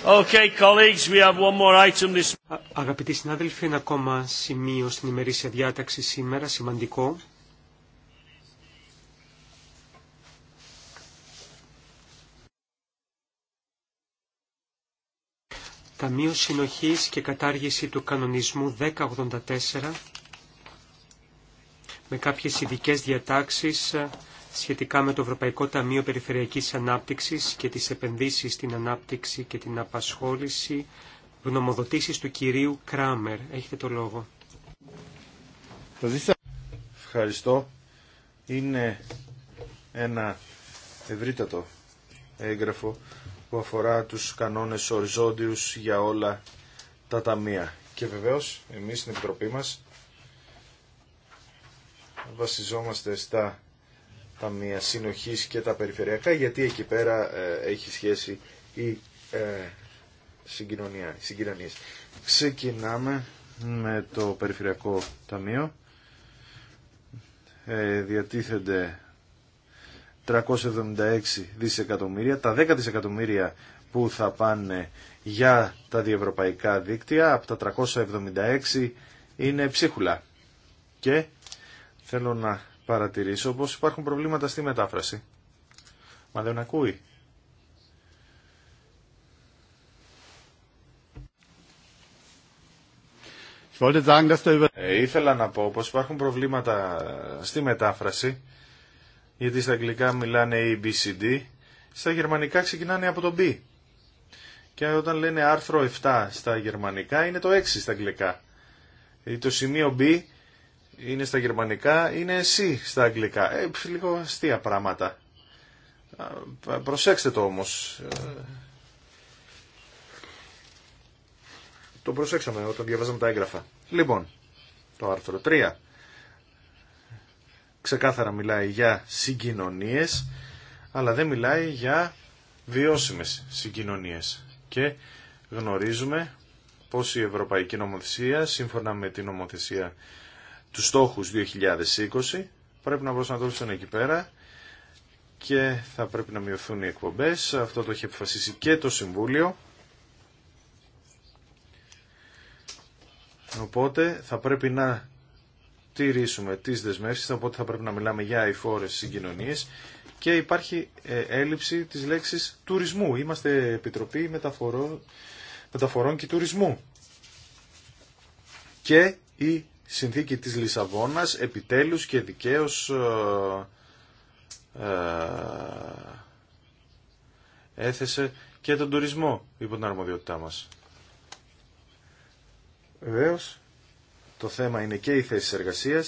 Speaker 2: Okay, colleagues, we have one more item this... Αγαπητοί συνάδελφοι, ένα ακόμα σημείο στην ημερήσια διάταξη σήμερα, σημαντικό. Ταμείο Συνοχής και κατάργηση του κανονισμού 1084 με κάποιες ειδικές διατάξεις σχετικά με το Ευρωπαϊκό Ταμείο Περιφερειακής Ανάπτυξης και τις επενδύσεις στην ανάπτυξη και την απασχόληση γνωμοδοτήσεις του κυρίου Κράμερ. Έχετε το λόγο. Ευχαριστώ. Είναι ένα
Speaker 1: ευρύτατο έγγραφο που αφορά τους κανόνες οριζόντιους για όλα τα ταμεία. Και βεβαίως εμείς στην Επιτροπή μας βασιζόμαστε στα ταμεία συνοχής και τα περιφερειακά, γιατί εκεί πέρα ε, έχει σχέση η ε, συγκοινωνία, οι συγκοινωνίες. Ξεκινάμε με το Περιφερειακό Ταμείο. Ε, διατίθενται 376 δισεκατομμύρια. Τα 10 δισεκατομμύρια που θα πάνε για τα διευρωπαϊκά δίκτυα από τα 376 είναι ψίχουλα. Και θέλω να παρατηρήσω πως υπάρχουν προβλήματα στη μετάφραση. Μα δεν ακούει. Ε, ήθελα να πω πως υπάρχουν προβλήματα στη μετάφραση γιατί στα αγγλικά μιλάνε ABCD στα γερμανικά ξεκινάνε από το B και όταν λένε άρθρο 7 στα γερμανικά είναι το 6 στα αγγλικά. Δηλαδή το σημείο B είναι στα γερμανικά, είναι εσύ στα αγγλικά. Ε, λίγο αστεία πράγματα. Προσέξτε το όμως. Ε, το προσέξαμε όταν διαβάζαμε τα έγγραφα. Λοιπόν, το άρθρο 3 ξεκάθαρα μιλάει για συγκοινωνίες, αλλά δεν μιλάει για βιώσιμες συγκοινωνίες. Και γνωρίζουμε πως η Ευρωπαϊκή Νομοθεσία, σύμφωνα με την νομοθεσία τους στόχους 2020, πρέπει να προσανατολίσουν εκεί πέρα και θα πρέπει να μειωθούν οι εκπομπές. Αυτό το έχει επιφασίσει και το Συμβούλιο. Οπότε θα πρέπει να τηρήσουμε τις δεσμεύσεις, οπότε θα πρέπει να μιλάμε για αηφόρες συγκοινωνίες και υπάρχει ε, έλλειψη της λέξης τουρισμού. Είμαστε Επιτροπή Μεταφορών, μεταφορών και Τουρισμού. Και η συνθήκη της Λισαβόνας επιτέλους και δικαίως ε, ε, έθεσε και τον τουρισμό υπό την αρμοδιότητά μας. Βεβαίω, το θέμα είναι και οι θέσει εργασία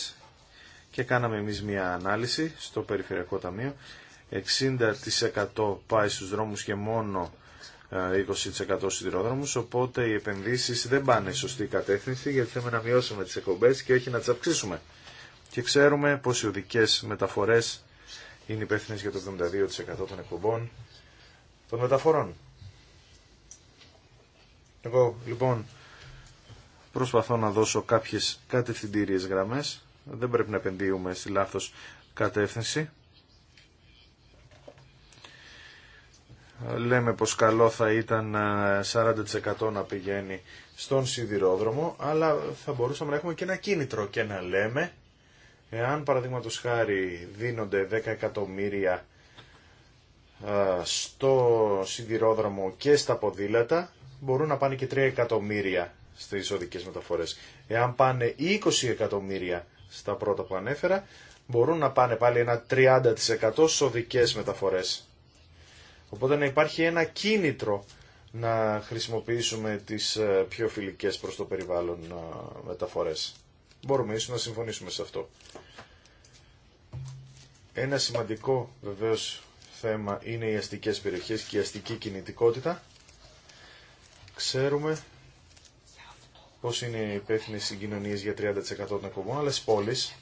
Speaker 1: και κάναμε εμείς μια ανάλυση στο Περιφερειακό Ταμείο. 60% πάει στους δρόμους και μόνο 20% σιδηρόδρομου. οπότε οι επενδύσει δεν πάνε σωστή κατεύθυνση γιατί θέλουμε να μειώσουμε τις εκπομπέ και όχι να τι αυξήσουμε. Και ξέρουμε πώ οι οδικέ μεταφορέ είναι υπεύθυνε για το 72% των εκπομπών των μεταφορών. Εγώ λοιπόν προσπαθώ να δώσω κάποιες κατευθυντήριες γραμμές. Δεν πρέπει να επενδύουμε στη λάθος κατεύθυνση. λέμε πως καλό θα ήταν 40% ε, να πηγαίνει στον σιδηρόδρομο, αλλά θα μπορούσαμε να έχουμε και ένα κίνητρο και να λέμε, εάν παραδείγματο χάρη δίνονται 10 εκατομμύρια ε, στο σιδηρόδρομο και στα ποδήλατα, μπορούν να πάνε και 3 εκατομμύρια στις οδικές μεταφορές. Εάν πάνε 20 εκατομμύρια στα πρώτα που ανέφερα, μπορούν να πάνε πάλι ένα 30% στις οδικές μεταφορές. Οπότε να υπάρχει ένα κίνητρο να χρησιμοποιήσουμε τις ε, πιο φιλικές προς το περιβάλλον ε, μεταφορές. Μπορούμε ίσως να συμφωνήσουμε σε αυτό. Ένα σημαντικό βεβαίως θέμα είναι οι αστικές περιοχές και η αστική κινητικότητα. Ξέρουμε πώς είναι υπεύθυνε συγκοινωνίε για 30% των εκπομπών, αλλά στις πόλεις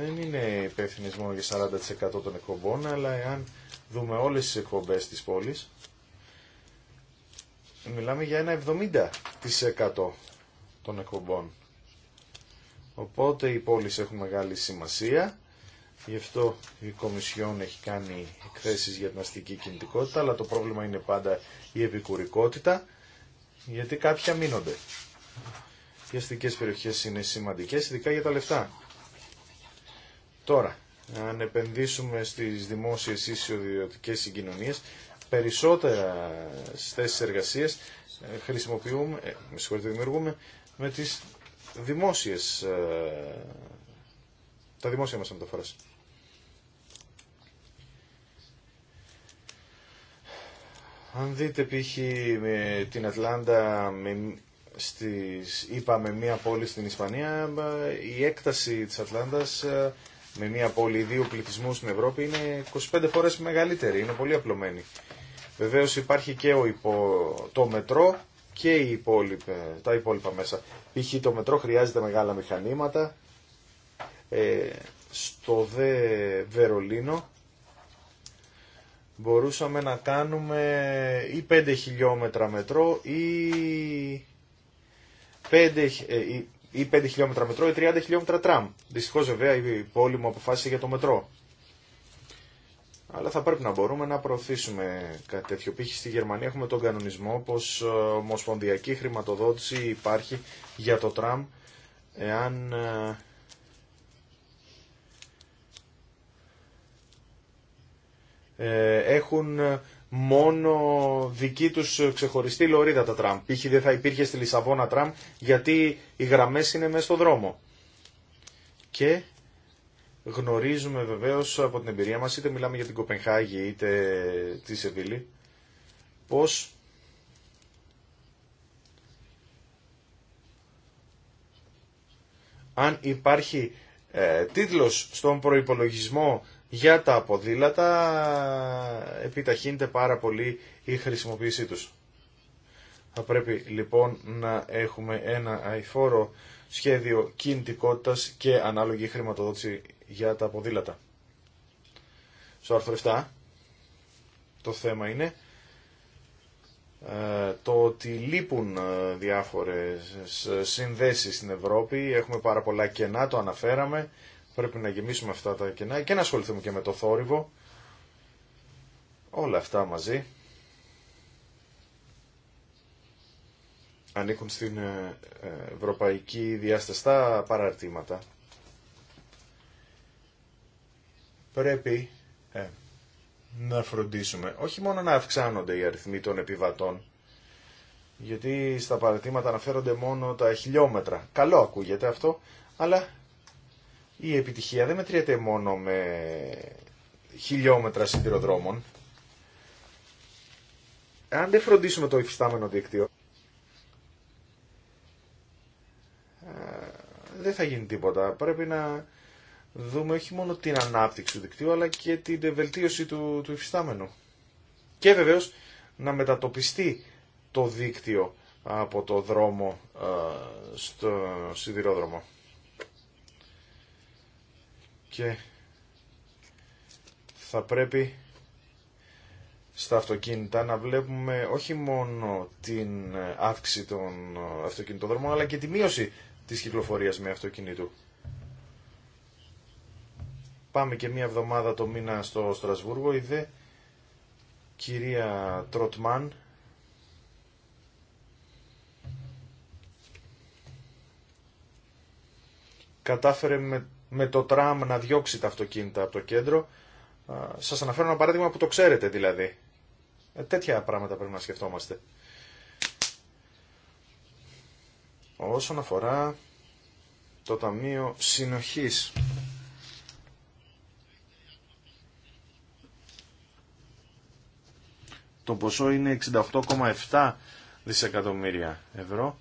Speaker 1: δεν είναι υπεύθυνε μόνο για 40% των εκπομπών, αλλά εάν δούμε όλες τις εκπομπές της πόλης, μιλάμε για ένα 70% των εκπομπών. Οπότε οι πόλεις έχουν μεγάλη σημασία, γι' αυτό η Κομισιόν έχει κάνει εκθέσεις για την αστική κινητικότητα, αλλά το πρόβλημα είναι πάντα η επικουρικότητα, γιατί κάποια μείνονται. Οι αστικές περιοχές είναι σημαντικές, ειδικά για τα λεφτά. Τώρα, αν επενδύσουμε στις δημόσιες ισοδιωτικές συγκοινωνίες, περισσότερα στις θέσεις εργασίας ε, χρησιμοποιούμε, ε, με συγχωρείτε, με τις δημόσιες, ε, τα δημόσια μας μεταφοράς. Αν δείτε π.χ. με την Ατλάντα με, στις, μία πόλη στην Ισπανία, η έκταση της Ατλάντας με μια πόλη δύο πληθυσμού στην Ευρώπη είναι 25 φορές μεγαλύτερη, είναι πολύ απλωμένη. Βεβαίως υπάρχει και υπο... το μετρό και οι υπόλοιπε, τα υπόλοιπα μέσα. Π.χ. το μετρό χρειάζεται μεγάλα μηχανήματα. Ε, στο δε Βερολίνο μπορούσαμε να κάνουμε ή 5 χιλιόμετρα μετρό ή 5, ε, ή ή 5 χιλιόμετρα μετρό ή 30 χιλιόμετρα τραμ. Δυστυχώ βέβαια η πόλη μου αποφάσισε για το μετρό. Αλλά θα πρέπει να μπορούμε να προωθήσουμε κάτι τέτοιο. Π.χ. στη Γερμανία έχουμε τον κανονισμό πως ε, ομοσπονδιακή χρηματοδότηση υπάρχει για το τραμ εάν ε, ε, έχουν μόνο δική τους ξεχωριστή λωρίδα τα τραμ. Π.χ. δεν θα υπήρχε στη Λισαβόνα τραμ γιατί οι γραμμές είναι μέσα στο δρόμο. Και γνωρίζουμε βεβαίως από την εμπειρία μας, είτε μιλάμε για την Κοπενχάγη είτε τη Σεβίλη, πως αν υπάρχει ε, τίτλος στον προϋπολογισμό για τα ποδήλατα επιταχύνεται πάρα πολύ η χρησιμοποίησή τους. Θα πρέπει λοιπόν να έχουμε ένα αηφόρο σχέδιο κινητικότητας και ανάλογη χρηματοδότηση για τα ποδήλατα. Στο άρθρο 7 το θέμα είναι ε, το ότι λείπουν ε, διάφορες συνδέσεις στην Ευρώπη, έχουμε πάρα πολλά κενά, το αναφέραμε, Πρέπει να γεμίσουμε αυτά τα κενά και να ασχοληθούμε και με το θόρυβο. Όλα αυτά μαζί ανήκουν στην ε, ευρωπαϊκή διάσταστα παραρτήματα. Πρέπει ε, να φροντίσουμε όχι μόνο να αυξάνονται οι αριθμοί των επιβατών, γιατί στα παραρτήματα αναφέρονται μόνο τα χιλιόμετρα. Καλό ακούγεται αυτό, αλλά η επιτυχία δεν μετριέται μόνο με χιλιόμετρα σιδηροδρόμων. Αν δεν φροντίσουμε το υφιστάμενο δίκτυο, ε, δεν θα γίνει τίποτα. Πρέπει να δούμε όχι μόνο την ανάπτυξη του δικτύου, αλλά και την βελτίωση του, του υφιστάμενου. Και βεβαίως να μετατοπιστεί το δίκτυο από το δρόμο ε, στο σιδηρόδρομο και θα πρέπει στα αυτοκίνητα να βλέπουμε όχι μόνο την αύξηση των αυτοκινητοδρόμων αλλά και τη μείωση της κυκλοφορίας με αυτοκίνητο. Πάμε και μία εβδομάδα το μήνα στο Στρασβούργο, είδε κυρία Τροτμάν κατάφερε με με το τραμ να διώξει τα αυτοκίνητα από το κέντρο. Σας αναφέρω ένα παράδειγμα που το ξέρετε δηλαδή. Ε, τέτοια πράγματα πρέπει να σκεφτόμαστε. Όσον αφορά το Ταμείο Συνοχής. Το ποσό είναι 68,7 δισεκατομμύρια ευρώ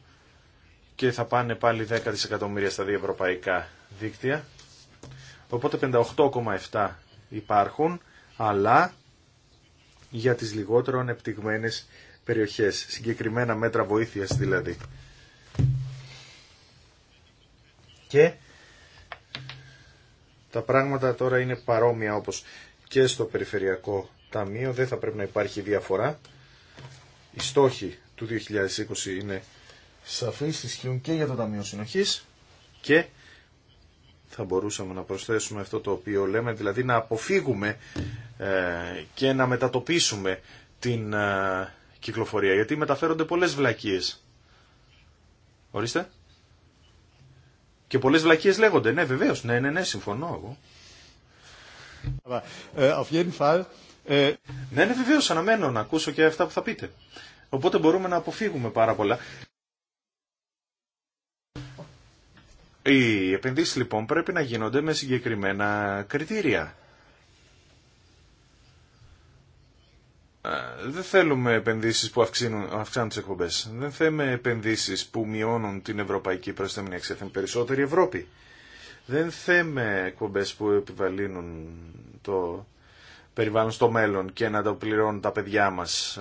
Speaker 1: και θα πάνε πάλι 10 δισεκατομμύρια στα δύο ευρωπαϊκά δίκτυα. Οπότε 58,7 υπάρχουν, αλλά για τις λιγότερο ανεπτυγμένες περιοχές, συγκεκριμένα μέτρα βοήθειας δηλαδή. Και τα πράγματα τώρα είναι παρόμοια όπως και στο Περιφερειακό Ταμείο, δεν θα πρέπει να υπάρχει διαφορά. Οι στόχοι του 2020 είναι σαφείς, ισχύουν και για το Ταμείο Συνοχής και θα μπορούσαμε να προσθέσουμε αυτό το οποίο λέμε, δηλαδή να αποφύγουμε ε, και να μετατοπίσουμε την ε, κυκλοφορία, γιατί μεταφέρονται πολλές βλακίες. Ορίστε. Και πολλές βλακίες λέγονται. Ναι, βεβαίως. Ναι, ναι, ναι, συμφωνώ εγώ. Ε, auf jeden Fall, Ναι, ναι, βεβαίως, αναμένω να ακούσω και αυτά που θα πείτε. Οπότε μπορούμε να αποφύγουμε πάρα πολλά. Οι επενδύσεις λοιπόν πρέπει να γίνονται με συγκεκριμένα κριτήρια. Ε, δεν θέλουμε επενδύσεις που αυξάνουν, αυξάνουν τις εκπομπές. Δεν θέλουμε επενδύσεις που μειώνουν την ευρωπαϊκή προστασία αξία. Θέλουμε περισσότερη Ευρώπη. Δεν θέλουμε εκπομπές που επιβαλύνουν το περιβάλλον στο μέλλον και να το πληρώνουν τα παιδιά μας.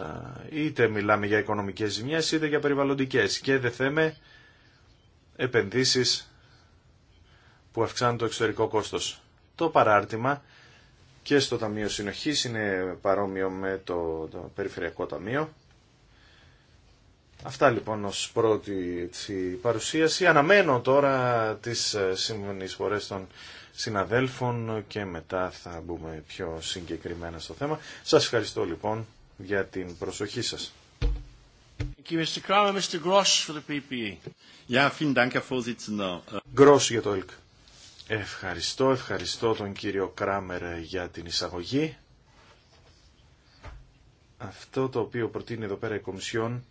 Speaker 1: Ε, είτε μιλάμε για οικονομικές ζημιές είτε για περιβαλλοντικές. Και δεν θέλουμε επενδύσεις που αυξάνουν το εξωτερικό κόστος. Το παράρτημα και στο Ταμείο Συνοχής είναι παρόμοιο με το, Περιφερειακό Ταμείο. Αυτά λοιπόν ως πρώτη παρουσίαση. Αναμένω τώρα τις ε, φορές των συναδέλφων και μετά θα μπούμε πιο συγκεκριμένα στο θέμα. Σας ευχαριστώ λοιπόν για την προσοχή σας. Γκρός e. για το ΕΛΚ. Ευχαριστώ, ευχαριστώ τον κύριο Κράμερ για την εισαγωγή. Αυτό το οποίο προτείνει εδώ πέρα η Κομισιόν,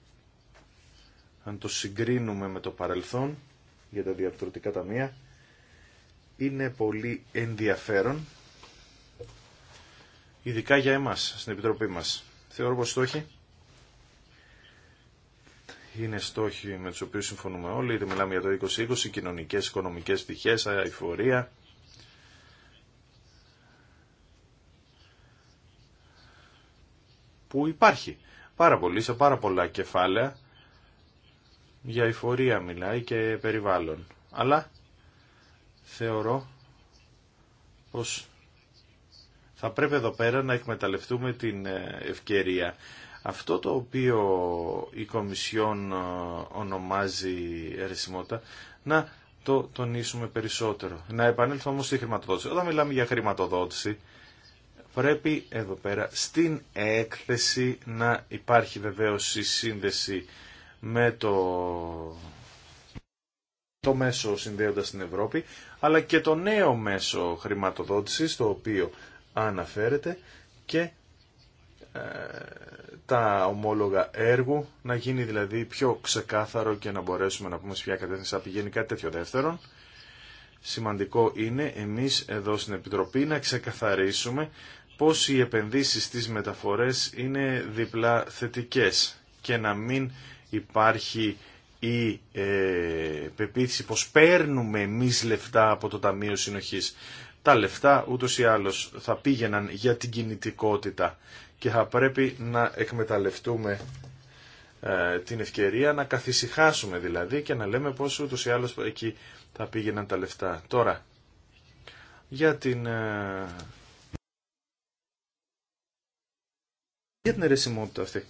Speaker 1: αν το συγκρίνουμε με το παρελθόν για τα διαπτωτικά ταμεία, είναι πολύ ενδιαφέρον, ειδικά για εμάς, στην Επιτροπή μας. Θεωρώ πως το έχει είναι στόχοι με τους οποίους συμφωνούμε όλοι, είτε μιλάμε για το 2020, κοινωνικές, οικονομικές στοιχές, αηφορία. Που υπάρχει πάρα πολύ, σε πάρα πολλά κεφάλαια, για αηφορία μιλάει και περιβάλλον. Αλλά θεωρώ πως θα πρέπει εδώ πέρα να εκμεταλλευτούμε την ε, ευκαιρία αυτό το οποίο η Κομισιόν ε, ονομάζει ερεσιμότητα, να το τονίσουμε περισσότερο. Να επανέλθω όμως στη χρηματοδότηση. Όταν μιλάμε για χρηματοδότηση, πρέπει εδώ πέρα στην έκθεση να υπάρχει βεβαίως η σύνδεση με το, το μέσο συνδέοντας την Ευρώπη, αλλά και το νέο μέσο χρηματοδότησης, το οποίο αναφέρεται και ε, τα ομόλογα έργου, να γίνει δηλαδή πιο ξεκάθαρο και να μπορέσουμε να πούμε σε ποια κατεύθυνση θα πηγαίνει κάτι τέτοιο δεύτερον. Σημαντικό είναι εμείς εδώ στην Επιτροπή να ξεκαθαρίσουμε πως οι επενδύσεις στις μεταφορές είναι διπλά θετικές και να μην υπάρχει η ε, πεποίθηση πως παίρνουμε εμεί λεφτά από το Ταμείο Συνοχής. Τα λεφτά ούτως ή άλλως θα πήγαιναν για την κινητικότητα και θα πρέπει να εκμεταλλευτούμε ε, την ευκαιρία να καθησυχάσουμε δηλαδή και να λέμε πως ούτως ή άλλως εκεί θα πήγαιναν τα λεφτά. Τώρα, για την... Ε, για την αιρεσιμότητα αυτή.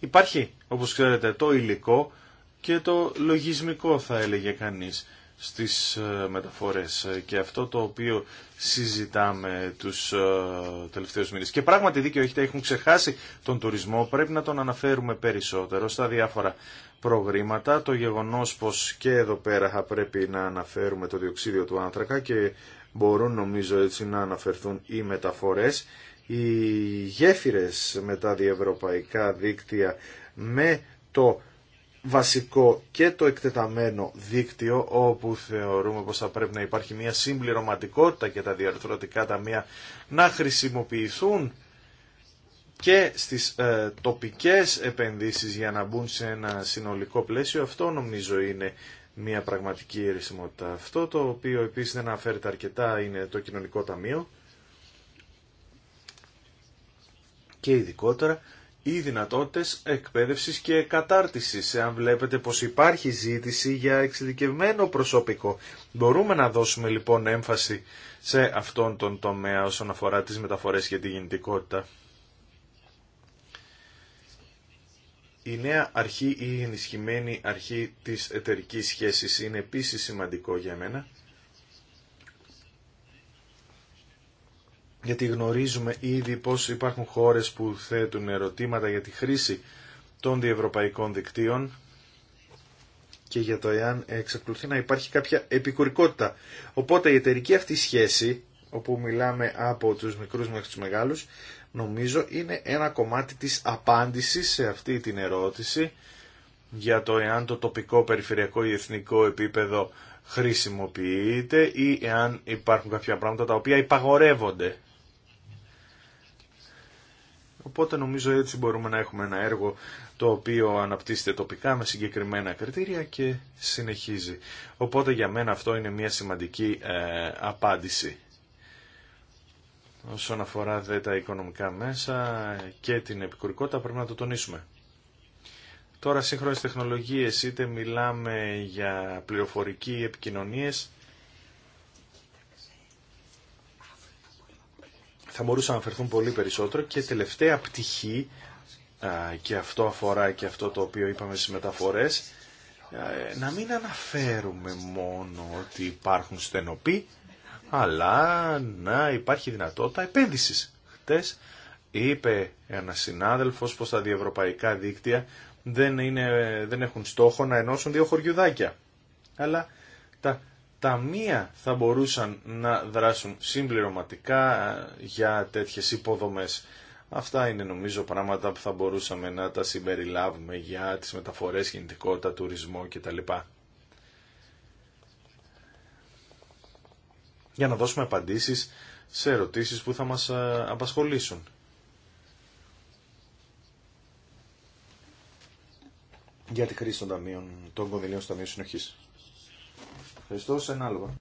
Speaker 1: Υπάρχει, όπως ξέρετε, το υλικό και το λογισμικό θα έλεγε κανείς στις ε, μεταφορές ε, και αυτό το οποίο συζητάμε τους ε, τελευταίους μήνες. Και πράγματι δίκαιο έχετε, έχουν ξεχάσει τον τουρισμό, πρέπει να τον αναφέρουμε περισσότερο στα διάφορα προγρήματα. Το γεγονός πως και εδώ πέρα θα πρέπει να αναφέρουμε το διοξίδιο του άνθρακα και μπορούν νομίζω έτσι να αναφερθούν οι μεταφορές. Οι γέφυρες με τα διευρωπαϊκά δίκτυα με το βασικό και το εκτεταμένο δίκτυο όπου θεωρούμε πως θα πρέπει να υπάρχει μια συμπληρωματικότητα και τα διαρθρωτικά ταμεία να χρησιμοποιηθούν και στις ε, τοπικές επενδύσεις για να μπουν σε ένα συνολικό πλαίσιο. Αυτό νομίζω είναι μια πραγματική Τα Αυτό το οποίο επίσης δεν αναφέρεται αρκετά είναι το κοινωνικό ταμείο και ειδικότερα οι δυνατότητες εκπαίδευσης και κατάρτισης. Εάν βλέπετε πως υπάρχει ζήτηση για εξειδικευμένο προσωπικό. Μπορούμε να δώσουμε λοιπόν έμφαση σε αυτόν τον τομέα όσον αφορά τις μεταφορές και τη γεννητικότητα. Η νέα αρχή ή η ενισχυμένη αρχή της εταιρικής σχέσης είναι επίσης σημαντικό για μένα γιατί γνωρίζουμε ήδη πως υπάρχουν χώρες που θέτουν ερωτήματα για τη χρήση των διευρωπαϊκών δικτύων και για το εάν εξακολουθεί να υπάρχει κάποια επικουρικότητα. Οπότε η εταιρική αυτή σχέση, όπου μιλάμε από τους μικρούς μέχρι τους μεγάλους, νομίζω είναι ένα κομμάτι της απάντησης σε αυτή την ερώτηση για το εάν το τοπικό, περιφερειακό ή εθνικό επίπεδο χρησιμοποιείται ή εάν υπάρχουν κάποια πράγματα τα οποία υπαγορεύονται Οπότε νομίζω έτσι μπορούμε να έχουμε ένα έργο το οποίο αναπτύσσεται τοπικά με συγκεκριμένα κριτήρια και συνεχίζει. Οπότε για μένα αυτό είναι μια σημαντική ε, απάντηση. Όσον αφορά δε τα οικονομικά μέσα και την επικουρικότητα πρέπει να το τονίσουμε. Τώρα σύγχρονες τεχνολογίες είτε μιλάμε για πληροφορική επικοινωνίες θα μπορούσαν να αφαιρθούν πολύ περισσότερο και τελευταία πτυχή και αυτό αφορά και αυτό το οποίο είπαμε στις μεταφορές να μην αναφέρουμε μόνο ότι υπάρχουν στενοποί αλλά να υπάρχει δυνατότητα επένδυσης. Χτες είπε ένα συνάδελφος πως τα διευρωπαϊκά δίκτυα δεν, είναι, δεν έχουν στόχο να ενώσουν δύο χωριουδάκια αλλά τα μία θα μπορούσαν να δράσουν συμπληρωματικά ε, για τέτοιες υποδομές. Αυτά είναι νομίζω πράγματα που θα μπορούσαμε να τα συμπεριλάβουμε για τις μεταφορές, κινητικότητα, τουρισμό κτλ. Για να δώσουμε απαντήσεις σε ερωτήσεις που θα μας ε, απασχολήσουν. Για τη χρήση των, ταμείων, των κονδυλίων στο Ταμείο Συνοχής. Ευχαριστώ, eh, eh, Σενάλοβα.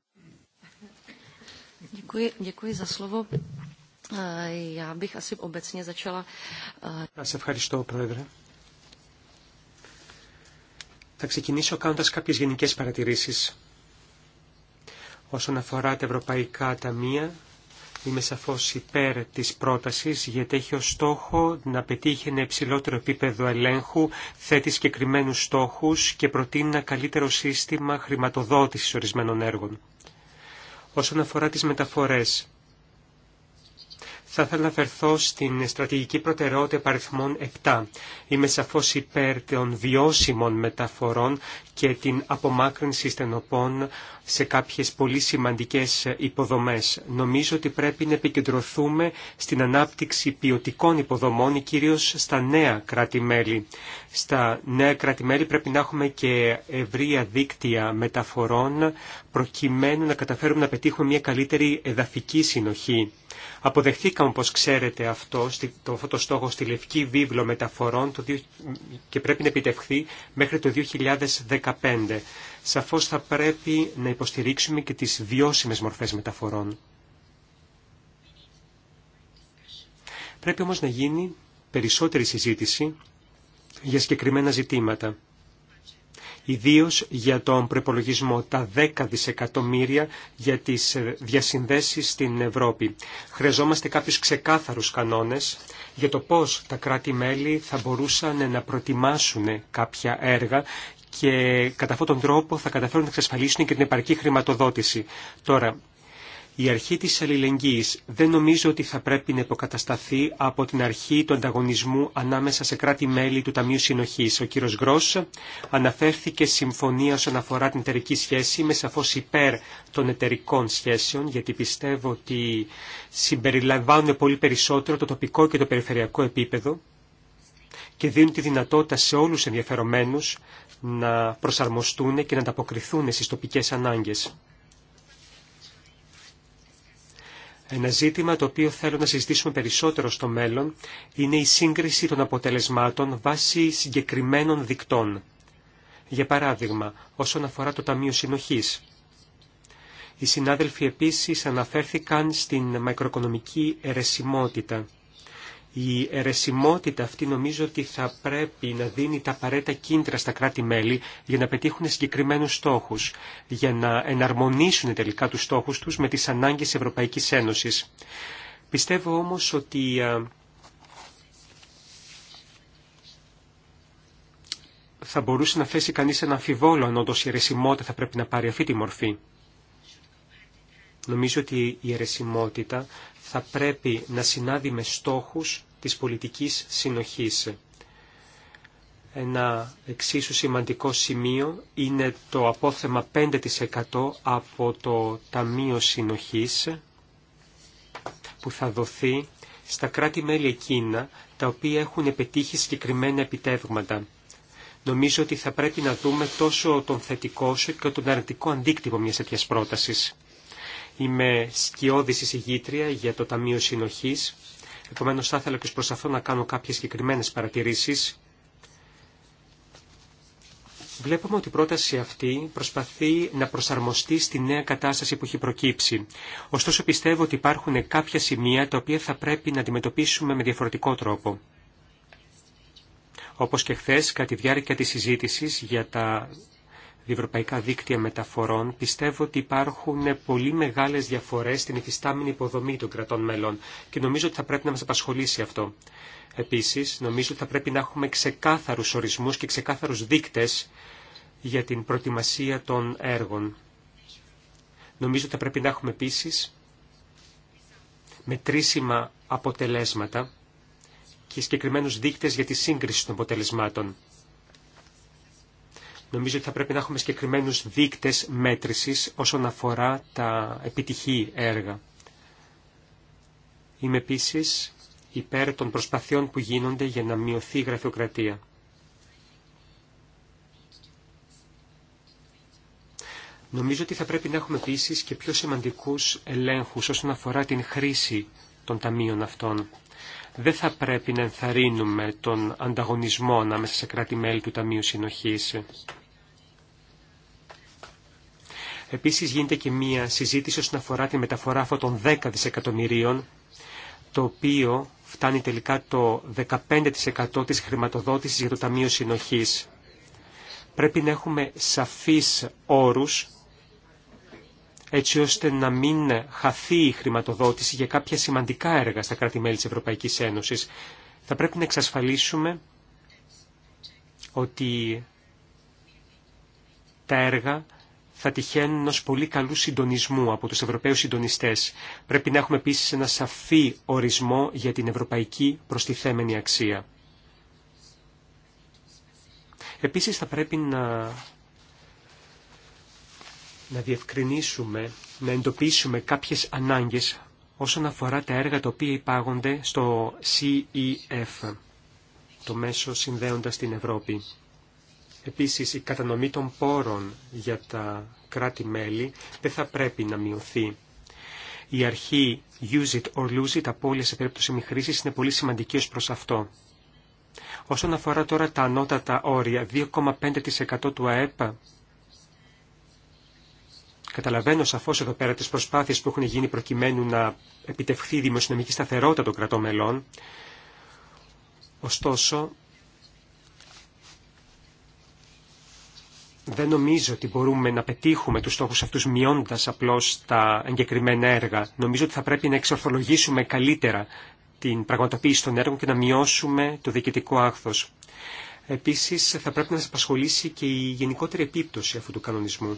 Speaker 2: ευχαριστώ, Πρόεδρε. Θα ξεκινήσω κάνοντας κάποιες γενικές παρατηρήσεις όσον αφορά τα ευρωπαϊκά ταμεία Είμαι σαφώς υπέρ της πρότασης γιατί έχει ως στόχο να πετύχει ένα υψηλότερο επίπεδο ελέγχου, θέτει συγκεκριμένου στόχους και προτείνει ένα καλύτερο σύστημα χρηματοδότησης ορισμένων έργων. Όσον αφορά τις μεταφορές, θα ήθελα να φερθώ στην στρατηγική προτεραιότητα παριθμών 7. Είμαι σαφώ υπέρ των βιώσιμων μεταφορών και την απομάκρυνση στενοπών σε κάποιες πολύ σημαντικές υποδομές. Νομίζω ότι πρέπει να επικεντρωθούμε στην ανάπτυξη ποιοτικών υποδομών, κυρίως στα νέα κράτη-μέλη. Στα νέα κράτη-μέλη πρέπει να έχουμε και ευρία δίκτυα μεταφορών, προκειμένου να καταφέρουμε να πετύχουμε μια καλύτερη εδαφική συνοχή. Αποδεχθήκαμε, όπως ξέρετε, αυτό, το, το στόχο στη Λευκή Βίβλο Μεταφορών και πρέπει να επιτευχθεί μέχρι το 2015. Σαφώς θα πρέπει να υποστηρίξουμε και τις βιώσιμες μορφές μεταφορών. Πρέπει όμως να γίνει περισσότερη συζήτηση για συγκεκριμένα ζητήματα ιδίως για τον προπολογισμό τα 10 δισεκατομμύρια για τις ε, διασυνδέσεις στην Ευρώπη. Χρειαζόμαστε κάποιους ξεκάθαρους κανόνες για το πώς τα κράτη-μέλη θα μπορούσαν να προτιμάσουν κάποια έργα και κατά αυτόν τον τρόπο θα καταφέρουν να εξασφαλίσουν και την επαρκή χρηματοδότηση. Τώρα, η αρχή της αλληλεγγύης δεν νομίζω ότι θα πρέπει να υποκατασταθεί από την αρχή του ανταγωνισμού ανάμεσα σε κράτη-μέλη του Ταμείου Συνοχής. Ο κύριος Γκρός αναφέρθηκε συμφωνία όσον αφορά την εταιρική σχέση με σαφώς υπέρ των εταιρικών σχέσεων, γιατί πιστεύω ότι συμπεριλαμβάνουν πολύ περισσότερο το τοπικό και το περιφερειακό επίπεδο και δίνουν τη δυνατότητα σε όλους τους ενδιαφερομένους να προσαρμοστούν και να ανταποκριθούν στις τοπικές ανάγκες. Ένα ζήτημα το οποίο θέλω να συζητήσουμε περισσότερο στο μέλλον είναι η σύγκριση των αποτελεσμάτων βάσει συγκεκριμένων δικτών. Για παράδειγμα, όσον αφορά το Ταμείο Συνοχής. Οι συνάδελφοι επίσης αναφέρθηκαν στην μακροοικονομική αιρεσιμότητα. Η αιρεσιμότητα αυτή νομίζω ότι θα πρέπει να δίνει τα απαραίτητα κίνητρα στα κράτη-μέλη για να πετύχουν συγκεκριμένους στόχους, για να εναρμονίσουν τελικά τους στόχους τους με τις ανάγκες Ευρωπαϊκής Ένωσης. Πιστεύω όμως ότι θα μπορούσε να θέσει κανείς ένα αμφιβόλο αν όντως η αιρεσιμότητα θα πρέπει να πάρει αυτή τη μορφή. Νομίζω ότι η αιρεσιμότητα θα πρέπει να συνάδει με στόχους της πολιτικής συνοχής. Ένα εξίσου σημαντικό σημείο είναι το απόθεμα 5% από το Ταμείο Συνοχής που θα δοθεί στα κράτη-μέλη εκείνα τα οποία έχουν πετύχει συγκεκριμένα επιτεύγματα. Νομίζω ότι θα πρέπει να δούμε τόσο τον θετικό όσο και τον αρνητικό αντίκτυπο μιας τέτοιας πρότασης. Είμαι σκιώδης εισηγήτρια για το Ταμείο Συνοχής. Επομένως θα ήθελα και προς αυτό να κάνω κάποιες συγκεκριμένες παρατηρήσεις. Βλέπουμε ότι η πρόταση αυτή προσπαθεί να προσαρμοστεί στη νέα κατάσταση που έχει προκύψει. Ωστόσο πιστεύω ότι υπάρχουν κάποια σημεία τα οποία θα πρέπει να αντιμετωπίσουμε με διαφορετικό τρόπο. Όπως και χθε κατά τη διάρκεια της συζήτησης για τα Ευρωπαϊκά δίκτυα μεταφορών, πιστεύω ότι υπάρχουν πολύ μεγάλες διαφορές στην υφιστάμενη υποδομή των κρατών μελών και νομίζω ότι θα πρέπει να μας απασχολήσει αυτό. Επίσης, νομίζω ότι θα πρέπει να έχουμε ξεκάθαρους ορισμούς και ξεκάθαρους δείκτες για την προετοιμασία των έργων. Νομίζω ότι θα πρέπει να έχουμε επίσης μετρήσιμα αποτελέσματα και συγκεκριμένους δείκτες για τη σύγκριση των αποτελεσμάτων. Νομίζω ότι θα πρέπει να έχουμε συγκεκριμένους δείκτες μέτρησης όσον αφορά τα επιτυχή έργα. Είμαι επίσης υπέρ των προσπαθειών που γίνονται για να μειωθεί η γραφειοκρατία. Νομίζω ότι θα πρέπει να έχουμε επίσης και πιο σημαντικούς ελέγχους όσον αφορά την χρήση των ταμείων αυτών. Δεν θα πρέπει να ενθαρρύνουμε τον ανταγωνισμό ανάμεσα σε κράτη-μέλη του Ταμείου Συνοχής. Επίσης γίνεται και μία συζήτηση όσον αφορά τη μεταφορά αυτών των 10 δισεκατομμυρίων, το οποίο φτάνει τελικά το 15% της χρηματοδότησης για το Ταμείο Συνοχής. Πρέπει να έχουμε σαφείς όρους έτσι ώστε να μην χαθεί η χρηματοδότηση για κάποια σημαντικά έργα στα κράτη-μέλη της Ευρωπαϊκής Ένωσης. Θα πρέπει να εξασφαλίσουμε ότι τα έργα θα τυχαίνουν ενό πολύ καλού συντονισμού από τους Ευρωπαίους συντονιστές. Πρέπει να έχουμε επίσης ένα σαφή ορισμό για την ευρωπαϊκή προστιθέμενη αξία. Επίσης θα πρέπει να να διευκρινίσουμε, να εντοπίσουμε κάποιες ανάγκες όσον αφορά τα έργα τα οποία υπάγονται στο CEF, το μέσο συνδέοντας την Ευρώπη. Επίσης, η κατανομή των πόρων για τα κράτη-μέλη δεν θα πρέπει να μειωθεί. Η αρχή use it or lose it από όλες σε περίπτωση μη χρήσης είναι πολύ σημαντική ως προς αυτό. Όσον αφορά τώρα τα ανώτατα όρια, 2,5% του ΑΕΠ, Καταλαβαίνω σαφώς εδώ πέρα τις προσπάθειες που έχουν γίνει προκειμένου να επιτευχθεί η δημοσιονομική σταθερότητα των κρατών μελών. Ωστόσο, Δεν νομίζω ότι μπορούμε να πετύχουμε τους στόχους αυτούς μειώντας απλώς τα εγκεκριμένα έργα. Νομίζω ότι θα πρέπει να εξορθολογήσουμε καλύτερα την πραγματοποίηση των έργων και να μειώσουμε το διοικητικό άχθος. Επίσης θα πρέπει να σας απασχολήσει και η γενικότερη επίπτωση αυτού του κανονισμού.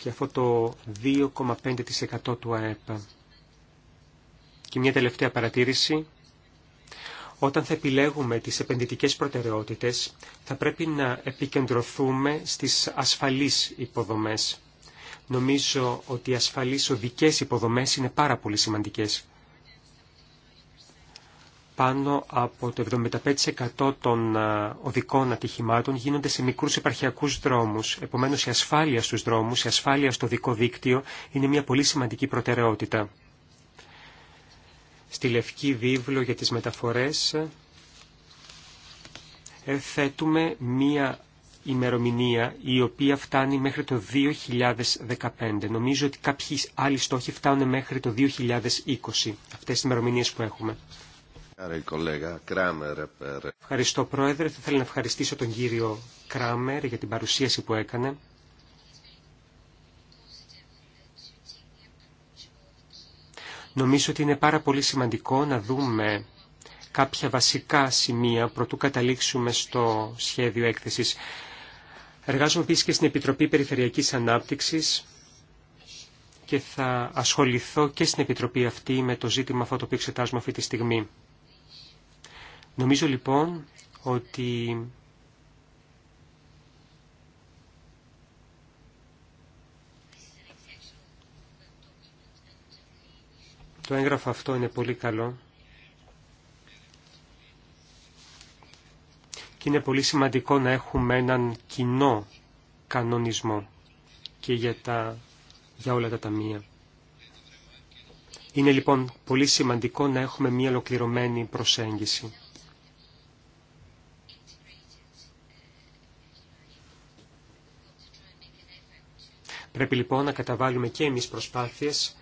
Speaker 2: Και αυτό το 2,5% του ΑΕΠ. Και μια τελευταία παρατήρηση όταν θα επιλέγουμε τις επενδυτικές προτεραιότητες, θα πρέπει να επικεντρωθούμε στις ασφαλείς υποδομές. Νομίζω ότι οι ασφαλείς οδικές υποδομές είναι πάρα πολύ σημαντικές. Πάνω από το 75% των οδικών ατυχημάτων γίνονται σε μικρούς επαρχιακούς δρόμους. Επομένως η ασφάλεια στους δρόμους, η ασφάλεια στο δικό δίκτυο είναι μια πολύ σημαντική προτεραιότητα στη Λευκή Βίβλο για τις μεταφορές ε, θέτουμε μία ημερομηνία η οποία φτάνει μέχρι το 2015. Νομίζω ότι κάποιοι άλλοι στόχοι φτάνουν μέχρι το 2020, αυτές οι ημερομηνίες που έχουμε. Ε, Ευχαριστώ Πρόεδρε. Θα ήθελα να ευχαριστήσω τον κύριο Κράμερ για την παρουσίαση που έκανε. Νομίζω ότι είναι πάρα πολύ σημαντικό να δούμε κάποια βασικά σημεία προτού καταλήξουμε στο σχέδιο έκθεσης. Εργάζομαι επίσης και στην Επιτροπή Περιφερειακής Ανάπτυξης και θα ασχοληθώ και στην Επιτροπή αυτή με το ζήτημα αυτό το οποίο εξετάζουμε αυτή τη στιγμή. Νομίζω λοιπόν ότι Το έγγραφο αυτό είναι πολύ καλό και είναι πολύ σημαντικό να έχουμε έναν κοινό κανονισμό και για, τα, για όλα τα ταμεία. Είναι λοιπόν πολύ σημαντικό να έχουμε μία ολοκληρωμένη προσέγγιση. Πρέπει λοιπόν να καταβάλουμε και εμείς προσπάθειες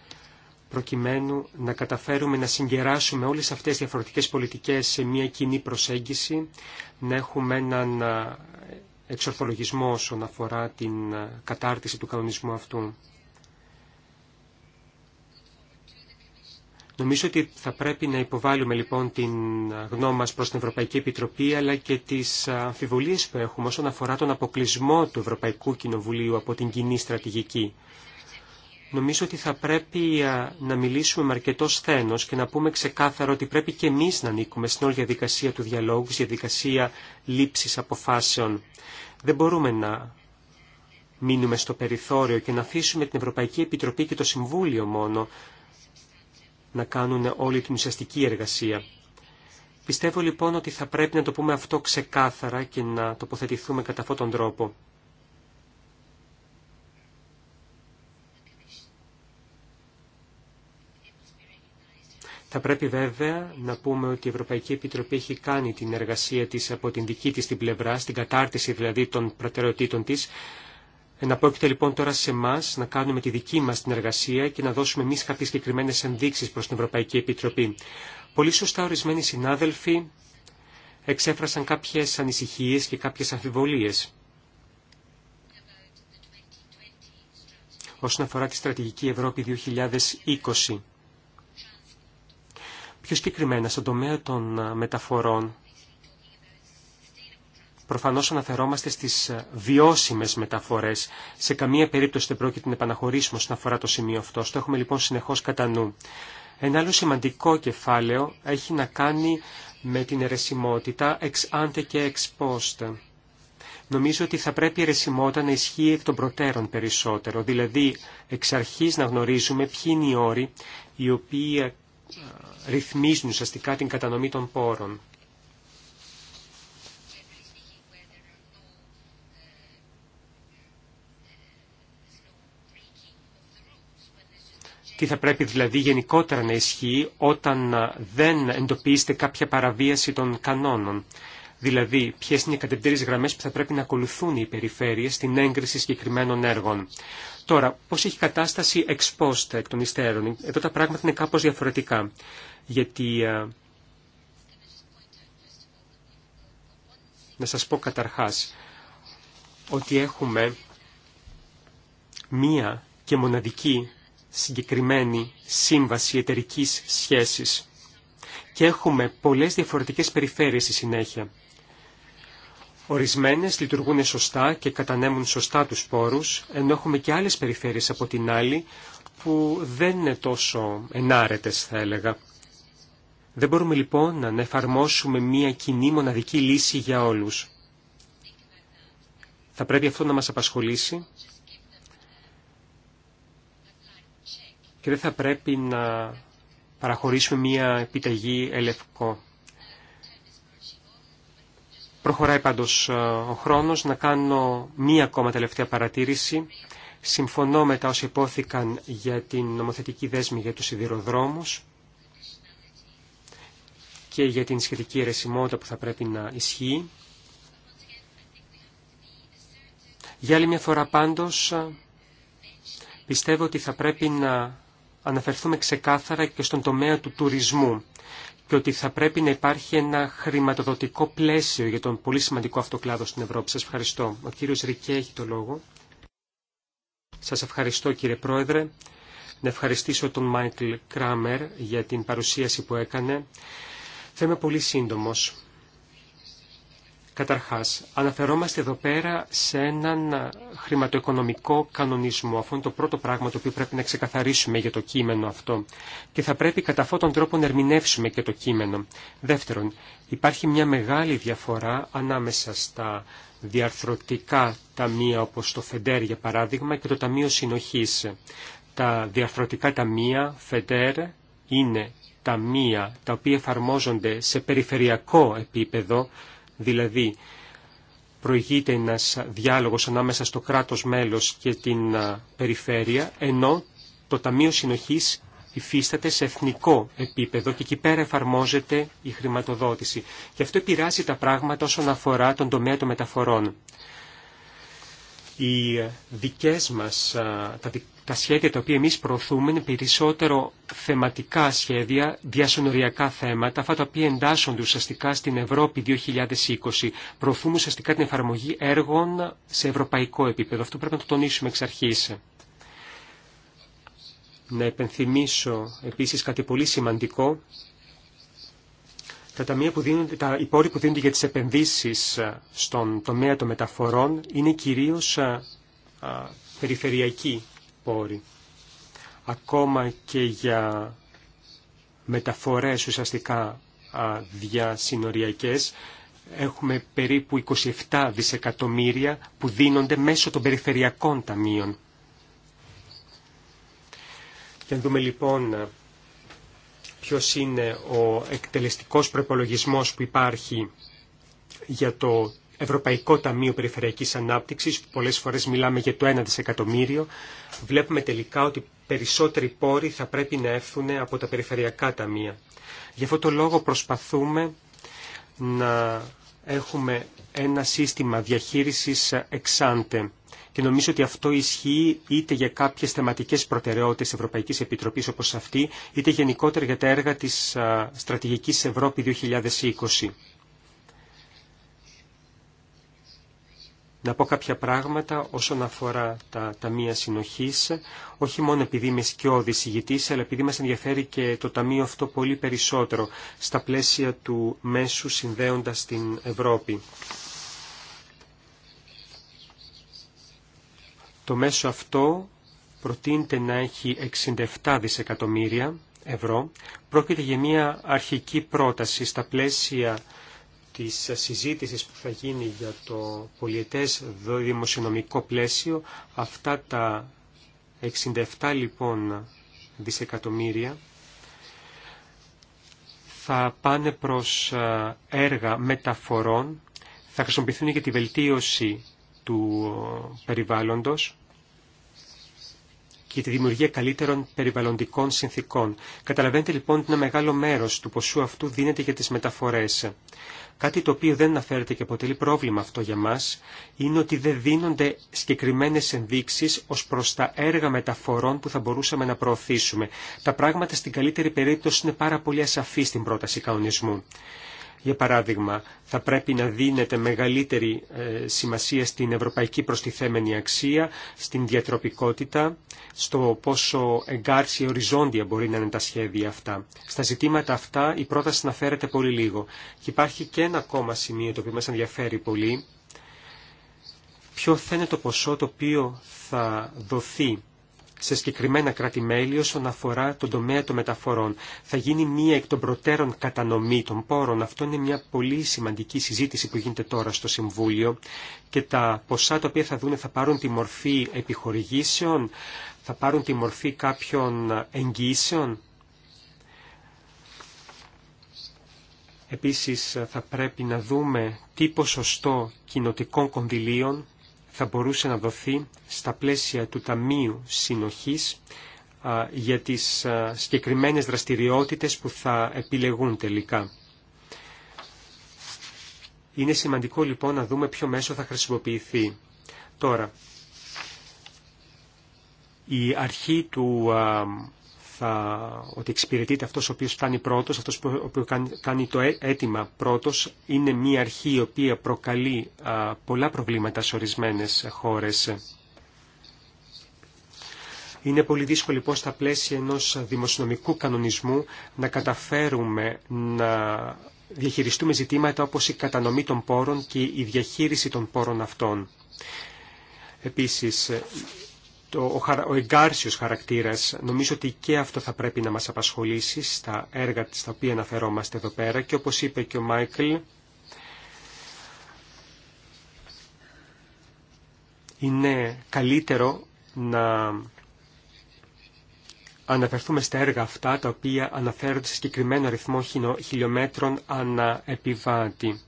Speaker 2: προκειμένου να καταφέρουμε να συγκεράσουμε όλες αυτές τις διαφορετικές πολιτικές σε μια κοινή προσέγγιση, να έχουμε έναν ε, εξορθολογισμό όσον αφορά την ε, κατάρτιση του κανονισμού αυτού. Νομίζω ότι θα πρέπει να υποβάλουμε λοιπόν την ε, γνώμη μας προς την Ευρωπαϊκή Επιτροπή αλλά και τις αμφιβολίες που έχουμε όσον αφορά τον αποκλεισμό του Ευρωπαϊκού Κοινοβουλίου από την κοινή στρατηγική νομίζω ότι θα πρέπει να μιλήσουμε με αρκετό σθένος και να πούμε ξεκάθαρα ότι πρέπει και εμείς να ανήκουμε στην όλη διαδικασία του διαλόγου, στη διαδικασία λήψης αποφάσεων. Δεν μπορούμε να μείνουμε στο περιθώριο και να αφήσουμε την Ευρωπαϊκή Επιτροπή και το Συμβούλιο μόνο να κάνουν όλη την ουσιαστική εργασία. Πιστεύω λοιπόν ότι θα πρέπει να το πούμε αυτό ξεκάθαρα και να τοποθετηθούμε κατά αυτόν τον τρόπο. Θα πρέπει βέβαια να πούμε ότι η Ευρωπαϊκή Επιτροπή έχει κάνει την εργασία της από την δική της την πλευρά, στην κατάρτιση δηλαδή των προτεραιοτήτων της. Εναπόκειται λοιπόν τώρα σε εμά να κάνουμε τη δική μας την εργασία και να δώσουμε εμεί κάποιε συγκεκριμένε ενδείξεις προς την Ευρωπαϊκή Επιτροπή. Πολύ σωστά ορισμένοι συνάδελφοι εξέφρασαν κάποιες ανησυχίες και κάποιες αμφιβολίες. όσον αφορά τη στρατηγική Ευρώπη 2020. Πιο συγκεκριμένα, στον τομέα των μεταφορών, προφανώς αναφερόμαστε στις βιώσιμες μεταφορές. Σε καμία περίπτωση δεν πρόκειται να επαναχωρήσουμε όσον αφορά το σημείο αυτό. Το έχουμε λοιπόν συνεχώς κατά νου. Ένα άλλο σημαντικό κεφάλαιο έχει να κάνει με την αιρεσιμότητα ex ante και ex post. Νομίζω ότι θα πρέπει η αιρεσιμότητα να ισχύει εκ των προτέρων περισσότερο, δηλαδή εξ αρχής να γνωρίζουμε ποιοι είναι οι όροι ρυθμίζουν ουσιαστικά την κατανομή των πόρων. Τι θα πρέπει δηλαδή γενικότερα να ισχύει όταν δεν εντοπίζεται κάποια παραβίαση των κανόνων. Δηλαδή, ποιε είναι οι κατευθυντήριε γραμμέ που θα πρέπει να ακολουθούν οι περιφέρειες στην έγκριση συγκεκριμένων έργων. Τώρα, πώς έχει κατάσταση εξπόστα εκ των υστέρων. Εδώ τα πράγματα είναι κάπως διαφορετικά. Γιατί να σας πω καταρχάς ότι έχουμε μία και μοναδική συγκεκριμένη σύμβαση εταιρικής σχέσης και έχουμε πολλές διαφορετικές περιφέρειες στη συνέχεια. Ορισμένες λειτουργούν σωστά και κατανέμουν σωστά τους πόρους, ενώ έχουμε και άλλες περιφέρειες από την άλλη που δεν είναι τόσο ενάρετες θα έλεγα. Δεν μπορούμε λοιπόν να εφαρμόσουμε μία κοινή μοναδική λύση για όλους. Θα πρέπει αυτό να μας απασχολήσει και δεν θα πρέπει να παραχωρήσουμε μία επιταγή ελευκό. Προχωράει πάντως ε, ο χρόνος να κάνω μία ακόμα τελευταία παρατήρηση. Συμφωνώ με τα όσα υπόθηκαν για την νομοθετική δέσμη για τους σιδηροδρόμους και για την σχετική αιρεσιμότητα που θα πρέπει να ισχύει. Για άλλη μια φορά πάντως ε, πιστεύω ότι θα πρέπει να αναφερθούμε ξεκάθαρα και στον τομέα του τουρισμού και ότι θα πρέπει να υπάρχει ένα χρηματοδοτικό πλαίσιο για τον πολύ σημαντικό αυτό κλάδο στην Ευρώπη. Σας ευχαριστώ. Ο κύριος Ρικέ έχει το λόγο. Σας ευχαριστώ κύριε Πρόεδρε. Να ευχαριστήσω τον Μάικλ Κράμερ για την παρουσίαση που έκανε. Θα είμαι πολύ σύντομος. Καταρχάς, αναφερόμαστε εδώ πέρα σε έναν χρηματοοικονομικό κανονισμό. Αυτό είναι το πρώτο πράγμα το οποίο πρέπει να ξεκαθαρίσουμε για το κείμενο αυτό. Και θα πρέπει κατά αυτόν τον τρόπο να ερμηνεύσουμε και το κείμενο. Δεύτερον, υπάρχει μια μεγάλη διαφορά ανάμεσα στα διαρθρωτικά ταμεία όπως το ΦΕΝΤΕΡ για παράδειγμα και το Ταμείο Συνοχής. Τα διαρθρωτικά ταμεία ΦΕΝΤΕΡ είναι ταμεία τα οποία εφαρμόζονται σε περιφερειακό επίπεδο Δηλαδή, προηγείται ένας διάλογος ανάμεσα στο κράτος μέλος και την περιφέρεια, ενώ το Ταμείο Συνοχής υφίσταται σε εθνικό επίπεδο και εκεί πέρα εφαρμόζεται η χρηματοδότηση. Και αυτό επηράζει τα πράγματα όσον αφορά τον τομέα των μεταφορών. Οι ε, δικές μας, τα, τα σχέδια τα οποία εμείς προωθούμε είναι περισσότερο θεματικά σχέδια, διασωνοριακά θέματα, αυτά τα οποία εντάσσονται ουσιαστικά στην Ευρώπη 2020. Προωθούμε ουσιαστικά την εφαρμογή έργων σε ευρωπαϊκό επίπεδο. Αυτό πρέπει να το τονίσουμε εξ αρχής. Να επενθυμίσω επίσης κάτι πολύ σημαντικό. Τα, ταμεία που δίνονται, τα που δίνονται για τις επενδύσεις στον τομέα των μεταφορών είναι κυρίως περιφερειακή Ακόμα και για μεταφορές ουσιαστικά διασυνοριακές έχουμε περίπου 27 δισεκατομμύρια που δίνονται μέσω των περιφερειακών ταμείων. Για να δούμε λοιπόν ποιος είναι ο εκτελεστικός προπολογισμό που υπάρχει για το Ευρωπαϊκό Ταμείο Περιφερειακής Ανάπτυξης, που πολλές φορές μιλάμε για το 1 δισεκατομμύριο, βλέπουμε τελικά ότι περισσότεροι πόροι θα πρέπει να έρθουν από τα περιφερειακά ταμεία. Γι' αυτό το λόγο προσπαθούμε να έχουμε ένα σύστημα διαχείρισης εξάντε. Και νομίζω ότι αυτό ισχύει είτε για κάποιες θεματικές προτεραιότητες Ευρωπαϊκής Επιτροπής όπως αυτή, είτε γενικότερα για τα έργα της Στρατηγικής Ευρώπη 2020. να πω κάποια πράγματα όσον αφορά τα ταμεία συνοχής, όχι μόνο επειδή είμαι σκιώδης ηγητής, αλλά επειδή μας ενδιαφέρει και το ταμείο αυτό πολύ περισσότερο στα πλαίσια του μέσου συνδέοντας την Ευρώπη. Το μέσο αυτό προτείνεται να έχει 67 δισεκατομμύρια ευρώ. Πρόκειται για μια αρχική πρόταση στα πλαίσια της συζήτησης που θα γίνει για το πολιετές δημοσιονομικό πλαίσιο αυτά τα 67 λοιπόν δισεκατομμύρια θα πάνε προς έργα μεταφορών, θα χρησιμοποιηθούν για τη βελτίωση του περιβάλλοντος και τη δημιουργία καλύτερων περιβαλλοντικών συνθήκων. Καταλαβαίνετε λοιπόν ότι ένα μεγάλο μέρος του ποσού αυτού δίνεται για τις μεταφορές. Κάτι το οποίο δεν αναφέρεται και αποτελεί πρόβλημα αυτό για μας είναι ότι δεν δίνονται συγκεκριμένες ενδείξεις ως προς τα έργα μεταφορών που θα μπορούσαμε να προωθήσουμε. Τα πράγματα στην καλύτερη περίπτωση είναι πάρα πολύ ασαφή στην πρόταση κανονισμού. Για παράδειγμα, θα πρέπει να δίνεται μεγαλύτερη ε, σημασία στην ευρωπαϊκή προστιθέμενη αξία, στην διατροπικότητα, στο πόσο εγκάρσια οριζόντια μπορεί να είναι τα σχέδια αυτά. Στα ζητήματα αυτά η πρόταση αναφέρεται πολύ λίγο. Και υπάρχει και ένα ακόμα σημείο το οποίο μας ενδιαφέρει πολύ. Ποιο θα είναι το ποσό το οποίο θα δοθεί σε συγκεκριμένα κράτη-μέλη όσον αφορά τον τομέα των μεταφορών. Θα γίνει μία εκ των προτέρων κατανομή των πόρων. Αυτό είναι μια πολύ σημαντική συζήτηση που γίνεται τώρα στο Συμβούλιο και τα ποσά τα οποία θα δούνε θα πάρουν τη μορφή επιχορηγήσεων, θα πάρουν τη μορφή κάποιων εγγύσεων. Επίσης θα πρέπει να δούμε τι ποσοστό κοινοτικών κονδυλίων θα μπορούσε να δοθεί στα πλαίσια του Ταμείου Συνοχής για τις συγκεκριμένες δραστηριότητες που θα επιλεγούν τελικά. Είναι σημαντικό λοιπόν να δούμε ποιο μέσο θα χρησιμοποιηθεί. Τώρα, η αρχή του θα, ότι εξυπηρετείται αυτός ο οποίος φτάνει πρώτος, αυτός που κάνει το αίτημα πρώτος, είναι μια αρχή η οποία προκαλεί πολλά προβλήματα σε ορισμένες χώρες. Είναι πολύ δύσκολο λοιπόν στα πλαίσια ενός δημοσιονομικού κανονισμού να καταφέρουμε να διαχειριστούμε ζητήματα όπως η κατανομή των πόρων και η διαχείριση των πόρων αυτών. Επίσης, το, ο, ο εγκάρσιος χαρακτήρας, νομίζω ότι και αυτό θα πρέπει να μας απασχολήσει στα έργα στα οποία αναφερόμαστε εδώ πέρα και όπως είπε και ο Μάικλ, είναι καλύτερο να αναφερθούμε στα έργα αυτά τα οποία αναφέρονται σε συγκεκριμένο αριθμό χιλιόμετρων ανά επιβάτη.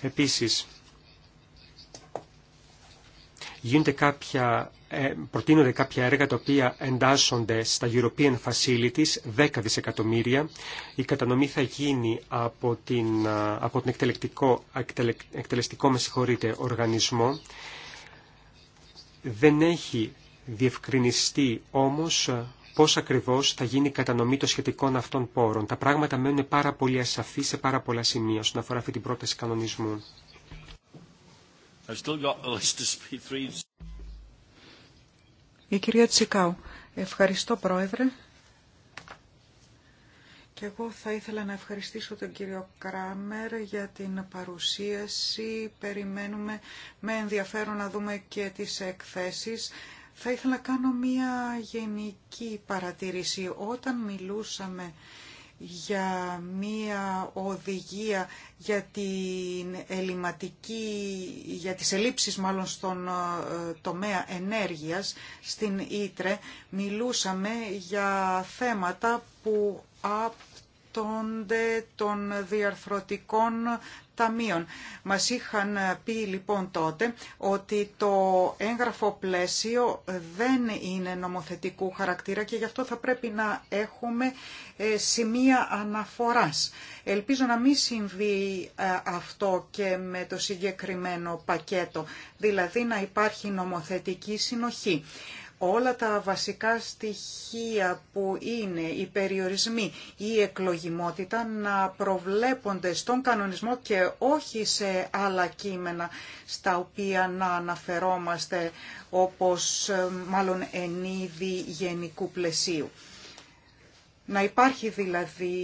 Speaker 2: Επίσης, Γίνεται κάποια, ε, προτείνονται κάποια έργα τα οποία εντάσσονται στα European Facilities, 10 δισεκατομμύρια. Η κατανομή θα γίνει από, την, από τον εκτελεκτικό, εκτελεστικό με οργανισμό. Δεν έχει διευκρινιστεί όμως ε, πώς ακριβώς θα γίνει η κατανομή των σχετικών αυτών πόρων. Τα πράγματα μένουν πάρα πολύ ασαφή σε πάρα πολλά σημεία όσον αφορά αυτή την πρόταση κανονισμού.
Speaker 3: Η κυρία Τσικάου. Ευχαριστώ πρόεδρε. Και εγώ θα ήθελα να ευχαριστήσω τον κύριο Κράμερ για την παρουσίαση. Περιμένουμε με ενδιαφέρον να δούμε και τις εκθέσεις. Θα ήθελα να κάνω μία γενική παρατήρηση. Όταν μιλούσαμε για μία οδηγία για, την για τις ελλείψεις μάλλον στον ε, τομέα ενέργειας στην Ήτρε μιλούσαμε για θέματα που άπτονται των διαρθρωτικών ταμείων. Μας είχαν πει λοιπόν τότε ότι το έγγραφο πλαίσιο δεν είναι νομοθετικού χαρακτήρα και γι' αυτό θα πρέπει να έχουμε ε, σημεία αναφοράς. Ελπίζω να μην συμβεί ε, αυτό και με το συγκεκριμένο πακέτο, δηλαδή να υπάρχει νομοθετική συνοχή όλα τα βασικά στοιχεία που είναι οι περιορισμοί ή η εκλογιμότητα να προβλέπονται στον κανονισμό και όχι σε άλλα κείμενα στα οποία να αναφερόμαστε όπως ε, μάλλον ενίδη γενικού πλαισίου να υπάρχει δηλαδή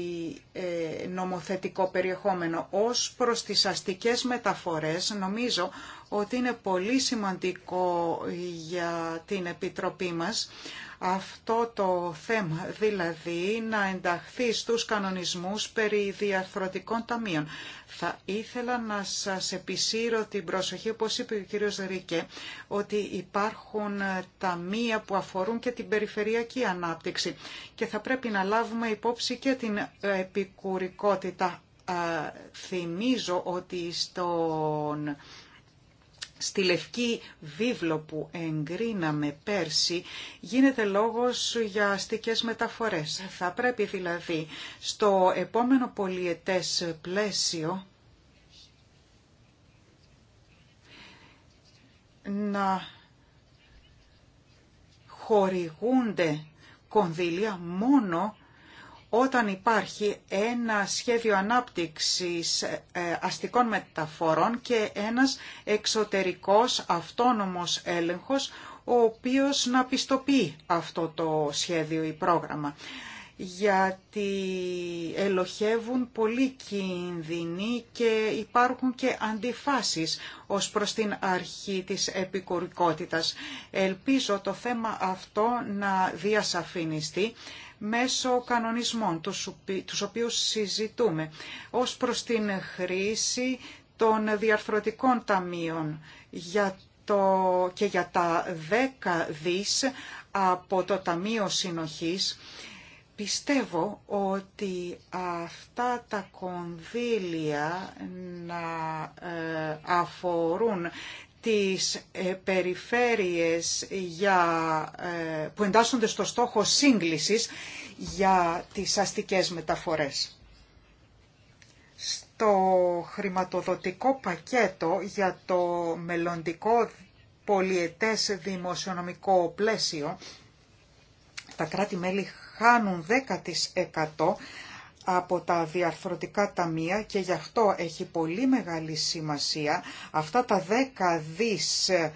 Speaker 3: ε, νομοθετικό περιεχόμενο ως προς τις αστικές μεταφορές νομίζω ότι είναι πολύ σημαντικό για την Επιτροπή μας αυτό το θέμα, δηλαδή να ενταχθεί στους κανονισμούς περί διαρθρωτικών ταμείων. Θα ήθελα να σας επισύρω την προσοχή, όπως είπε ο κύριος Ρίκε, ότι υπάρχουν ταμεία που αφορούν και την περιφερειακή ανάπτυξη και θα πρέπει να λάβουμε υπόψη και την επικουρικότητα. Θυμίζω ότι στον στη Λευκή Βίβλο που εγκρίναμε πέρσι γίνεται λόγος για αστικές μεταφορές. Θα πρέπει δηλαδή στο επόμενο πολιετές πλαίσιο να χορηγούνται κονδύλια μόνο όταν υπάρχει ένα σχέδιο ανάπτυξης ε, αστικών μεταφορών και ένας εξωτερικός αυτόνομος έλεγχος, ο οποίος να πιστοποιεί αυτό το σχέδιο ή πρόγραμμα. Γιατί ελοχεύουν πολλοί κίνδυνοι και υπάρχουν και αντιφάσεις ως προς την αρχή της επικουρικότητας. Ελπίζω το θέμα αυτό να διασαφινιστεί μέσω κανονισμών, τους οποίους συζητούμε, ως προς την χρήση των διαρθρωτικών ταμείων για το, και για τα 10 δις από το Ταμείο Συνοχής. Πιστεύω ότι αυτά τα κονδύλια να ε, αφορούν τις ε, περιφέρειες για, ε, που εντάσσονται στο στόχο σύγκλησης για τις αστικές μεταφορές. Στο χρηματοδοτικό πακέτο για το μελλοντικό πολιετές δημοσιονομικό πλαίσιο, τα κράτη-μέλη χάνουν 10% από τα διαρθρωτικά ταμεία και γι' αυτό έχει πολύ μεγάλη σημασία αυτά τα δέκα δις ε,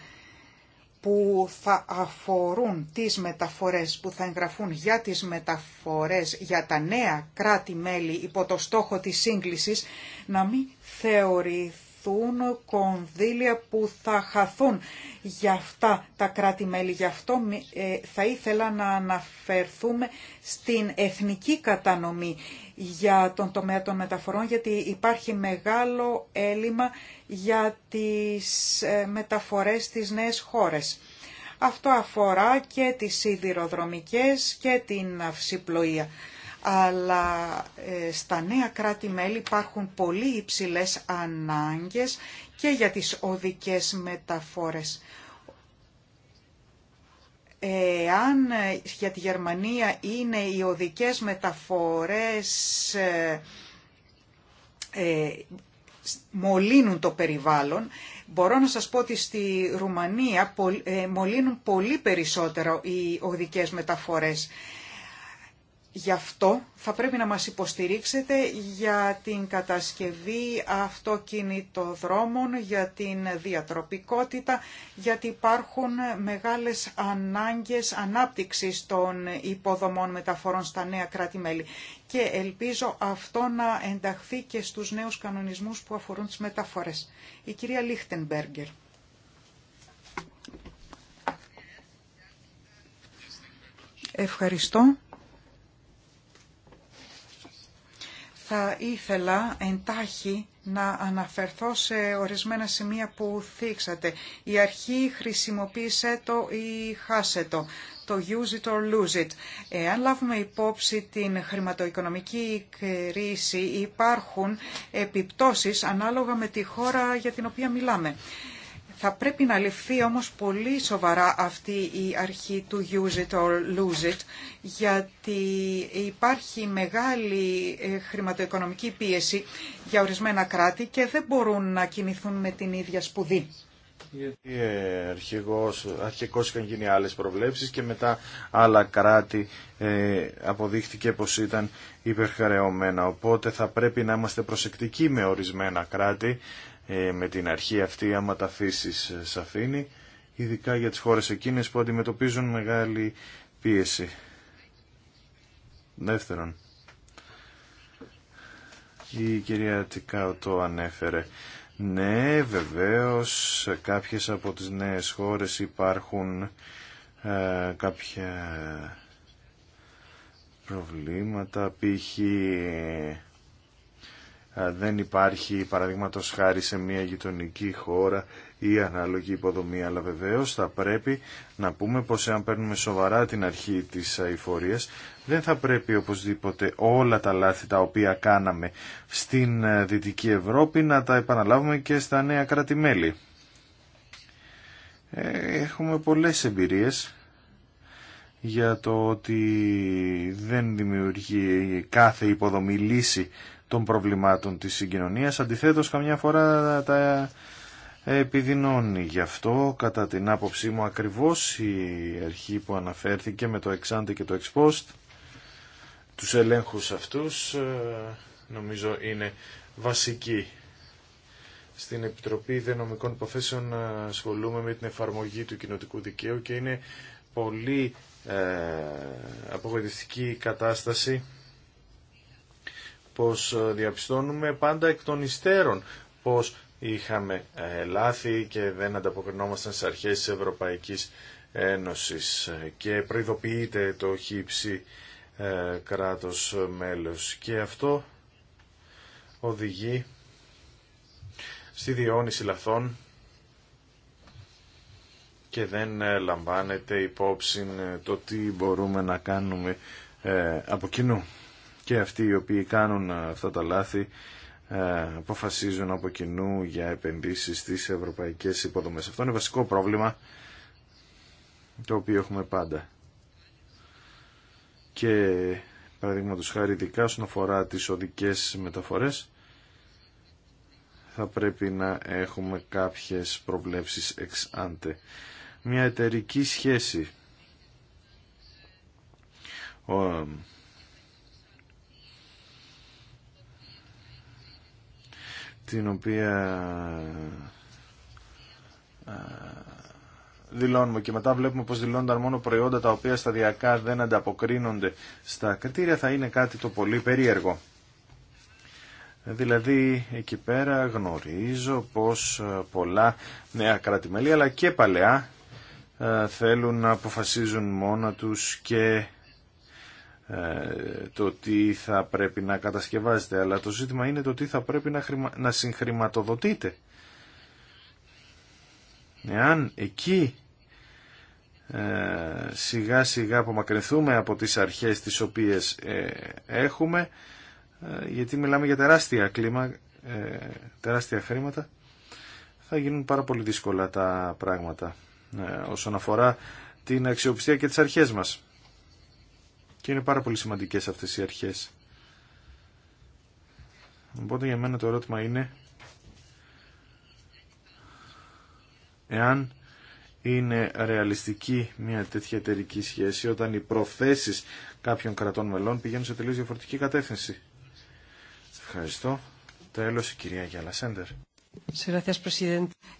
Speaker 3: που θα αφορούν τις μεταφορές, που θα εγγραφούν για τις μεταφορές για τα νέα κράτη-μέλη υπό το στόχο της σύγκλησης, να μην θεωρηθούν χαθούν κονδύλια που θα χαθούν για αυτά τα κράτη-μέλη. Γι' αυτό ε, θα ήθελα να αναφερθούμε στην εθνική κατανομή για τον τομέα των μεταφορών, γιατί υπάρχει μεγάλο έλλειμμα για τις ε, μεταφορές στις νέες χώρες. Αυτό αφορά και τις σιδηροδρομικές και την αυσιπλοεία αλλά ε, στα νέα κράτη-μέλη υπάρχουν πολύ υψηλές ανάγκες και για τις οδικές μεταφόρες. Αν ε, για τη Γερμανία είναι οι οδικές μεταφορές ε, μολύνουν το περιβάλλον, μπορώ να σας πω ότι στη Ρουμανία μολύνουν πολύ περισσότερο οι οδικές μεταφορές. Γι' αυτό θα πρέπει να μας υποστηρίξετε για την κατασκευή αυτοκινητοδρόμων, για την διατροπικότητα, γιατί υπάρχουν μεγάλες ανάγκες ανάπτυξης των υποδομών μεταφορών στα νέα κράτη-μέλη. Και ελπίζω αυτό να ενταχθεί και στους νέους κανονισμούς που αφορούν τις μεταφορές. Η κυρία Λίχτενμπέργκερ. Ευχαριστώ. Θα ήθελα εντάχει να αναφερθώ σε ορισμένα σημεία που θίξατε. Η αρχή χρησιμοποίησε το ή χάσε το, το use it or lose it. Εάν λάβουμε υπόψη την χρηματοοικονομική κρίση υπάρχουν επιπτώσεις ανάλογα με τη χώρα για την οποία μιλάμε. Θα πρέπει να ληφθεί όμως πολύ σοβαρά αυτή η αρχή του use it or lose it, γιατί υπάρχει μεγάλη ε, χρηματοοικονομική πίεση για ορισμένα κράτη και δεν μπορούν να κινηθούν με την ίδια σπουδή.
Speaker 1: Γιατί ε, αρχηγός, αρχικός είχαν γίνει άλλες προβλέψεις και μετά άλλα κράτη ε, αποδείχθηκε πως ήταν υπερχρεωμένα. Οπότε θα πρέπει να είμαστε προσεκτικοί με ορισμένα κράτη ε, με την αρχή αυτή άμα τα αφήσει ε, σαφήνει, ειδικά για τις χώρες εκείνες που αντιμετωπίζουν μεγάλη πίεση. Δεύτερον, η κυρία Τικάου το ανέφερε. Ναι, βεβαίως, κάποιες από τις νέες χώρες υπάρχουν ε, κάποια προβλήματα, π.χ δεν υπάρχει παραδείγματο χάρη σε μια γειτονική χώρα ή ανάλογη υποδομή. Αλλά βεβαίω θα πρέπει να πούμε πω εάν παίρνουμε σοβαρά την αρχή της αηφορία, δεν θα πρέπει οπωσδήποτε όλα τα λάθη τα οποία κάναμε στην ε, Δυτική Ευρώπη να τα επαναλάβουμε και στα νέα ε, Έχουμε πολλές εμπειρίες για το ότι δεν δημιουργεί κάθε υποδομή λύση των προβλημάτων της συγκοινωνίας. Αντιθέτως, καμιά φορά τα επιδεινώνει. Γι' αυτό, κατά την άποψή μου, ακριβώς η αρχή που αναφέρθηκε με το ΕΞΑΝΤΗ και το εξπόστ, τους ελέγχους αυτούς, ε, νομίζω είναι βασική. Στην Επιτροπή Δενομικών Υποθέσεων ε, ασχολούμαι με την εφαρμογή του κοινοτικού δικαίου και είναι πολύ ε, απογοητευτική κατάσταση πως ε, διαπιστώνουμε πάντα εκ των υστέρων πως είχαμε ε, λάθη και δεν ανταποκρινόμασταν στις αρχές της Ευρωπαϊκής Ένωσης και προειδοποιείται το χύψη ε, κράτος μέλος και αυτό οδηγεί στη διόνυση λαθών και δεν λαμβάνεται υπόψη το τι μπορούμε να κάνουμε από κοινού και αυτοί οι οποίοι κάνουν ε, αυτά τα λάθη ε, αποφασίζουν από κοινού για επενδύσεις στις ευρωπαϊκές υποδομές. Αυτό είναι βασικό πρόβλημα το οποίο έχουμε πάντα. Και παραδείγματο χάρη ειδικά όσον αφορά τις οδικές μεταφορές θα πρέπει να έχουμε κάποιες προβλέψεις εξ άντε. Μια εταιρική σχέση την οποία ε, δηλώνουμε και μετά βλέπουμε πως δηλώνονταν μόνο προϊόντα τα οποία σταδιακά δεν ανταποκρίνονται στα κριτήρια θα είναι κάτι το πολύ περίεργο. Δηλαδή εκεί πέρα γνωρίζω πως ε, πολλά νέα αλλά και παλαιά ε, θέλουν να αποφασίζουν μόνα τους και ε, το τι θα πρέπει να κατασκευάζετε, αλλά το ζήτημα είναι το τι θα πρέπει να, χρημα... να συγχρηματοδοτείτε. Εάν εκεί ε, σιγά σιγά απομακρυνθούμε από τις αρχές τις οποίες ε, έχουμε, ε, γιατί μιλάμε για τεράστια κλίμα, ε, τεράστια χρήματα, θα γίνουν πάρα πολύ δύσκολα τα πράγματα όσον αφορά την αξιοπιστία και τις αρχές μας. Και είναι πάρα πολύ σημαντικές αυτές οι αρχές. Οπότε για μένα το ερώτημα είναι εάν είναι ρεαλιστική μια τέτοια εταιρική σχέση όταν οι προθέσεις κάποιων κρατών μελών πηγαίνουν σε τελείως διαφορετική κατεύθυνση. Ευχαριστώ. Τέλος η κυρία Γιάλα Σέντερ.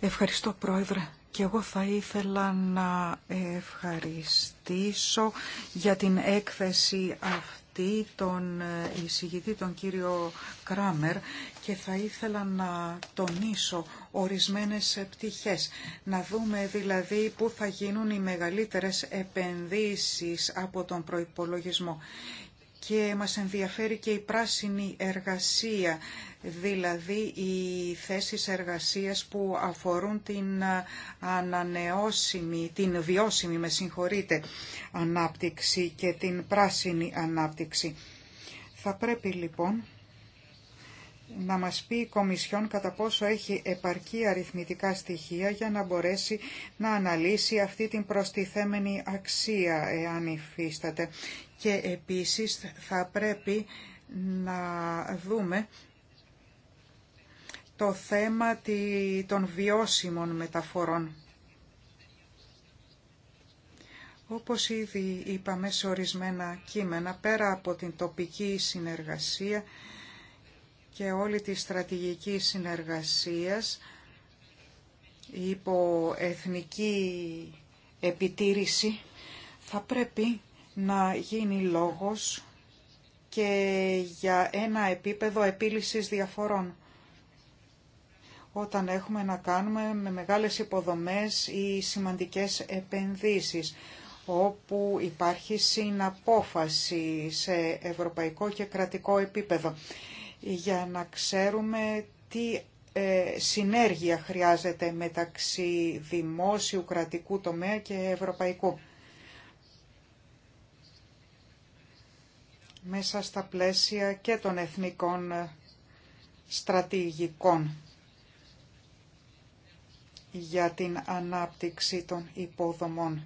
Speaker 3: Ευχαριστώ πρόεδρε. Και εγώ θα ήθελα να ευχαριστήσω για την έκθεση αυτή τον εισηγητή, τον κύριο Κράμερ και θα ήθελα να τονίσω ορισμένες πτυχές. Να δούμε δηλαδή πού θα γίνουν οι μεγαλύτερες επενδύσεις από τον προϋπολογισμό και μας ενδιαφέρει και η πράσινη εργασία, δηλαδή οι θέσεις εργασίας που αφορούν την ανανεώσιμη, την βιώσιμη, με συγχωρείτε, ανάπτυξη και την πράσινη ανάπτυξη. Θα πρέπει λοιπόν να μας πει η Κομισιόν κατά πόσο έχει επαρκή αριθμητικά στοιχεία για να μπορέσει να αναλύσει αυτή την προστιθέμενη αξία εάν υφίσταται και επίσης θα πρέπει να δούμε το θέμα των βιώσιμων μεταφορών. Όπως ήδη είπαμε σε ορισμένα κείμενα, πέρα από την τοπική συνεργασία και όλη τη στρατηγική συνεργασίας, υπό εθνική επιτήρηση, θα πρέπει να γίνει λόγος και για ένα επίπεδο επίλυσης διαφορών. Όταν έχουμε να κάνουμε με μεγάλες υποδομές ή σημαντικές επενδύσεις, όπου υπάρχει συναπόφαση σε ευρωπαϊκό και κρατικό επίπεδο, για να ξέρουμε τι ε, συνέργεια χρειάζεται μεταξύ δημόσιου, κρατικού τομέα και ευρωπαϊκού. μέσα στα πλαίσια και των εθνικών στρατηγικών για την ανάπτυξη των υποδομών.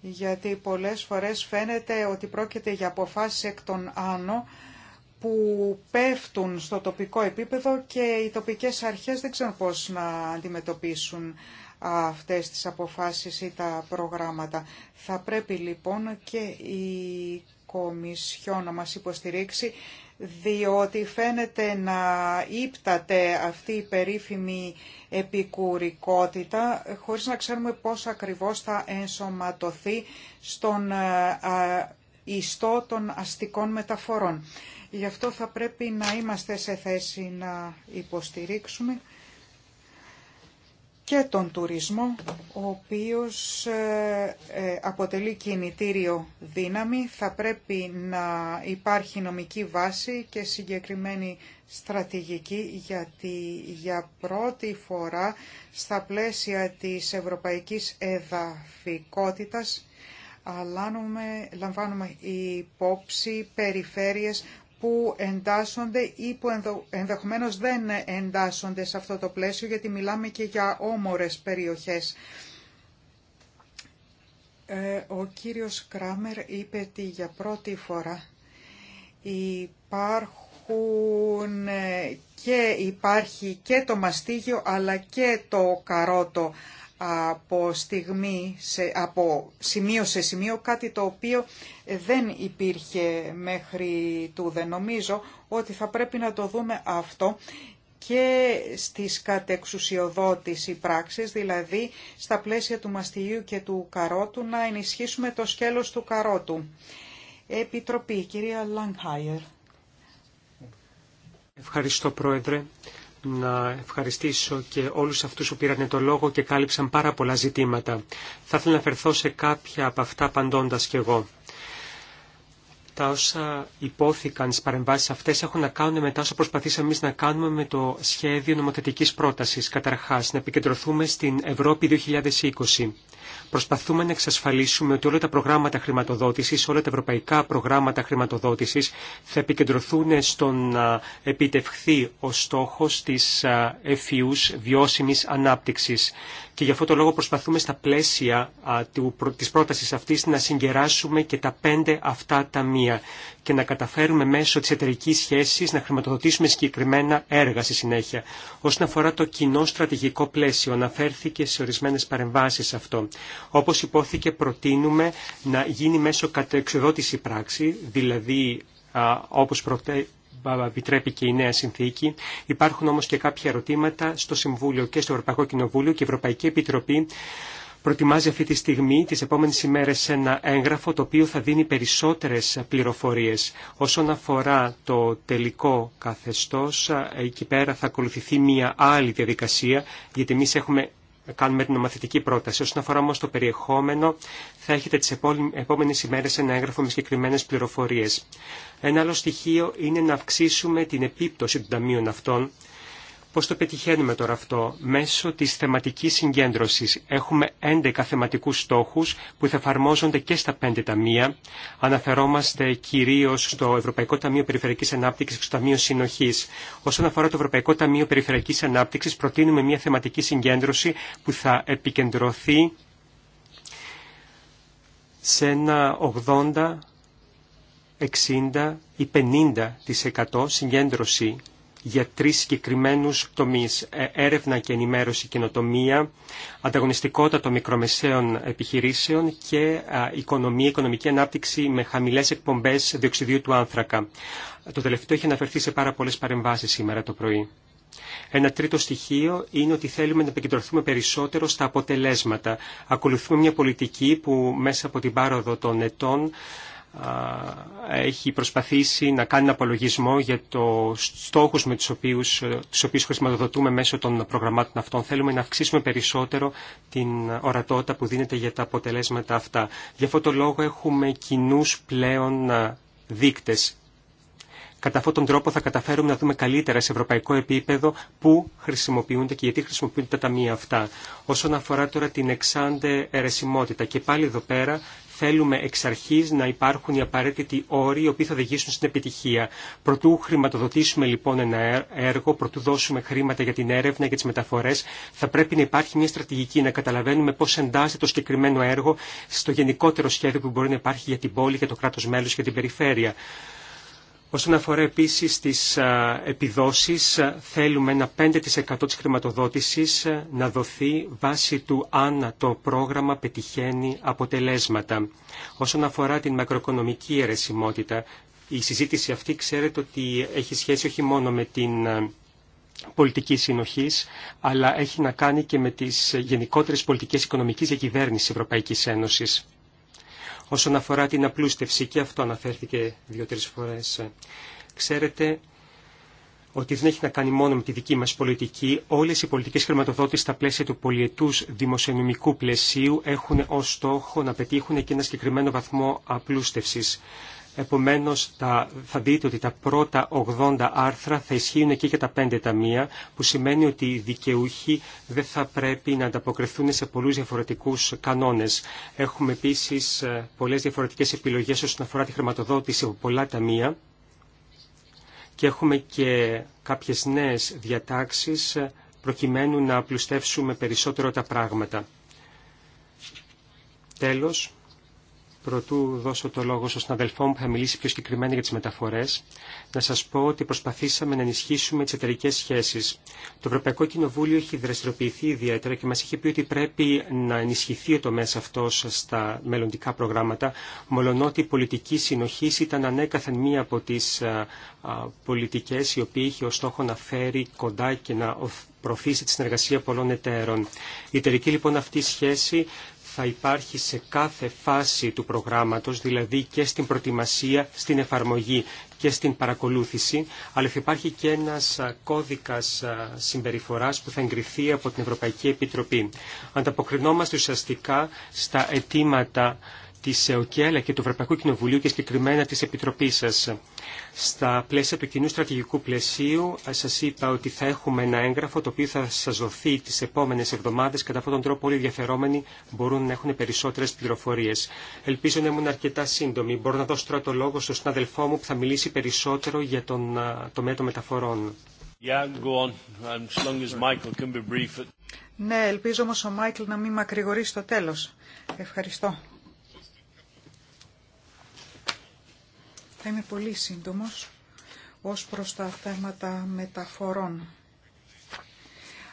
Speaker 3: Γιατί πολλές φορές φαίνεται ότι πρόκειται για αποφάσεις εκ των άνω που πέφτουν στο τοπικό επίπεδο και οι τοπικές αρχές δεν ξέρουν πώς να αντιμετωπίσουν αυτές τις αποφάσεις ή τα προγράμματα. Θα πρέπει λοιπόν και οι Κομισιό να μας υποστηρίξει, διότι φαίνεται να ύπταται αυτή η περίφημη επικουρικότητα, χωρίς να ξέρουμε πώς ακριβώς θα ενσωματωθεί στον ε, ιστό των αστικών μεταφορών. Γι' αυτό θα πρέπει να είμαστε σε θέση να υποστηρίξουμε και τον τουρισμό, ο οποίος ε, ε, αποτελεί κινητήριο δύναμη. Θα πρέπει να υπάρχει νομική βάση και συγκεκριμένη στρατηγική, γιατί για πρώτη φορά στα πλαίσια της ευρωπαϊκής εδαφικότητας λαμβάνουμε υπόψη περιφέρειες που εντάσσονται ή που ενδεχομένως δεν εντάσσονται σε αυτό το πλαίσιο, γιατί μιλάμε και για όμορες περιοχές. Ε, ο κύριος Κράμερ είπε ότι για πρώτη φορά υπάρχουν ε, και υπάρχει και το μαστίγιο αλλά και το καρότο από, στιγμή από σημείο σε σημείο, κάτι το οποίο δεν υπήρχε μέχρι του δεν Νομίζω ότι θα πρέπει να το δούμε αυτό και στις κατεξουσιοδότηση πράξεις, δηλαδή στα πλαίσια του μαστιγίου και του καρότου, να ενισχύσουμε το σκέλος του καρότου. Επιτροπή, κυρία Λανχάιερ.
Speaker 2: Ευχαριστώ, Πρόεδρε να ευχαριστήσω και όλους αυτούς που πήραν το λόγο και κάλυψαν πάρα πολλά ζητήματα. Θα ήθελα να φερθώ σε κάποια από αυτά απαντώντας κι εγώ τα όσα υπόθηκαν στις παρεμβάσει αυτές έχουν να κάνουν με τα όσα προσπαθήσαμε εμείς να κάνουμε με το σχέδιο νομοθετικής πρότασης. Καταρχάς, να επικεντρωθούμε στην Ευρώπη 2020. Προσπαθούμε να εξασφαλίσουμε ότι όλα τα προγράμματα χρηματοδότηση, όλα τα ευρωπαϊκά προγράμματα χρηματοδότηση θα επικεντρωθούν στο να επιτευχθεί ο στόχο τη εφιούς βιώσιμη ανάπτυξη. Και γι' αυτό το λόγο προσπαθούμε στα πλαίσια τη πρόταση αυτή να συγκεράσουμε και τα πέντε αυτά ταμεία και να καταφέρουμε μέσω τη εταιρική σχέσης να χρηματοδοτήσουμε συγκεκριμένα έργα στη συνέχεια. Όσον αφορά το κοινό στρατηγικό πλαίσιο, αναφέρθηκε σε ορισμένε παρεμβάσει αυτό. Όπω υπόθηκε, προτείνουμε να γίνει μέσω κατεξοδότηση πράξη, δηλαδή όπω όπως επιτρέπει και η νέα συνθήκη. Υπάρχουν όμως και κάποια ερωτήματα στο Συμβούλιο και στο Ευρωπαϊκό Κοινοβούλιο και η Ευρωπαϊκή Επιτροπή προετοιμάζει αυτή τη στιγμή, τις επόμενες ημέρες, ένα έγγραφο το οποίο θα δίνει περισσότερες πληροφορίες. Όσον αφορά το τελικό καθεστώς, εκεί πέρα θα ακολουθηθεί μια άλλη διαδικασία, γιατί εμεί έχουμε κάνουμε την ομαθητική πρόταση. Όσον αφορά όμω το περιεχόμενο, θα έχετε τι επόμενε ημέρε ένα έγγραφο με συγκεκριμένε πληροφορίε. Ένα άλλο στοιχείο είναι να αυξήσουμε την επίπτωση των ταμείων αυτών. Πώς το πετυχαίνουμε τώρα αυτό. Μέσω της θεματικής συγκέντρωσης έχουμε 11 θεματικούς στόχους που θα εφαρμόζονται και στα 5 ταμεία. Αναφερόμαστε κυρίως στο Ευρωπαϊκό Ταμείο Περιφερειακής Ανάπτυξης και στο Ταμείο Συνοχής. Όσον αφορά το Ευρωπαϊκό Ταμείο Περιφερειακής Ανάπτυξης προτείνουμε μια θεματική συγκέντρωση που θα επικεντρωθεί σε ένα 80 60 ή 50% συγκέντρωση για τρεις συγκεκριμένου τομείς. Ε, έρευνα και ενημέρωση καινοτομία, ανταγωνιστικότητα των μικρομεσαίων επιχειρήσεων και οικονομία, οικονομική ανάπτυξη με χαμηλές εκπομπές διοξιδίου του άνθρακα. Το τελευταίο έχει αναφερθεί σε πάρα πολλές παρεμβάσεις σήμερα το πρωί. Ένα τρίτο στοιχείο είναι ότι θέλουμε να επικεντρωθούμε περισσότερο στα αποτελέσματα. Ακολουθούμε μια πολιτική που μέσα από την πάροδο των ετών έχει προσπαθήσει να κάνει ένα απολογισμό για το στόχους με τους οποίους, ε, τους οποίους χρησιμοδοτούμε μέσω των προγραμμάτων αυτών. Θέλουμε να αυξήσουμε περισσότερο την ορατότητα που δίνεται για τα αποτελέσματα αυτά. Γι' αυτό τον λόγο έχουμε κοινού πλέον ε, δείκτες. Κατά αυτόν τον τρόπο θα καταφέρουμε να δούμε καλύτερα σε ευρωπαϊκό επίπεδο πού χρησιμοποιούνται και γιατί χρησιμοποιούνται τα ταμεία αυτά. Όσον αφορά τώρα την εξάντε αιρεσιμότητα και πάλι εδώ πέρα θέλουμε εξ αρχή να υπάρχουν οι απαραίτητοι όροι οι οποίοι θα οδηγήσουν στην επιτυχία. Προτού χρηματοδοτήσουμε λοιπόν ένα ε, έργο, προτού δώσουμε χρήματα για την έρευνα, και τις μεταφορές, θα πρέπει να υπάρχει μια στρατηγική, να καταλαβαίνουμε πώς εντάσσεται το συγκεκριμένο έργο στο γενικότερο σχέδιο που μπορεί να υπάρχει για την πόλη, για το κράτο μέλο και την περιφέρεια. Όσον αφορά επίσης τις επιδόσεις, θέλουμε ένα 5% της χρηματοδότησης να δοθεί βάσει του αν το πρόγραμμα πετυχαίνει αποτελέσματα. Όσον αφορά την μακροοικονομική αιρεσιμότητα, η συζήτηση αυτή ξέρετε ότι έχει σχέση όχι μόνο με την πολιτική συνοχής, αλλά έχει να κάνει και με τις γενικότερες πολιτικές οικονομικής διακυβέρνησης Ευρωπαϊκής Ένωσης όσον αφορά την απλούστευση και αυτό αναφέρθηκε δύο-τρεις φορές. Ξέρετε ότι δεν έχει να κάνει μόνο με τη δική μας πολιτική. Όλες οι πολιτικές χρηματοδότης στα πλαίσια του πολιετούς δημοσιονομικού πλαισίου έχουν ως στόχο να πετύχουν και ένα συγκεκριμένο βαθμό απλούστευσης. Επομένως θα δείτε ότι τα πρώτα 80 άρθρα θα ισχύουν και και τα 5 ταμεία, που σημαίνει ότι οι δικαιούχοι δεν θα πρέπει να ανταποκριθούν σε πολλούς διαφορετικούς κανόνες. Έχουμε επίσης ε, πολλές διαφορετικές επιλογές όσον αφορά τη χρηματοδότηση από πολλά ταμεία και έχουμε και κάποιες νέες διατάξεις ε, προκειμένου να απλουστεύσουμε περισσότερο τα πράγματα. Τέλος, Προτού δώσω το λόγο στον αδελφό μου που θα μιλήσει πιο συγκεκριμένα για τι μεταφορέ. να σα πω ότι προσπαθήσαμε να ενισχύσουμε τι εταιρικέ σχέσει. Το Ευρωπαϊκό Κοινοβούλιο έχει δραστηριοποιηθεί ιδιαίτερα και μα είχε πει ότι πρέπει να ενισχυθεί το μέσα αυτό στα μελλοντικά προγράμματα, μολονότι η πολιτική συνοχή ήταν ανέκαθεν μία από τι πολιτικέ η οποία είχε ως στόχο να φέρει κοντά και να προωθήσει τη συνεργασία πολλών εταίρων. Η εταιρική λοιπόν αυτή σχέση θα υπάρχει σε κάθε φάση του προγράμματος, δηλαδή και στην προετοιμασία, στην εφαρμογή και στην παρακολούθηση, αλλά θα υπάρχει και ένας κώδικας συμπεριφοράς που θα εγκριθεί από την Ευρωπαϊκή Επιτροπή. Ανταποκρινόμαστε ουσιαστικά στα αιτήματα της ΕΟΚΕ αλλά και του Ευρωπαϊκού Κοινοβουλίου και συγκεκριμένα της Επιτροπής σας. Στα πλαίσια του κοινού στρατηγικού πλαισίου ε, σας είπα ότι θα έχουμε ένα έγγραφο το οποίο θα σας δοθεί τις επόμενες εβδομάδες. Κατά αυτόν τον τρόπο όλοι οι ενδιαφερόμενοι μπορούν να έχουν περισσότερες πληροφορίες. Ελπίζω να ήμουν αρκετά σύντομη. Μπορώ να δώσω τώρα το λόγο στον συναδελφό μου που θα μιλήσει περισσότερο για τον ε, τομέα των μεταφορών. Um,
Speaker 3: ναι, ελπίζω όμω ο Μάικλ να μην μακρηγορεί στο τέλο. Ευχαριστώ. Θα είμαι πολύ σύντομος ως προς τα θέματα μεταφορών.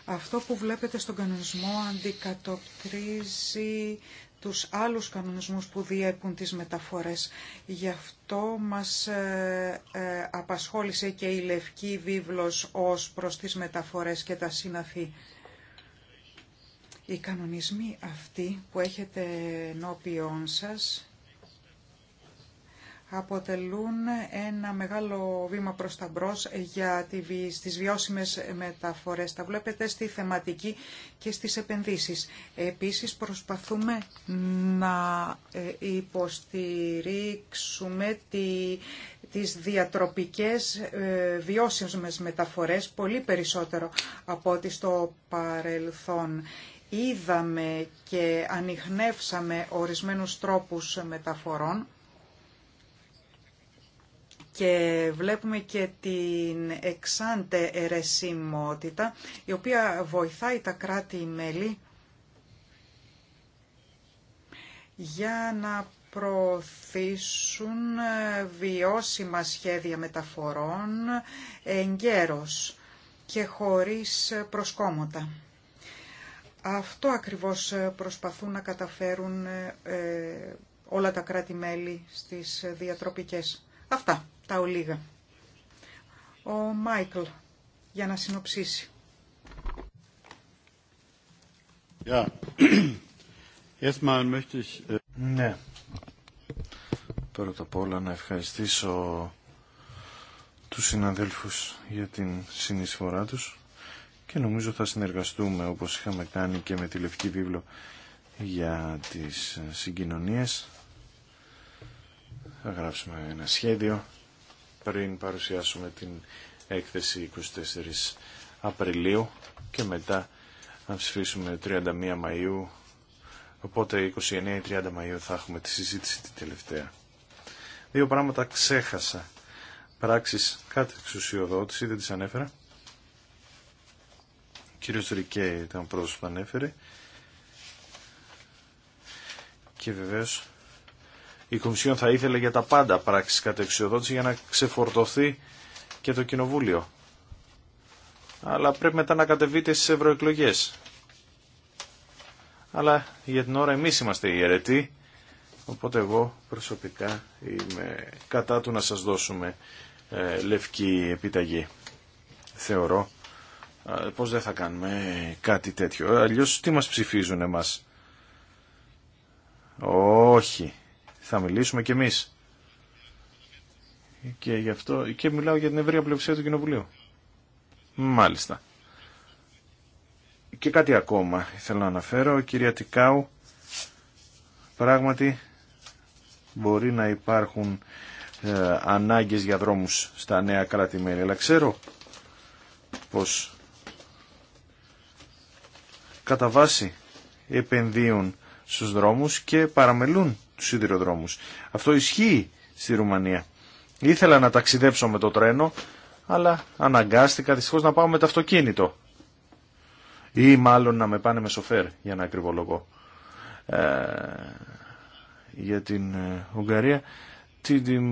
Speaker 3: Αυτό που βλέπετε στον κανονισμό αντικατοπτρίζει τους άλλους κανονισμούς που διέπουν τις μεταφορές. Γι' αυτό μας ε, ε, απασχόλησε και η Λευκή Βίβλος ως προς τις μεταφορές και τα σύναφη. Οι κανονισμοί αυτοί που έχετε ενώπιόν σας αποτελούν ένα μεγάλο βήμα προς τα μπρος για τις βιώσιμες μεταφορές. Τα βλέπετε στη θεματική και στις επενδύσεις. Επίσης προσπαθούμε να ε, υποστηρίξουμε τη, τις διατροπικές ε, βιώσιμες μεταφορές πολύ περισσότερο από ό,τι στο παρελθόν. Είδαμε και ανοιχνεύσαμε ορισμένους τρόπους μεταφορών και βλέπουμε και την εξάντε ερεσιμότητα η οποία βοηθάει τα κράτη-μέλη για να προωθήσουν ε, βιώσιμα σχέδια μεταφορών εγκαίρως και χωρίς προσκόμματα. Αυτό ακριβώς ε, προσπαθούν να καταφέρουν ε, όλα τα κράτη-μέλη στις διατροπικές. Αυτά τα ολίγα. Ο Μάικλ, για να συνοψίσει.
Speaker 1: Äh, ναι. Πρώτα απ' όλα να ευχαριστήσω του συναδέλφου για την συνεισφορά τους και νομίζω θα συνεργαστούμε όπως είχαμε κάνει και με τη Λευκή Βίβλο για τι συγκοινωνίε. Θα γράψουμε ένα σχέδιο πριν παρουσιάσουμε την έκθεση 24 Απριλίου και μετά να ψηφίσουμε 31 Μαΐου. Οπότε 29 ή 30 Μαΐου θα έχουμε τη συζήτηση τη τελευταία. Δύο πράγματα ξέχασα. Πράξεις κάτι εξουσιοδότηση, δεν τις ανέφερα. Ο κύριος Ρικέ ήταν ο που ανέφερε. Και βεβαίως η Κομισιόν θα ήθελε για τα πάντα πράξεις κατεξιοδότηση για να ξεφορτωθεί και το Κοινοβούλιο. Αλλά πρέπει μετά να κατεβείτε στις ευρωεκλογέ. Αλλά για την ώρα εμείς είμαστε οι οπότε εγώ προσωπικά είμαι κατά του να σας δώσουμε ε, λευκή επιταγή. Θεωρώ ε, πως δεν θα κάνουμε κάτι τέτοιο. Αλλιώς τι μας ψηφίζουν εμάς. Όχι θα μιλήσουμε κι εμείς. Και γι' αυτό και μιλάω για την ευρεία πλευσία του Κοινοβουλίου. Μάλιστα. Και κάτι ακόμα θέλω να αναφέρω. Κυρία Τικάου, πράγματι μπορεί να υπάρχουν ε, ανάγκες για δρόμους στα νέα κράτη-μέλη. Αλλά ξέρω πως κατά βάση επενδύουν στους δρόμους και παραμελούν τους σιδηροδρόμους. Αυτό ισχύει στη Ρουμανία. Ήθελα να ταξιδέψω με το τρένο, αλλά αναγκάστηκα δυστυχώς να πάω με το αυτοκίνητο. Ή μάλλον να με πάνε με σοφέρ, για να ακριβολογώ. Ε, για την ε, Ουγγαρία, την, την,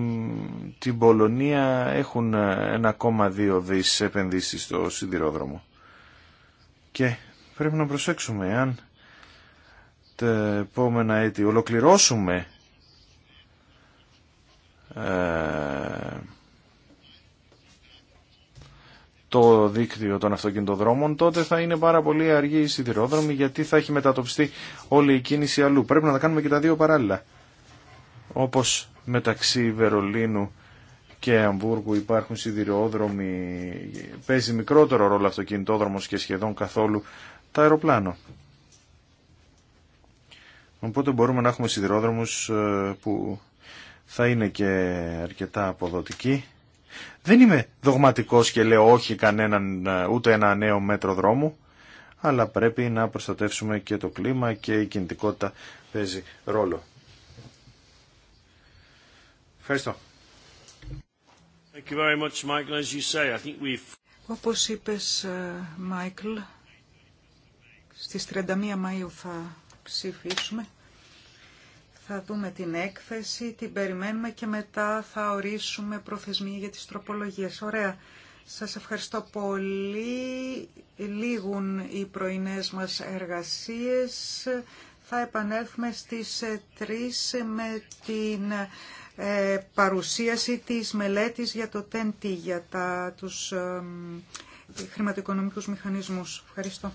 Speaker 1: την Πολωνία έχουν 1,2 ε, δις επενδύσεις στο σιδηρόδρομο. Και πρέπει να προσέξουμε, αν τα επόμενα έτη ολοκληρώσουμε ε, το δίκτυο των αυτοκινητοδρόμων, τότε θα είναι πάρα πολύ αργή η σιδηρόδρομη γιατί θα έχει μετατοπιστεί όλη η κίνηση αλλού. Πρέπει να τα κάνουμε και τα δύο παράλληλα. Όπως μεταξύ Βερολίνου και Αμβούργου υπάρχουν σιδηρόδρομοι, παίζει μικρότερο ρόλο αυτοκινητόδρομος και σχεδόν καθόλου τα αεροπλάνο. Οπότε μπορούμε να έχουμε σιδηρόδρομους ε, που θα είναι και αρκετά αποδοτικοί. Δεν είμαι δογματικός και λέω όχι κανέναν ε, ούτε ένα νέο μέτρο δρόμου, αλλά πρέπει να προστατεύσουμε και το κλίμα και η κινητικότητα παίζει ρόλο. Ευχαριστώ. Thank you very much,
Speaker 3: Μάικλ, ε, στις 31 Μαΐου θα ψηφίσουμε. Θα δούμε την έκθεση, την περιμένουμε και μετά θα ορίσουμε προθεσμία για τις τροπολογίες. Ωραία. Σας ευχαριστώ πολύ. Λίγουν οι πρωινές μας εργασίες. Θα επανέλθουμε στις 3 με την ε, παρουσίαση της μελέτης για το ΤΕΝΤΗ, για τα, τους ε, χρηματοοικονομικούς μηχανισμούς. Ευχαριστώ.